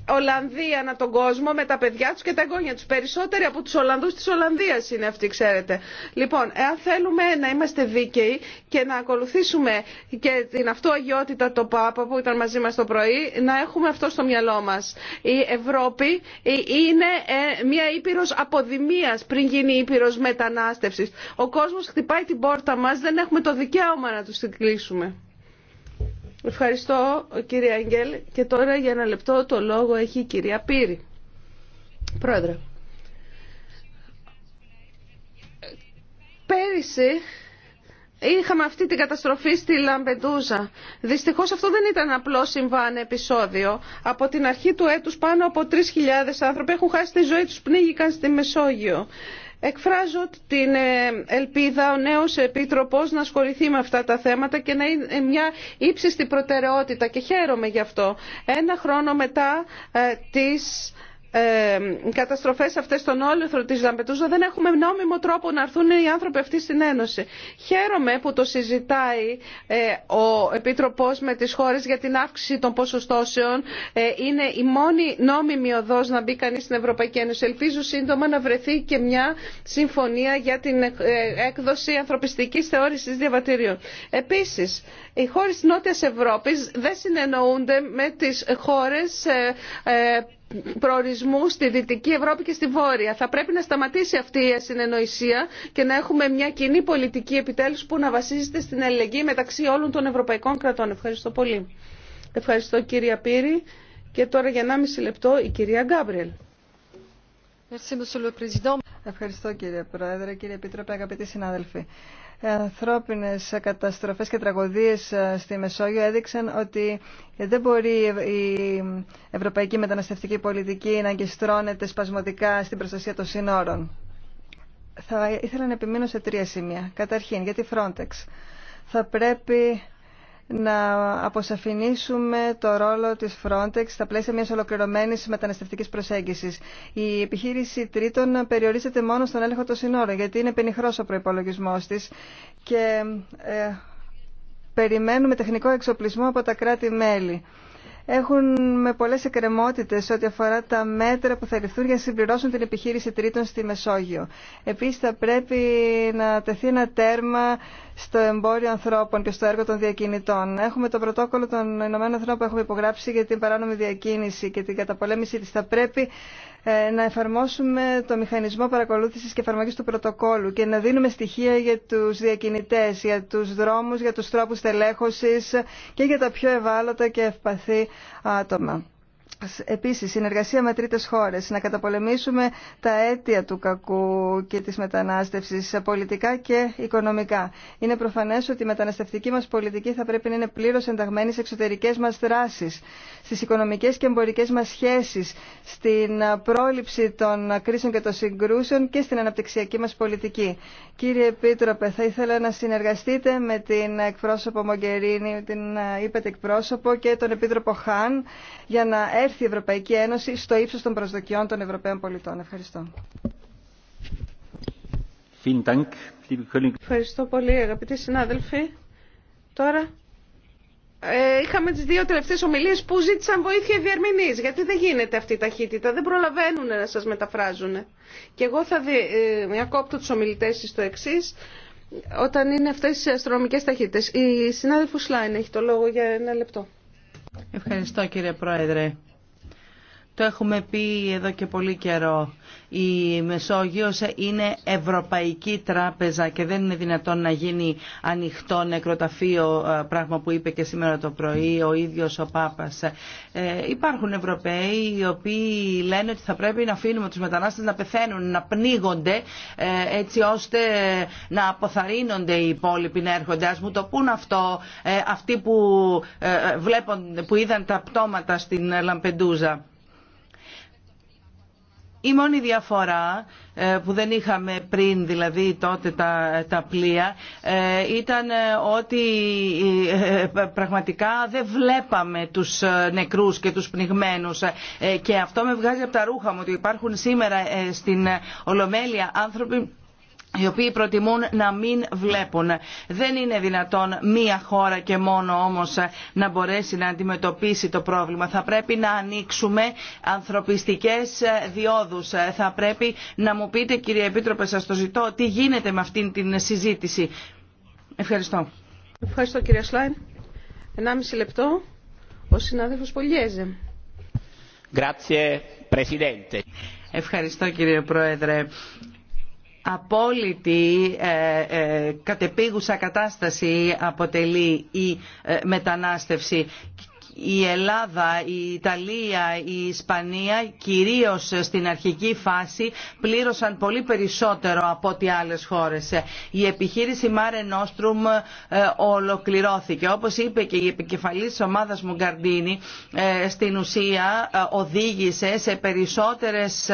Ολλανδία ανά τον κόσμο με τα παιδιά τους και τα εγγόνια τους. Περισσότεροι από τους Ολλανδούς της Ολλανδίας είναι αυτοί, ξέρετε. Λοιπόν, εάν θέλουμε να είμαστε δίκαιοι και να ακολουθούμε και την αυτοαγιότητα αγιότητα το Πάπα που ήταν μαζί μας το πρωί, να έχουμε αυτό στο μυαλό μας. Η Ευρώπη είναι ε, μια ήπειρος αποδημίας πριν γίνει ήπειρος μετανάστευσης. Ο κόσμος χτυπάει την πόρτα μας, δεν έχουμε το δικαίωμα να τους την κλείσουμε. Ευχαριστώ κύριε Αγγέλ και τώρα για ένα λεπτό το λόγο έχει η κυρία Πύρη. Πρόεδρε. Πέρυσι Είχαμε αυτή την καταστροφή στη Λαμπεντούζα. Δυστυχώς αυτό δεν ήταν απλό συμβάν επεισόδιο. Από την αρχή του έτους πάνω από 3.000 άνθρωποι έχουν χάσει τη ζωή τους, πνίγηκαν στη Μεσόγειο. Εκφράζω την ε, ελπίδα ο νέος Επίτροπος να ασχοληθεί με αυτά τα θέματα και να είναι μια ύψιστη προτεραιότητα και χαίρομαι γι' αυτό. Ένα χρόνο μετά ε, τι ε, καταστροφέ αυτέ στον όλεθρο τη Λαμπετούζα δεν έχουμε νόμιμο τρόπο να έρθουν οι άνθρωποι αυτοί στην Ένωση. Χαίρομαι που το συζητάει ε, ο επίτροπο με τι χώρε για την αύξηση των ποσοστώσεων. Ε, είναι η μόνη νόμιμη οδό να μπει κανεί στην Ευρωπαϊκή Ένωση. Ελπίζω σύντομα να βρεθεί και μια συμφωνία για την ε, έκδοση ανθρωπιστική θεώρηση διαβατήριων. Επίση, οι χώρε τη Νότια Ευρώπη δεν συνεννοούνται με τι χώρε. Ε, ε, προορισμού στη Δυτική Ευρώπη και στη Βόρεια. Θα πρέπει να σταματήσει αυτή η ασυνεννοησία και να έχουμε μια κοινή πολιτική επιτέλους που να βασίζεται στην αλληλεγγύη μεταξύ όλων των ευρωπαϊκών κρατών. Ευχαριστώ πολύ. Ευχαριστώ κυρία Πύρη. Και τώρα για 1,5 λεπτό η κυρία Γκάμπριελ. Ευχαριστώ κύριε Πρόεδρε, κύριε Επίτροπε, αγαπητοί συνάδελφοι. Οι ανθρώπινε καταστροφέ και τραγωδίε ε, στη Μεσόγειο έδειξαν ότι δεν μπορεί η ευρωπαϊκή μεταναστευτική πολιτική να αγκιστρώνεται σπασμωδικά στην προστασία των σύνορων. Θα ήθελα να επιμείνω σε τρία σημεία. Καταρχήν, για τη Frontex. Θα πρέπει να αποσαφηνίσουμε το ρόλο της Frontex στα πλαίσια μιας ολοκληρωμένης μεταναστευτικής προσέγγισης. Η επιχείρηση τρίτων περιορίζεται μόνο στον έλεγχο των συνόρων, γιατί είναι πενιχρός ο προϋπολογισμός της και ε, περιμένουμε τεχνικό εξοπλισμό από τα κράτη-μέλη έχουν με πολλές εκκρεμότητε ό,τι αφορά τα μέτρα που θα ληφθούν για να συμπληρώσουν την επιχείρηση τρίτων στη Μεσόγειο. Επίση, θα πρέπει να τεθεί ένα τέρμα στο εμπόριο ανθρώπων και στο έργο των διακινητών. Έχουμε το πρωτόκολλο των Ηνωμένων Ανθρώπων που έχουμε υπογράψει για την παράνομη διακίνηση και την καταπολέμηση τη Θα πρέπει ε, να εφαρμόσουμε το μηχανισμό παρακολούθησης και εφαρμογής του πρωτοκόλλου και να δίνουμε στοιχεία για τους διακινητές, για τους δρόμους, για τους τρόπους τελέχωσης και για τα πιο ευάλωτα και ευπαθή άτομα. Επίση, συνεργασία με τρίτε χώρε να καταπολεμήσουμε τα αίτια του κακού και της μετανάστευση πολιτικά και οικονομικά. Είναι προφανέ ότι η μεταναστευτική μα πολιτική θα πρέπει να είναι πλήρω ενταγμένη σε εξωτερικές μας δράσει, στις οικονομικές και εμπορικέ μα σχέσει στην πρόληψη των κρίσεων και των συγκρούσεων και στην αναπτυξιακή μα πολιτική. Κύριε Επίτροπε, θα ήθελα να συνεργαστείτε με την εκπρόσωπο Μογκερίνη, την ε, είπατε εκπρόσωπο και τον Επίτροπο Χάν για να έρθει η Ευρωπαϊκή Ένωση στο ύψο των προσδοκιών των Ευρωπαίων πολιτών. Ευχαριστώ. Ευχαριστώ πολύ αγαπητοί συνάδελφοι. Τώρα ε, είχαμε τις δύο τελευταίες ομιλίες που ζήτησαν βοήθεια διερμηνή, γιατί δεν γίνεται αυτή η ταχύτητα, δεν προλαβαίνουν να σας μεταφράζουν. Και εγώ θα δει, ε, διακόπτω τους ομιλητές στο εξή. Όταν είναι αυτές οι αστρονομικές ταχύτητες. Η συνάδελφος Λάιν έχει το λόγο για ένα λεπτό. Ευχαριστώ κύριε Πρόεδρε. Το έχουμε πει εδώ και πολύ καιρό. Η Μεσόγειος είναι ευρωπαϊκή τράπεζα και δεν είναι δυνατόν να γίνει ανοιχτό νεκροταφείο, πράγμα που είπε και σήμερα το πρωί ο ίδιος ο Πάπας. Ε, υπάρχουν Ευρωπαίοι οι οποίοι λένε ότι θα πρέπει να αφήνουμε τους μετανάστες να πεθαίνουν, να πνίγονται ε, έτσι ώστε να αποθαρρύνονται οι υπόλοιποι να έρχονται. Ας μου το πούν αυτό ε, αυτοί που, που είδαν τα πτώματα στην Λαμπεντούζα. Η μόνη διαφορά ε, που δεν είχαμε πριν, δηλαδή τότε τα, πλοία, ε, ήταν ε, ότι πραγματικά δεν βλέπαμε τους νεκρούς και τους πνιγμένους. Και αυτό με βγάζει από τα ρούχα μου, ότι υπάρχουν σήμερα στην Ολομέλεια άνθρωποι οι οποίοι προτιμούν να μην βλέπουν. Δεν είναι δυνατόν μία χώρα και μόνο όμως να μπορέσει να αντιμετωπίσει το πρόβλημα. Θα πρέπει να ανοίξουμε ανθρωπιστικές διόδους. Θα πρέπει να μου πείτε κύριε Επίτροπε σας το ζητώ τι γίνεται με αυτήν την συζήτηση. Ευχαριστώ. Ευχαριστώ κύριε Σλάιν. μισή λεπτό ο συνάδελφος Πολιέζε. Ευχαριστώ κύριε Πρόεδρε απόλυτη ε, ε, κατεπίγουσα κατάσταση αποτελεί η ε, μετανάστευση η Ελλάδα, η Ιταλία, η Ισπανία κυρίως στην αρχική φάση πλήρωσαν πολύ περισσότερο από ό,τι άλλες χώρες. Η επιχείρηση Mare Nostrum ε, ολοκληρώθηκε. Όπως είπε και η επικεφαλής της ομάδας μου ε, στην ουσία ε, οδήγησε σε, περισσότερες,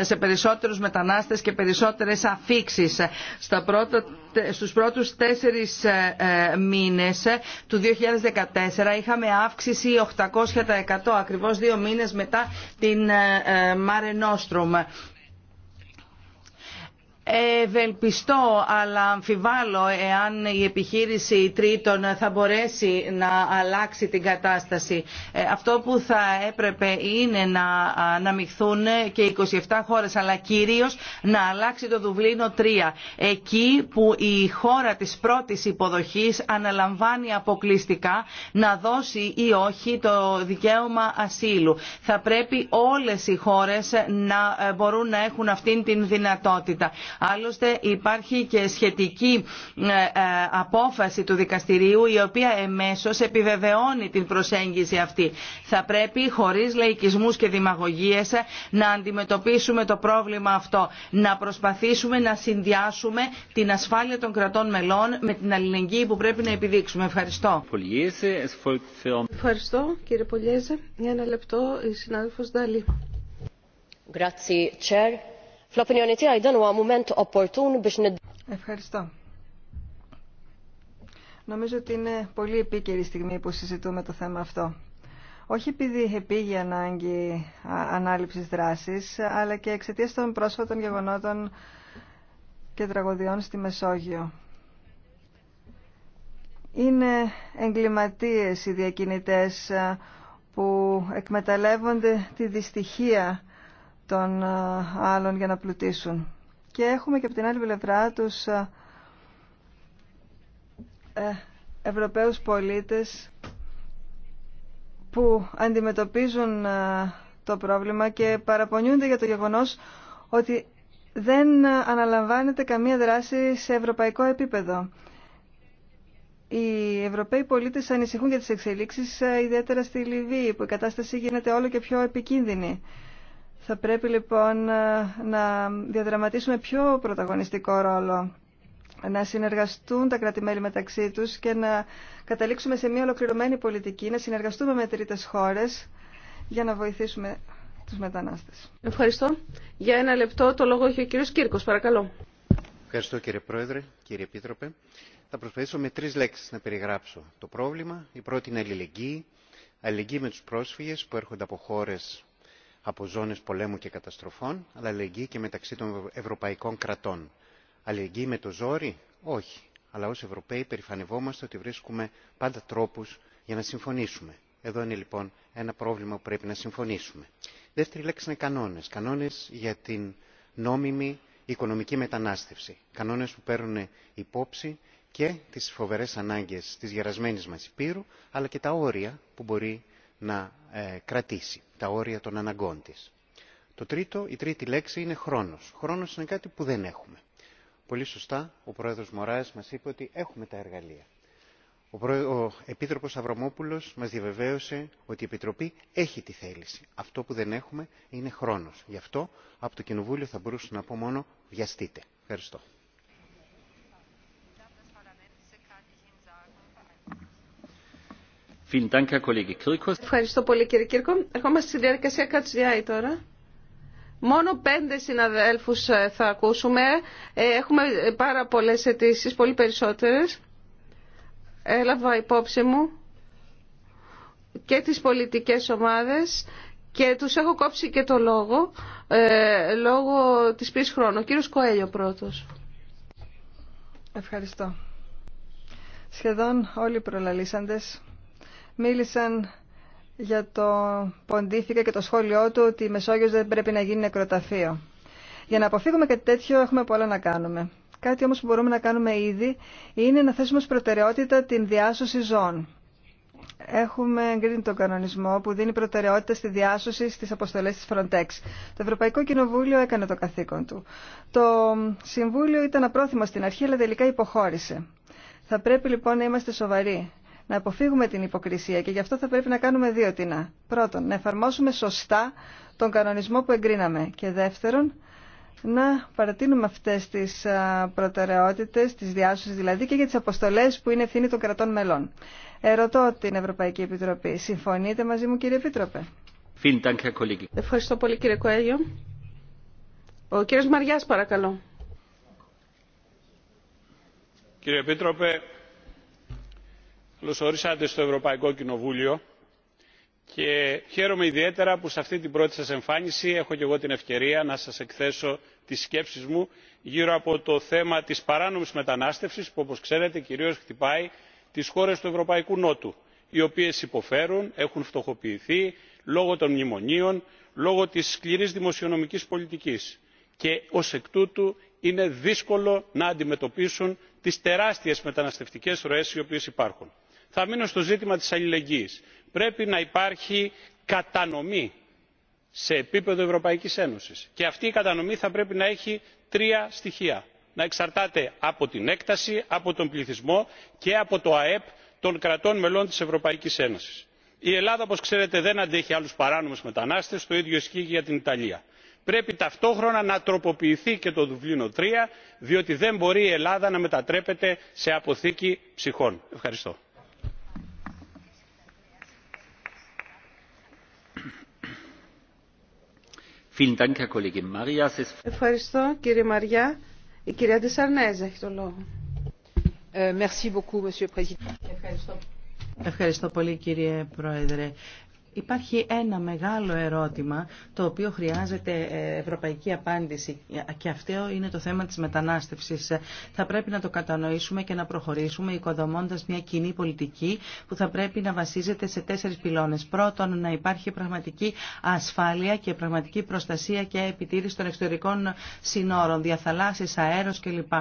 σε περισσότερους μετανάστες και περισσότερες αφήξεις. Στα πρώτα στους πρώτους τέσσερις ε, ε, μήνες ε, του 2014 είχαμε αύξηση 800% ακριβώς δύο μήνες μετά την Mare Nostrum. Ευελπιστώ, αλλά αμφιβάλλω εάν η επιχείρηση τρίτων θα μπορέσει να αλλάξει την κατάσταση. Ε, αυτό που θα έπρεπε είναι να αναμειχθούν και 27 χώρες, αλλά κυρίως να αλλάξει το Δουβλίνο 3. Εκεί που η χώρα της πρώτης υποδοχής αναλαμβάνει αποκλειστικά να δώσει ή όχι το δικαίωμα ασύλου. Θα πρέπει όλες οι χώρες να μπορούν να έχουν αυτήν την δυνατότητα Άλλωστε υπάρχει και σχετική ε, ε, απόφαση του δικαστηρίου η οποία εμέσως επιβεβαιώνει την προσέγγιση αυτή. Θα πρέπει χωρίς λαϊκισμούς και δημαγωγίες να αντιμετωπίσουμε το πρόβλημα αυτό. Να προσπαθήσουμε να συνδυάσουμε την ασφάλεια των κρατών μελών με την αλληλεγγύη που πρέπει να επιδείξουμε. Ευχαριστώ. λεπτό Grazie, Chair. Fl-opinjoni tiegħi dan huwa Ευχαριστώ. Νομίζω ότι είναι πολύ επίκαιρη στιγμή που συζητούμε το θέμα αυτό. Όχι επειδή επήγει ανάγκη ανάληψη δράση, αλλά και εξαιτία των πρόσφατων γεγονότων και τραγωδιών στη Μεσόγειο. Είναι εγκληματίες οι διακινητές που εκμεταλλεύονται τη δυστυχία των ε, άλλων για να πλουτίσουν. Και έχουμε και από την άλλη πλευρά τους ε, ε, Ευρωπαίους πολίτες που αντιμετωπίζουν το πρόβλημα και παραπονιούνται για το γεγονός ότι δεν αναλαμβάνεται καμία δράση σε ευρωπαϊκό επίπεδο. Οι Ευρωπαίοι πολίτες ανησυχούν για τις εξελίξεις, ιδιαίτερα στη Λιβύη, που η κατάσταση γίνεται όλο και πιο επικίνδυνη. Θα πρέπει λοιπόν ε, να διαδραματίσουμε πιο πρωταγωνιστικό ρόλο να συνεργαστούν τα κρατημέλη μεταξύ τους και να καταλήξουμε σε μια ολοκληρωμένη πολιτική, να συνεργαστούμε με τρίτες χώρες για να βοηθήσουμε τους μετανάστες. Ευχαριστώ. Για ένα λεπτό το λόγο έχει ο κύριος Κύρκος. Παρακαλώ. Ευχαριστώ κύριε Πρόεδρε, κύριε Επίτροπε. Θα προσπαθήσω με τρεις λέξεις να περιγράψω το πρόβλημα. Η πρώτη είναι αλληλεγγύη. Αλληλεγγύη με τους πρόσφυγες που έρχονται από χώρες από ζώνες πολέμου και καταστροφών αλλά αλληλεγγύη και μεταξύ των ευρωπαϊκών κρατών. Αλληλεγγύη με το ζόρι? Όχι. Αλλά ως Ευρωπαίοι περηφανευόμαστε ότι βρίσκουμε πάντα τρόπους για να συμφωνήσουμε. Εδώ είναι λοιπόν ένα πρόβλημα που πρέπει να συμφωνήσουμε. Δεύτερη λέξη είναι κανόνες. Κανόνες για την νόμιμη οικονομική μετανάστευση. Κανόνες που παίρνουν υπόψη και τις φοβερές ανάγκες της γερασμένης μας υπήρου αλλά και τα όρια που μπορεί να ε, κρατήσει τα όρια των αναγκών της. Το τρίτο, η τρίτη λέξη είναι χρόνος. Χρόνος είναι κάτι που δεν έχουμε. Πολύ σωστά ο πρόεδρος Μωράς μας είπε ότι έχουμε τα εργαλεία. Ο Επίτροπος Αβραμόπουλος μας διαβεβαίωσε ότι η Επιτροπή έχει τη θέληση. Αυτό που δεν έχουμε είναι χρόνος. Γι' αυτό από το Κοινοβούλιο θα μπορούσα να πω μόνο βιαστείτε. Ευχαριστώ. Ευχαριστώ πολύ κύριε Κύρκο. Ερχόμαστε στη διαδικασία Κατσιάη τώρα. Μόνο πέντε συναδέλφους ε, θα ακούσουμε. Ε, έχουμε πάρα πολλές αιτήσει, πολύ περισσότερες. Έλαβα υπόψη μου και τις πολιτικές ομάδες και τους έχω κόψει και το λόγο, ε, λόγω της πίσης χρόνου. Κύριο κύριος Κοέλιο πρώτος. Ευχαριστώ. Σχεδόν όλοι οι προλαλήσαντες μίλησαν για το ποντίφικα και το σχόλιο του ότι η Μεσόγειος δεν πρέπει να γίνει νεκροταφείο. Για να αποφύγουμε κάτι τέτοιο έχουμε πολλά να κάνουμε. Κάτι όμως που μπορούμε να κάνουμε ήδη είναι να θέσουμε ως προτεραιότητα την διάσωση ζώων. Έχουμε εγκρίνει τον κανονισμό που δίνει προτεραιότητα στη διάσωση στις αποστολές της Frontex. Το Ευρωπαϊκό Κοινοβούλιο έκανε το καθήκον του. Το Συμβούλιο ήταν απρόθυμο στην αρχή αλλά τελικά υποχώρησε. Θα πρέπει λοιπόν να είμαστε σοβαροί να αποφύγουμε την υποκρισία και γι' αυτό θα πρέπει να κάνουμε δύο τινά. Πρώτον, να εφαρμόσουμε σωστά τον κανονισμό που εγκρίναμε και δεύτερον, να παρατείνουμε αυτές τις προτεραιότητες, τις διάσωσης δηλαδή και για τις αποστολές που είναι ευθύνη των κρατών μελών. Ερωτώ την Ευρωπαϊκή Επιτροπή. Συμφωνείτε μαζί μου κύριε Επίτροπε. Ευχαριστώ πολύ κύριε Κοέγιο. Ο κύριος Μαριάς παρακαλώ. Κύριε Επίτροπε, καλωσορίσατε στο ευρωπαϊκό κοινοβούλιο και χαίρομαι ιδιαίτερα που σε αυτή την πρώτη σας εμφάνιση έχω και εγώ την ευκαιρία να σας εκθέσω τις σκέψεις μου γύρω από το θέμα της παράνομης μετανάστευσης που όπως ξέρετε κυρίως χτυπάει τις χώρες του ευρωπαϊκού νότου οι οποίες υποφέρουν έχουν φτωχοποιηθεί λόγω των μνημονίων λόγω της σκληρής δημοσιονομικής πολιτικής και ως εκ τούτου είναι δύσκολο να αντιμετωπίσουν τις τεράστιες μεταναστευτικές ροές οι οποίες υπάρχουν θα μείνω στο ζήτημα της αλληλεγγύης. πρέπει να υπάρχει κατανομή σε επίπεδο ευρωπαϊκής ένωσης και αυτή η κατανομή θα πρέπει να έχει τρία στοιχεία να εξαρτάται από την έκταση από τον πληθυσμό και από το αεπ των κρατών μελών της ευρωπαϊκής ένωσης. η ελλάδα όπως ξέρετε δεν αντέχει άλλους παράνομους μετανάστες το ίδιο ισχύει και για την ιταλία. πρέπει ταυτόχρονα να τροποποιηθεί και το δουβλίνο 3 διότι δεν μπορεί η ελλάδα να μετατρέπεται σε αποθήκη ψυχών. ευχαριστώ. Ευχαριστώ κύριε Μαριά. Η κυρία Ντεσσαρνέζ έχει το λόγο. Ε, Ευχαριστώ. Ευχαριστώ πολύ κύριε Πρόεδρε. Υπάρχει ένα μεγάλο ερώτημα το οποίο χρειάζεται ε, ευρωπαϊκή απάντηση και αυτό είναι το θέμα της μετανάστευσης. Θα πρέπει να το κατανοήσουμε και να προχωρήσουμε οικοδομώντας μια κοινή πολιτική που θα πρέπει να βασίζεται σε τέσσερις πυλώνες. Πρώτον, να υπάρχει πραγματική ασφάλεια και πραγματική προστασία και επιτήρηση των εξωτερικών συνόρων, διαθαλάσσεις, αέρος κλπ.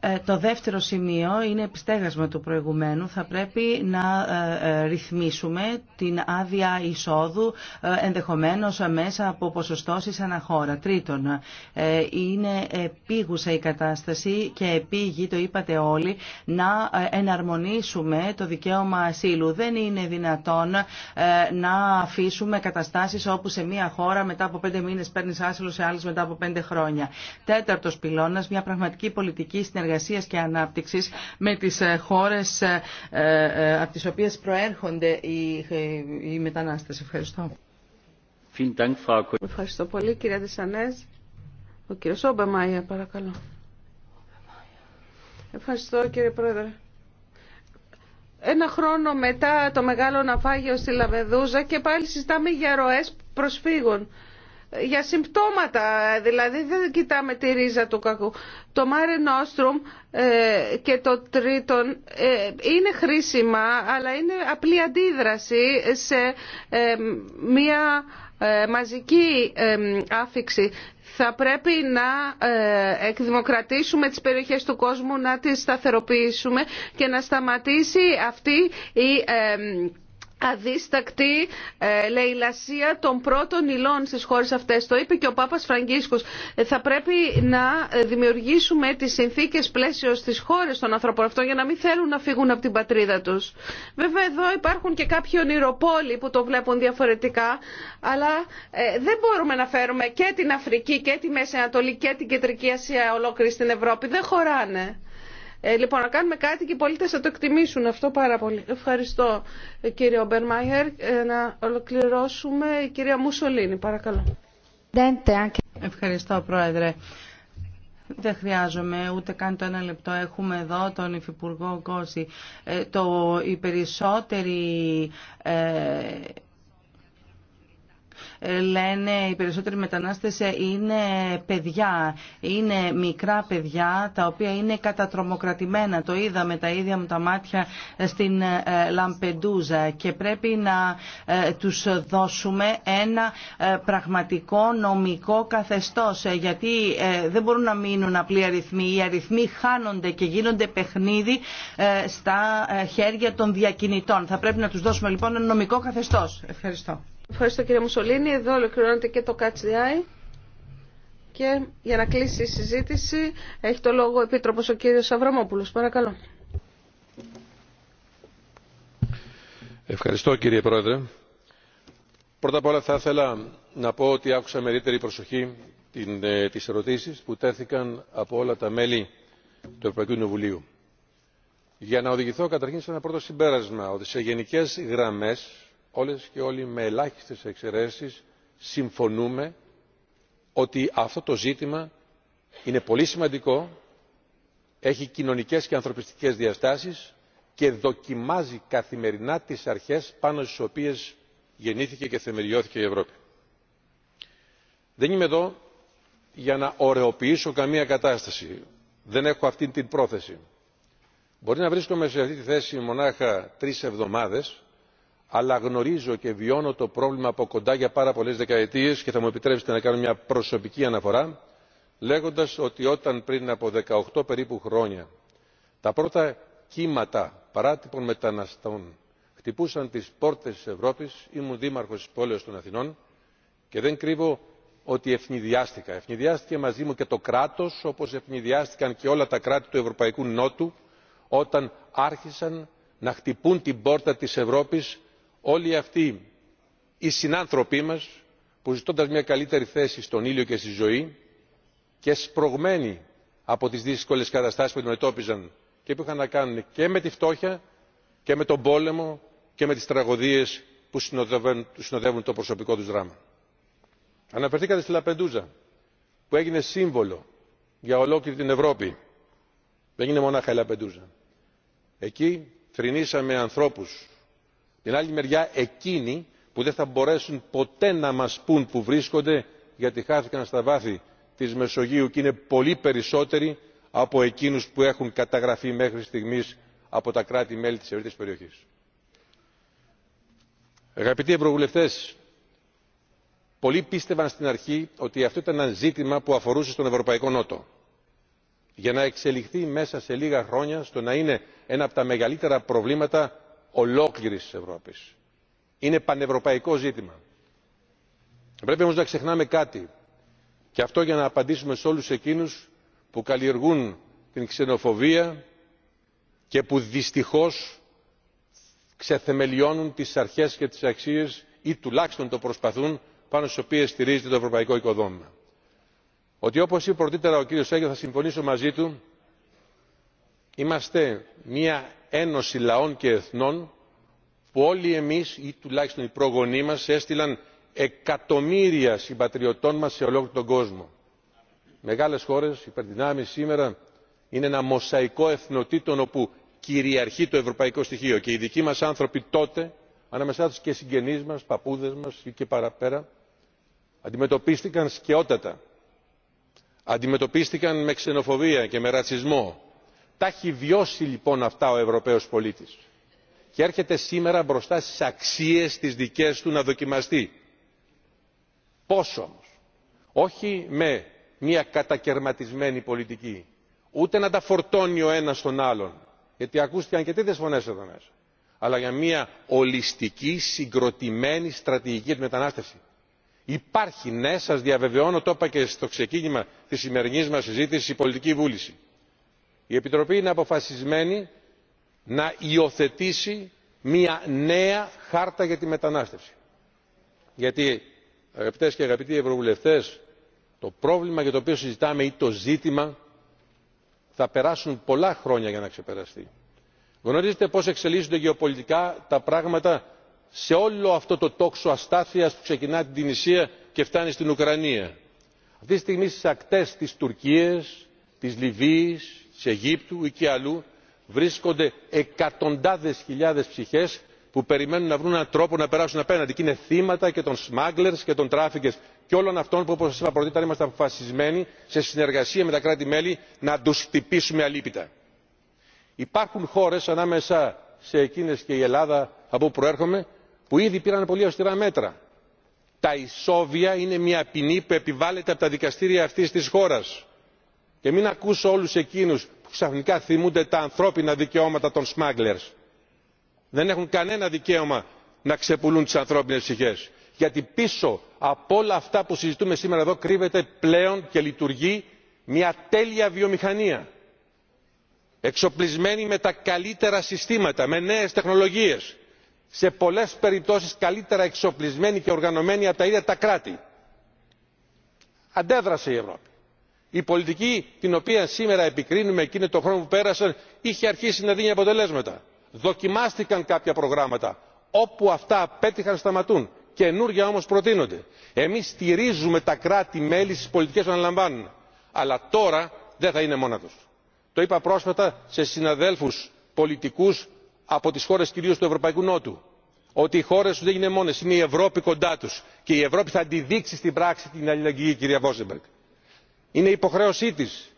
Ε, το δεύτερο σημείο είναι επιστέγασμα του προηγουμένου. Θα πρέπει να ε, ε, ρυθμίσουμε την άδεια εισόδου ενδεχομένως μέσα από ένα αναχώρα. Τρίτον, είναι επίγουσα η κατάσταση και επίγει, το είπατε όλοι, να εναρμονίσουμε το δικαίωμα ασύλου. Δεν είναι δυνατόν να αφήσουμε καταστάσεις όπου σε μία χώρα μετά από πέντε μήνες παίρνεις άσυλο, σε άλλες μετά από πέντε χρόνια. Τέταρτος πυλώνας, μια πραγματική πολιτική συνεργασία συνεργασίας και ανάπτυξης με τις ε, χώρες ε, ε, από τις οποίες προέρχονται οι μετανάστες. Ευχαριστώ. Ευχαριστώ πολύ κύρια Δησανές. Ο κύριος Όμπεμάια παρακαλώ. Ευχαριστώ κύριε Πρόεδρε. Ένα χρόνο μετά το μεγάλο ναυάγιο στη Λαβεδούζα και πάλι συζητάμε για ροές προσφύγων για συμπτώματα, δηλαδή δεν κοιτάμε τη ρίζα του κακού. Το Mare Nostrum ε, και το Τρίτον ε, είναι χρήσιμα, αλλά είναι απλή αντίδραση σε ε, μία μαζική άφηξη. Θα πρέπει να εκδημοκρατήσουμε τις περιοχές του κόσμου, να τις σταθεροποιήσουμε και να σταματήσει αυτή η αδίστακτη ε, λαιλασία των πρώτων υλών στις χώρες αυτές. Το είπε και ο Πάπας Φραγκίσκος. Ε, θα πρέπει να ε, δημιουργήσουμε τις συνθήκες πλαίσιο στις χώρες των ανθρώπων αυτών για να μην θέλουν να φύγουν από την πατρίδα τους. Βέβαια εδώ υπάρχουν και κάποιοι ονειροπόλοι που το βλέπουν διαφορετικά, αλλά ε, δεν μπορούμε να φέρουμε και την Αφρική και τη Μέση Ανατολή και την Κεντρική Ασία ολόκληρη στην Ευρώπη. Δεν χωράνε. Ε, λοιπόν, να κάνουμε κάτι και οι πολίτες θα το εκτιμήσουν αυτό πάρα πολύ. Ευχαριστώ κύριο Ομπερμάιερ. Ε, να ολοκληρώσουμε η κυρία Μουσολίνη, παρακαλώ. Ευχαριστώ πρόεδρε. Δεν χρειάζομαι ούτε καν το ένα λεπτό. Έχουμε εδώ τον Υφυπουργό Κώση. Ε, το, οι περισσότεροι λένε οι περισσότεροι μετανάστες είναι παιδιά, είναι μικρά παιδιά τα οποία είναι κατατρομοκρατημένα. Το είδαμε τα ίδια μου τα μάτια στην ε, Λαμπεντούζα και πρέπει να ε, τους δώσουμε ένα ε, πραγματικό νομικό καθεστώς γιατί δεν μπορούν να μείνουν απλοί αριθμοί. Οι αριθμοί χάνονται και γίνονται παιχνίδι στα χέρια των διακινητών. Θα πρέπει να τους δώσουμε λοιπόν ένα νομικό καθεστώς. Ευχαριστώ. Ευχαριστώ κύριε Μουσολίνη. Εδώ ολοκληρώνεται και το Eye. Και για να κλείσει η συζήτηση έχει το λόγο ο Επίτροπος ο κύριος Αβραμόπουλος. Παρακαλώ. Ευχαριστώ κύριε Πρόεδρε. Πρώτα απ' όλα θα ήθελα να πω ότι άκουσα με ιδιαίτερη προσοχή ε, τις ερωτήσεις που τέθηκαν από όλα τα μέλη του Ευρωπαϊκού Κοινοβουλίου. Για να οδηγηθώ καταρχήν σε ένα πρώτο συμπέρασμα ότι σε γενικές γραμμές όλες και όλοι με ελάχιστες εξαιρέσεις συμφωνούμε ότι αυτό το ζήτημα είναι πολύ σημαντικό έχει κοινωνικές και ανθρωπιστικές διαστάσεις και δοκιμάζει καθημερινά τις αρχές πάνω στις οποίες γεννήθηκε και θεμελιώθηκε η ευρώπη. δεν είμαι εδώ για να ωρεοποιήσω καμία κατάσταση δεν έχω αυτή την πρόθεση. μπορεί να βρίσκομαι σε αυτή τη θέση μονάχα τρεις εβδομάδες αλλά γνωρίζω και βιώνω το πρόβλημα από κοντά για πάρα πολλέ δεκαετίε και θα μου επιτρέψετε να κάνω μια προσωπική αναφορά λέγοντα ότι όταν πριν από δεκαοκτώ περίπου χρόνια τα πρώτα κύματα παράτυπων μεταναστών χτυπούσαν τι πόρτε τη ευρώπη ήμουν δήμαρχο τη πόλεως των αθηνών και δεν κρύβω ότι ευνηδιάστηκα. ευνηδιάστηκε μαζί μου και το κράτο όπω ευνηδιάστηκαν και όλα τα κράτη του ευρωπαϊκού νότου όταν άρχισαν να χτυπούν την πόρτα τη ευρώπη όλοι αυτοί οι συνάνθρωποι μας που ζητώντας μια καλύτερη θέση στον ήλιο και στη ζωή και σπρωγμένοι από τις δύσκολες καταστάσεις που αντιμετώπιζαν και που είχαν να κάνουν και με τη φτώχεια και με τον πόλεμο και με τις τραγωδίες που συνοδεύουν το προσωπικό τους δράμα. αναφερθήκατε στη Λαπεντούζα που έγινε σύμβολο για ολόκληρη την ευρώπη. δεν είναι μονάχα η Λαπεντούζα. εκεί θρηνήσαμε ανθρώπους την άλλη μεριά εκείνοι που δεν θα μπορέσουν ποτέ να μας πούν που βρίσκονται γιατί χάθηκαν στα βάθη της μεσογείου και είναι πολύ περισσότεροι από εκείνους που έχουν καταγραφεί μέχρι στιγμής από τα κράτη μέλη της ευρύτερης περιοχής. αγαπητοί ευρωβουλευτέ πολλοί πίστευαν στην αρχή ότι αυτό ήταν ένα ζήτημα που αφορούσε στον ευρωπαϊκό νότο για να εξελιχθεί μέσα σε λίγα χρόνια στο να είναι ένα από τα μεγαλύτερα προβλήματα ολόκληρης της ευρώπης. είναι πανευρωπαϊκό ζήτημα. πρέπει όμως να ξεχνάμε κάτι και αυτό για να απαντήσουμε σε όλους εκείνους που καλλιεργούν την ξενοφοβία και που δυστυχώς ξεθεμελιώνουν τις αρχές και τις αξίες ή τουλάχιστον το προσπαθούν πάνω στις οποίες στηρίζεται το ευρωπαϊκό οικοδόμημα. ότι όπως είπε ο κύριος Σέγγελ θα συμφωνήσω μαζί του είμαστε μια ένωση λαών και εθνών που όλοι εμείς ή τουλάχιστον οι προγονείς μας έστειλαν εκατομμύρια συμπατριωτών μας σε ολόκληρο τον κόσμο. μεγάλες χώρες υπερδυνάμεις σήμερα είναι ένα μοσαϊκό εθνοτήτων όπου κυριαρχεί το ευρωπαϊκό στοιχείο και οι δικοί μας άνθρωποι τότε ανάμεσά τους και συγγενείς μας παππούδες μας ή και παραπέρα αντιμετωπίστηκαν σκαιότατα. αντιμετωπίστηκαν με ξενοφοβία και με ρατσισμό τα έχει βιώσει λοιπόν αυτά ο ευρωπαίος πολίτης και έρχεται σήμερα μπροστά στις αξίες τις δικές του να δοκιμαστεί. πώς όμως; όχι με μια κατακαιρματισμένη πολιτική ούτε να τα φορτώνει ο ένας τον άλλον γιατί ακούστηκαν και τέτοιες φωνές εδώ μέσα αλλά για μια ολιστική συγκροτημένη στρατηγική μετανάστευση. υπάρχει ναι σας διαβεβαιώνω το είπα και στο ξεκίνημα της σημερινής μας συζήτησης η πολιτική βούληση η επιτροπή είναι αποφασισμένη να υιοθετήσει μια νέα χάρτα για τη μετανάστευση γιατί αγαπητές και αγαπητοί ευρωβουλευτές το πρόβλημα για το οποίο συζητάμε ή το ζήτημα θα περάσουν πολλά χρόνια για να ξεπεραστεί. γνωρίζετε πώς εξελίσσονται γεωπολιτικά τα πράγματα σε όλο αυτό το τόξο αστάθειας που ξεκινά την τινησία και φτάνει στην ουκρανία. αυτή τη στιγμή στις ακτές της τουρκίας της λιβύης της αιγύπτου ή και αλλού βρίσκονται εκατοντάδες χιλιάδες ψυχές που περιμένουν να βρουν έναν τρόπο να περάσουν απέναντι και είναι θύματα και των smugglers και των traffickers και όλων αυτών που όπως σας είπα πρωτήτερα είμαστε αποφασισμένοι σε συνεργασία με τα κράτη μέλη να τους χτυπήσουμε αλίπητα. υπάρχουν χώρες ανάμεσα σε εκείνες και η ελλάδα από όπου προέρχομαι που ήδη πήραν πολύ αυστηρά μέτρα. τα ισόβια είναι μια ποινή που επιβάλλεται από τα δικαστήρια αυτής της χώρας και μην ακούσω όλους εκείνους που ξαφνικά θυμούνται τα ανθρώπινα δικαιώματα των smugglers. δεν έχουν κανένα δικαίωμα να ξεπουλούν τις ανθρώπινες ψυχές γιατί πίσω από όλα αυτά που συζητούμε σήμερα εδώ κρύβεται πλέον και λειτουργεί μια τέλεια βιομηχανία εξοπλισμένη με τα καλύτερα συστήματα με νέες τεχνολογίες σε πολλές περιπτώσεις καλύτερα εξοπλισμένη και οργανωμένη από τα ίδια τα κράτη. αντέδρασε η ευρώπη η πολιτική την οποία σήμερα επικρίνουμε είναι τον χρόνο που πέρασε είχε αρχίσει να δίνει αποτελέσματα. δοκιμάστηκαν κάποια προγράμματα. όπου αυτά απέτυχαν σταματούν. Καινούργια όμως προτείνονται. εμείς στηρίζουμε τα κράτη μέλη στις πολιτικές που αναλαμβάνουν. αλλά τώρα δεν θα είναι μόνα τους. το είπα πρόσφατα σε συναδέλφους πολιτικούς από τις χώρες κυρίως του ευρωπαϊκού νότου ότι οι χώρες τους δεν είναι μόνες είναι η ευρώπη κοντά τους και η ευρώπη θα αντιδείξει στην πράξη την αλληλεγγύη κυρία βόζεμπεργκ είναι υποχρέωσή της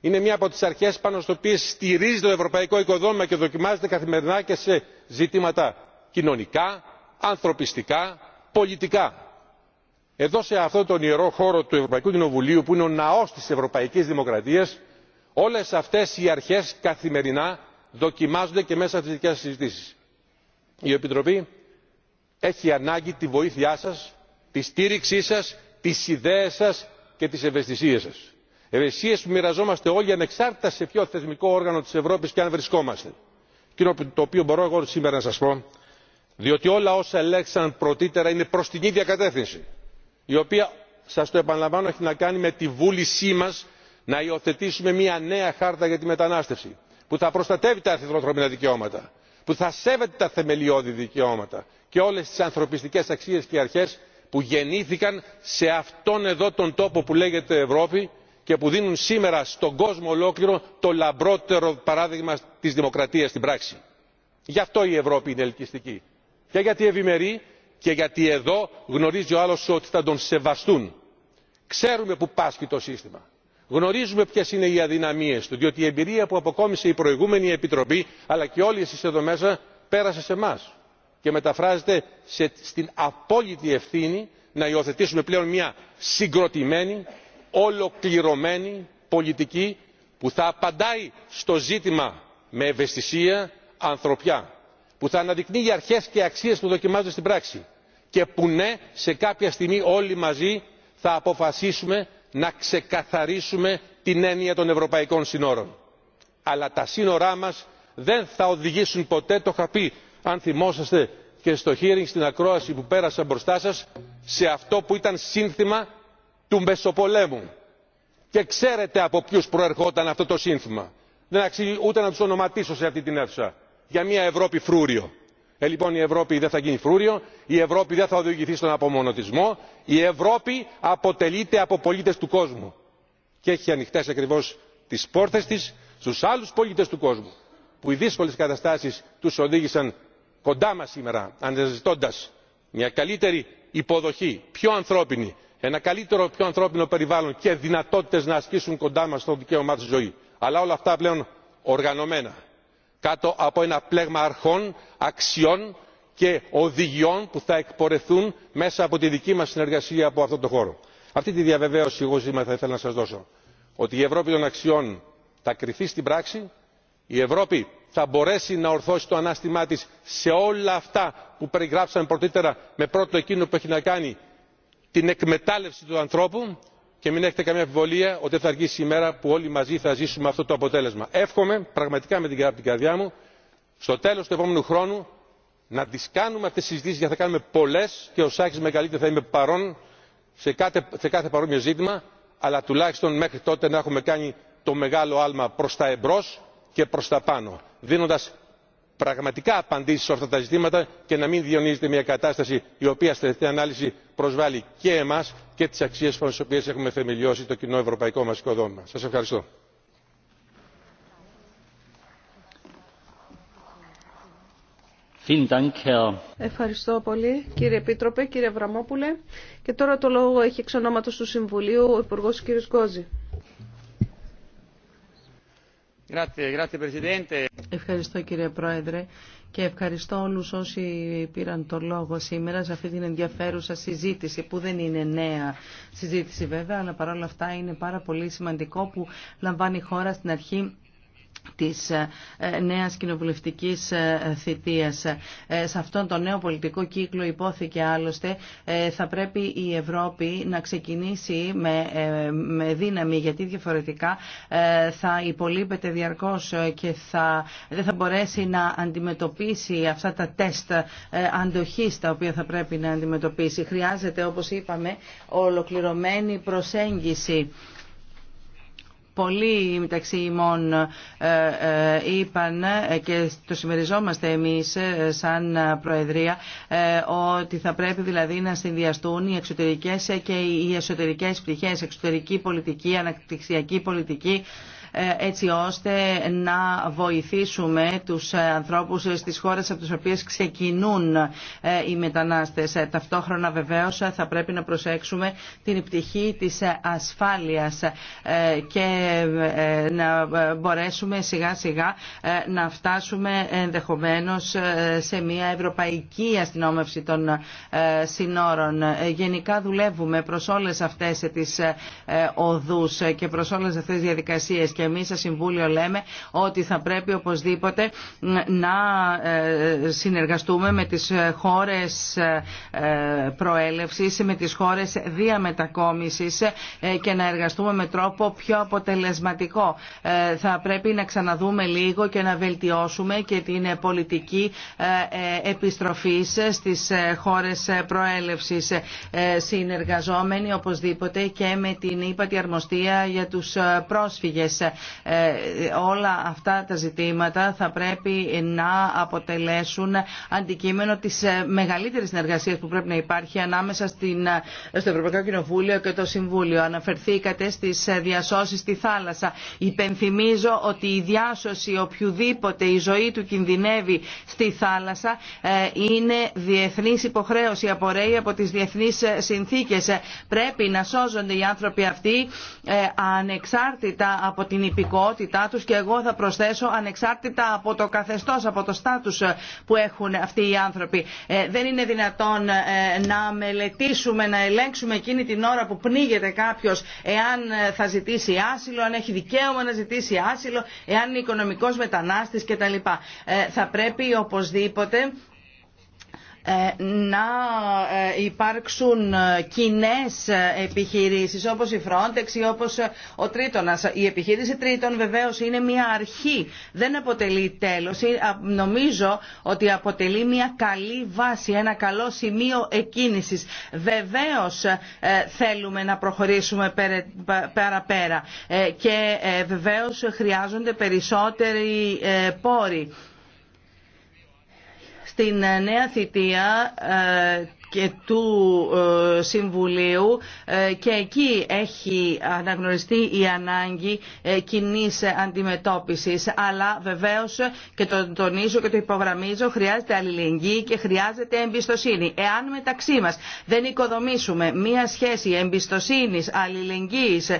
είναι μια από τις αρχές πάνω στι οποίε στηρίζει το ευρωπαϊκό οικοδόμημα και δοκιμάζεται καθημερινά και σε ζητήματα κοινωνικά ανθρωπιστικά πολιτικά. εδώ σε αυτόν τον ιερό χώρο του ευρωπαϊκού κοινοβουλίου που είναι ο ναός της ευρωπαϊκής δημοκρατίας όλες αυτές οι αρχές καθημερινά δοκιμάζονται και μέσα στι δικέ σας συζητήσεις. η επιτροπή έχει ανάγκη τη βοήθειά σας τη στήριξή σας τις ιδέες σας και τις ευαισθησίες σας ευαισθησίες που μοιραζόμαστε όλοι ανεξάρτητα σε ποιο θεσμικό όργανο της ευρώπης και αν βρισκόμαστε. εκείνο το οποίο μπορώ εγώ σήμερα να σας πω διότι όλα όσα ελέγξαν πρωτήτερα είναι προς την ίδια κατεύθυνση η οποία σας το επαναλαμβάνω έχει να κάνει με τη βούλησή μας να υιοθετήσουμε μια νέα χάρτα για τη μετανάστευση που θα προστατεύει τα ανθρώπινα δικαιώματα που θα σέβεται τα θεμελιώδη δικαιώματα και όλε τι ανθρωπιστικέ αξίε και αρχέ που γεννήθηκαν σε αυτόν εδώ τον τόπο που λέγεται ευρώπη και που δίνουν σήμερα στον κόσμο ολόκληρο το λαμπρότερο παράδειγμα της δημοκρατίας στην πράξη. γι' αυτό η ευρώπη είναι ελκυστική και γιατί ευημερεί και γιατί εδώ γνωρίζει ο άλλος ότι θα τον σεβαστούν. ξέρουμε που πάσχει το σύστημα. γνωρίζουμε ποιες είναι οι αδυναμίες του διότι η εμπειρία που αποκόμισε η προηγούμενη επιτροπή αλλά και όλοι εσείς εδώ μέσα πέρασε σε εμάς και μεταφράζεται στην απόλυτη ευθύνη να υιοθετήσουμε πλέον μια συγκροτημένη ολοκληρωμένη πολιτική που θα απαντάει στο ζήτημα με ευαισθησία ανθρωπιά που θα αναδεικνύει αρχές και αξίες που δοκιμάζονται στην πράξη και που ναι σε κάποια στιγμή όλοι μαζί θα αποφασίσουμε να ξεκαθαρίσουμε την έννοια των ευρωπαϊκών συνόρων. αλλά τα σύνορά μας δεν θα οδηγήσουν ποτέ το χαπί αν θυμόσαστε και στο hearing στην ακρόαση που πέρασα μπροστά σας σε αυτό που ήταν σύνθημα του μεσοπολέμου και ξέρετε από ποιους προερχόταν αυτό το σύνθημα δεν αξίζει ούτε να τους ονοματίσω σε αυτή την αίθουσα για μια ευρώπη φρούριο. Ε, λοιπόν, η Ευρώπη δεν θα γίνει φρούριο, η Ευρώπη δεν θα οδηγηθεί στον απομονωτισμό, η Ευρώπη αποτελείται από πολίτες του κόσμου και έχει ανοιχτέ ακριβώς τις πόρτες της στους άλλους πολίτες του κόσμου που οι δύσκολες καταστάσεις τους οδήγησαν κοντά μας σήμερα αναζητώντας μια καλύτερη υποδοχή πιο ανθρώπινη ένα καλύτερο πιο ανθρώπινο περιβάλλον και δυνατότητες να ασκήσουν κοντά μας το δικαίωμά τους στη ζωή. αλλά όλα αυτά πλέον οργανωμένα κάτω από ένα πλέγμα αρχών αξιών και οδηγιών που θα εκπορεθούν μέσα από τη δική μας συνεργασία από αυτόν τον χώρο. αυτή τη διαβεβαίωση εγώ σήμερα θα ήθελα να σας δώσω ότι η ευρώπη των αξιών θα κριθεί στην πράξη η ευρώπη θα μπορέσει να ορθώσει το ανάστημά τη σε όλα αυτά που περιγράψαμε πρωτήτερα με πρώτο εκείνο που έχει να κάνει την εκμετάλλευση του ανθρώπου και μην έχετε καμία αμφιβολία ότι θα αργήσει η μέρα που όλοι μαζί θα ζήσουμε αυτό το αποτέλεσμα. εύχομαι πραγματικά με την καρδιά μου στο τέλος του επόμενου χρόνου να τις κάνουμε αυτές τις συζητήσεις γιατί θα κάνουμε πολλές και ο σάκης μεγαλύτερη θα είμαι παρόν σε κάθε παρόμοιο ζήτημα αλλά τουλάχιστον μέχρι τότε να έχουμε κάνει το μεγάλο άλμα προς τα εμπρός και προς τα πάνω δίνοντας πραγματικά απαντήσεις σε αυτά τα ζητήματα και να μην διονύζεται μια κατάσταση η οποία στην τελευταία ανάλυση προσβάλλει και εμάς και τις αξίες πάνω στις οποίες έχουμε θεμελιώσει το κοινό ευρωπαϊκό μας οικοδόμημα. σας ευχαριστώ. Ευχαριστώ πολύ κύριε Επίτροπε, κύριε Βραμόπουλε. Και τώρα το λόγο έχει εξ ονόματος του Συμβουλίου ο Υπουργός κ. Γκόζη. Ευχαριστώ κύριε Πρόεδρε και ευχαριστώ όλους όσοι πήραν το λόγο σήμερα σε αυτή την ενδιαφέρουσα συζήτηση που δεν είναι νέα συζήτηση βέβαια αλλά παρόλα αυτά είναι πάρα πολύ σημαντικό που λαμβάνει η χώρα στην αρχή της ε, νέας κοινοβουλευτικής ε, θητείας. Ε, σε αυτόν τον νέο πολιτικό κύκλο υπόθηκε άλλωστε θα πρέπει η Ευρώπη να ξεκινήσει με, με δύναμη γιατί διαφορετικά θα υπολείπεται διαρκώς και θα, δεν θα μπορέσει να αντιμετωπίσει αυτά τα τεστ αντοχής τα οποία θα πρέπει να αντιμετωπίσει. Χρειάζεται όπως είπαμε ολοκληρωμένη προσέγγιση πολλοί μεταξύ ημών ε, ε, είπαν ε, και το συμμεριζόμαστε εμείς σαν Προεδρία ότι θα πρέπει δηλαδή να συνδυαστούν οι εξωτερικές και οι εσωτερικές πτυχές, εξωτερική πολιτική, αναπτυξιακή πολιτική ε, έτσι ώστε να βοηθήσουμε τους ανθρώπους στις χώρες από τις οποίες ξεκινούν ε, οι μετανάστες. Ε, ταυτόχρονα βεβαίως θα πρέπει να προσέξουμε την πτυχή της ασφάλειας και να μπορέσουμε σιγά σιγά να φτάσουμε ενδεχομένως σε μια ευρωπαϊκή αστυνόμευση των συνόρων. Γενικά δουλεύουμε προς όλες αυτές τις οδούς και προς όλες αυτές τις διαδικασίες και εμείς Συμβούλιο λέμε ότι θα πρέπει οπωσδήποτε να ε, συνεργαστούμε με τις χώρες ε, προέλευσης, με τις χώρες διαμετακόμισης ε, και να εργαστούμε με τρόπο πιο αποτελεσματικό. Θα πρέπει να ξαναδούμε λίγο και να βελτιώσουμε και την πολιτική επιστροφή στις χώρες προέλευσης συνεργαζόμενοι οπωσδήποτε και με την ύπατη αρμοστία για τους πρόσφυγες ε, όλα αυτά τα ζητήματα θα πρέπει να αποτελέσουν αντικείμενο της ε, μεγαλύτερης συνεργασίας που πρέπει να υπάρχει ανάμεσα στην, ε, στο Ευρωπαϊκό Κοινοβούλιο και το Συμβούλιο. Αναφερθήκατε στις διασώσεις στη θάλασσα. Υπενθυμίζω ότι η διάσωση οποιοδήποτε η ζωή του κινδυνεύει στη θάλασσα είναι διεθνής υποχρέωση, απορρέει από τις διεθνείς συνθήκες. Πρέπει να σώζονται οι άνθρωποι αυτοί ανεξάρτητα από την την υπηκότητά τους και εγώ θα προσθέσω ανεξάρτητα από το καθεστώς, από το στάτους ε, που έχουν αυτοί οι άνθρωποι. Ε, δεν είναι δυνατόν ε, να μελετήσουμε, να ελέγξουμε εκείνη την ώρα που πνίγεται κάποιος εάν θα ζητήσει άσυλο, αν έχει δικαίωμα να ζητήσει άσυλο, εάν είναι οικονομικός μετανάστης κτλ. Θα πρέπει οπωσδήποτε ε, να ε, υπάρξουν ε, κοινέ επιχειρήσεις όπως η Frontex ή όπως ο Τρίτονας. Η επιχείρηση Τρίτον βεβαίως είναι μια αρχή, δεν αποτελεί τέλος. Νομίζω ότι αποτελεί μια καλή βάση, ένα καλό σημείο εκκίνησης. Βεβαίως θέλουμε να προχωρήσουμε παραπέρα και βεβαίως χρειάζονται περισσότεροι πόροι στην ε, νέα θητεία ε, και του ε, Συμβουλίου και εκεί έχει αναγνωριστεί η ανάγκη κοινή αντιμετώπισης. Αλλά βεβαίως και το τονίζω και το υπογραμμίζω χρειάζεται αλληλεγγύη και χρειάζεται εμπιστοσύνη. Εάν μεταξύ μας δεν οικοδομήσουμε μία σχέση εμπιστοσύνης, αλληλεγγύης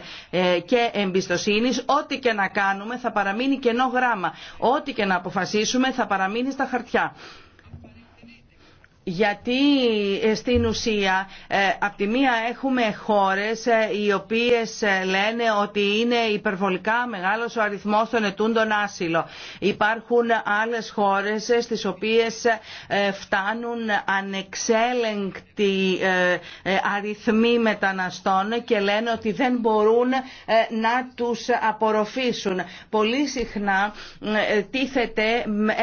και εμπιστοσύνης, ό,τι και να κάνουμε θα παραμείνει κενό γράμμα. Ό,τι και να αποφασίσουμε θα παραμείνει στα χαρτιά γιατί ε, στην ουσία ε, από τη μία έχουμε χώρες ε, οι οποίες λένε ότι είναι υπερβολικά μεγάλος ο αριθμός των ετούντων άσυλο. Υπάρχουν άλλες χώρες στις οποίες φτάνουν ανεξέλεγκτοι αριθμοί μεταναστών και λένε ότι δεν μπορούν να τους απορροφήσουν. Πολύ συχνά τίθεται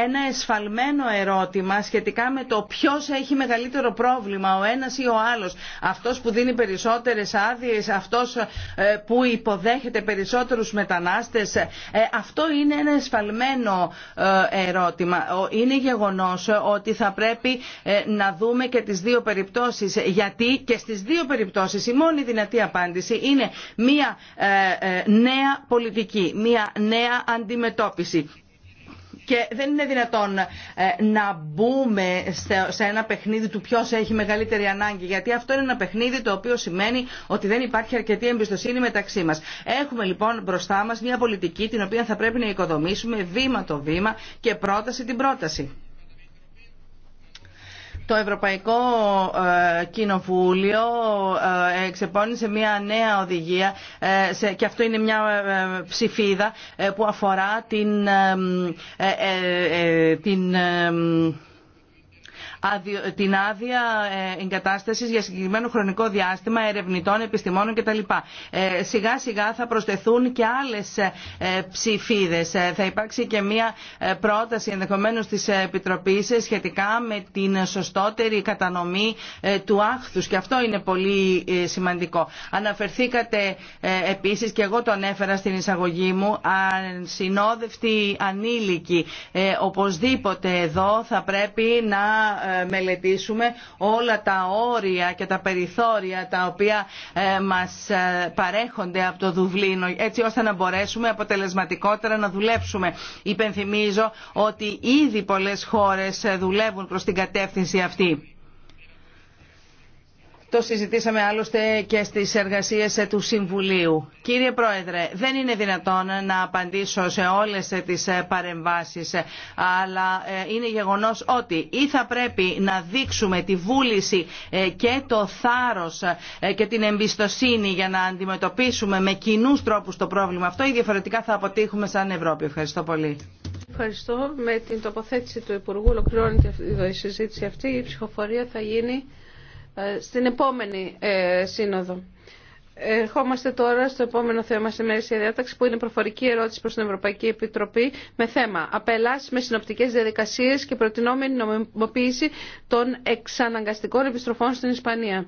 ένα εσφαλμένο ερώτημα σχετικά με το ποιος έχει μεγαλύτερο πρόβλημα, ο ένας ή ο άλλος. Αυτός που δίνει περισσότερες άδειες, αυτός ε, που υποδέχεται περισσότερους μετανάστες. Ε, αυτό είναι ένα εσφαλμένο ε, ερώτημα. Είναι γεγονός ότι θα πρέπει να δούμε και τις δύο περιπτώσεις. Γιατί και στις δύο περιπτώσεις η μόνη δυνατή απάντηση είναι μία νέα πολιτική, μία νέα αντιμετώπιση και δεν είναι δυνατόν ε, να μπούμε σε ένα παιχνίδι του ποιο έχει μεγαλύτερη ανάγκη, γιατί αυτό είναι ένα παιχνίδι το οποίο σημαίνει ότι δεν υπάρχει αρκετή εμπιστοσύνη μεταξύ μα. Έχουμε λοιπόν μπροστά μα μια πολιτική την οποία θα πρέπει να οικοδομήσουμε βήμα το βήμα και πρόταση την πρόταση. Το Ευρωπαϊκό ε, Κοινοβούλιο ε, εξεπώνησε μια νέα οδηγία ε, και αυτό είναι μια ψηφίδα που αφορά την, την την άδεια ε, εγκατάστασης για συγκεκριμένο χρονικό διάστημα ερευνητών, επιστημόνων κτλ. Ε, σιγά σιγά θα προσθεθούν και άλλες ε, ψηφίδες. Θα υπάρξει και μια πρόταση ενδεχομένως της Επιτροπής σχετικά με την σωστότερη κατανομή του άχθους και αυτό είναι πολύ σημαντικό. Αναφερθήκατε επίσης και εγώ το ανέφερα στην εισαγωγή μου συνόδευτη ανήλικη. Οπωσδήποτε εδώ θα πρέπει να ε, μελετήσουμε όλα τα όρια και τα περιθώρια τα οποία ε, μας ε, παρέχονται από το Δουβλίνο έτσι ώστε να μπορέσουμε αποτελεσματικότερα να δουλέψουμε. Υπενθυμίζω ότι ήδη πολλές χώρες δουλεύουν προς την κατεύθυνση αυτή. Το συζητήσαμε άλλωστε και στις εργασίες του Συμβουλίου. Κύριε Πρόεδρε, δεν είναι δυνατόν να απαντήσω σε όλες τις παρεμβάσεις, αλλά ε, είναι γεγονός ότι ή θα πρέπει να δείξουμε τη βούληση ε, και το θάρρος ε, και την εμπιστοσύνη για να αντιμετωπίσουμε με κοινού τρόπους το πρόβλημα αυτό ή διαφορετικά θα αποτύχουμε σαν Ευρώπη. Ευχαριστώ πολύ. Ευχαριστώ. Με την τοποθέτηση του Υπουργού ολοκληρώνεται η συζήτηση αυτή. Η ψηφοφορία θα γίνει ε, στην επόμενη ε, σύνοδο. Ερχόμαστε τώρα στο επόμενο θέμα στη μέρη διάταξη που είναι προφορική ερώτηση προς την Ευρωπαϊκή Επιτροπή με θέμα απελάσεις με συνοπτικές διαδικασίες και προτινόμενη νομιμοποίηση των εξαναγκαστικών επιστροφών στην Ισπανία.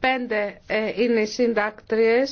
Πέντε ε, είναι οι συντάκτριες.